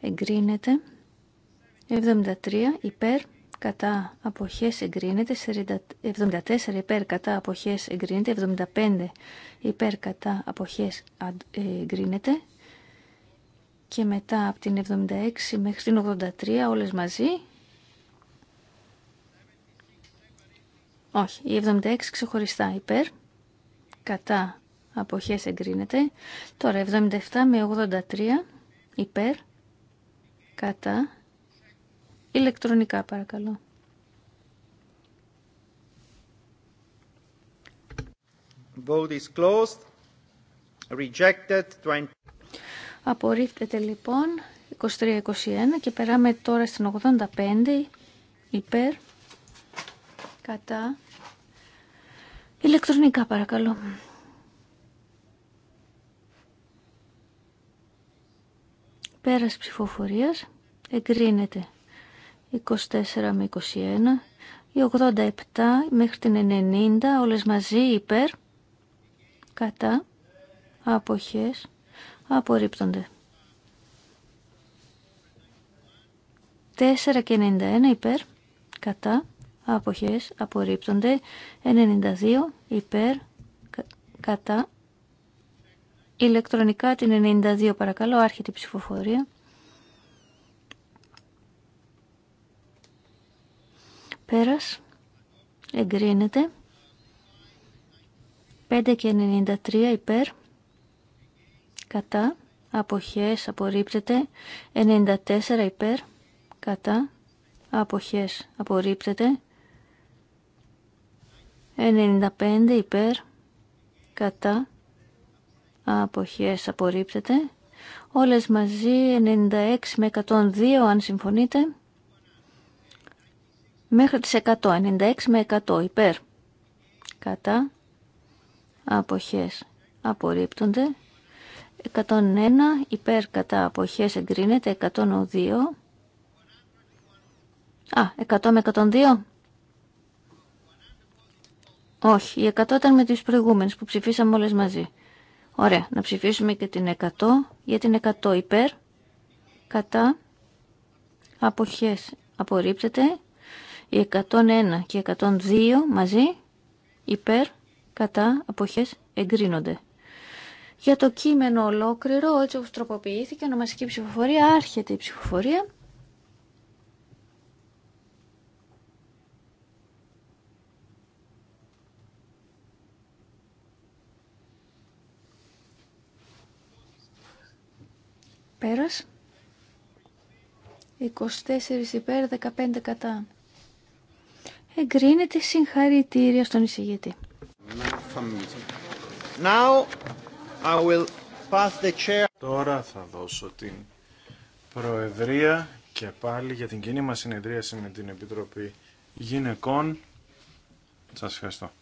εγκρίνεται 73 υπέρ κατά αποχές εγκρίνεται, 74 υπέρ κατά αποχές εγκρίνεται, 75 υπέρ κατά αποχές ε, εγκρίνεται και μετά από την 76 μέχρι την 83 όλες μαζί. Όχι, η 76 ξεχωριστά υπέρ κατά αποχές εγκρίνεται. Τώρα 77 με 83 υπέρ κατά Ηλεκτρονικά παρακαλώ. Vote is closed. Rejected. 20... λοιπον λοιπόν 23-21 και περάμε τώρα στην 85 υπέρ κατά ηλεκτρονικά παρακαλώ. Πέρας ψηφοφορίας εγκρίνεται 24 με 21, 87 μέχρι την 90, όλες μαζί υπέρ, κατά, αποχές, απορρίπτονται. 4 και 91 υπέρ, κατά, αποχές, απορρίπτονται. 92 υπέρ, κατά, ηλεκτρονικά την 92 παρακαλώ, άρχεται η ψηφοφορία. Πέρας. Εγκρίνεται. 5 και 93 υπέρ. Κατά. Αποχές. Απορρίπτεται. 94 υπέρ. Κατά. Αποχές. Απορρίπτεται. 95 υπέρ. Κατά. Αποχές. Απορρίπτεται. Όλες μαζί 96 με 102 αν συμφωνείτε μέχρι τις 100, 96 με 100 υπέρ. Κατά αποχές απορρίπτονται. 101 υπέρ κατά αποχές εγκρίνεται. 102 Α, 100 με 102. Όχι, η 100 ήταν με τις προηγούμενες που ψηφίσαμε όλες μαζί. Ωραία, να ψηφίσουμε και την 100 για την 100 υπέρ, κατά, αποχές απορρίπτεται οι 101 και 102 μαζί υπέρ κατά αποχές εγκρίνονται. Για το κείμενο ολόκληρο, έτσι όπως τροποποιήθηκε, ονομασική ψηφοφορία, άρχεται η ψηφοφορία. Πέρας. 24 υπέρ, 15 κατά εγκρίνεται συγχαρητήρια στον εισηγητή. Now I will pass the Τώρα θα δώσω την Προεδρία και πάλι για την κοινή μας συνεδρίαση με την Επιτροπή Γυναικών. Σας ευχαριστώ.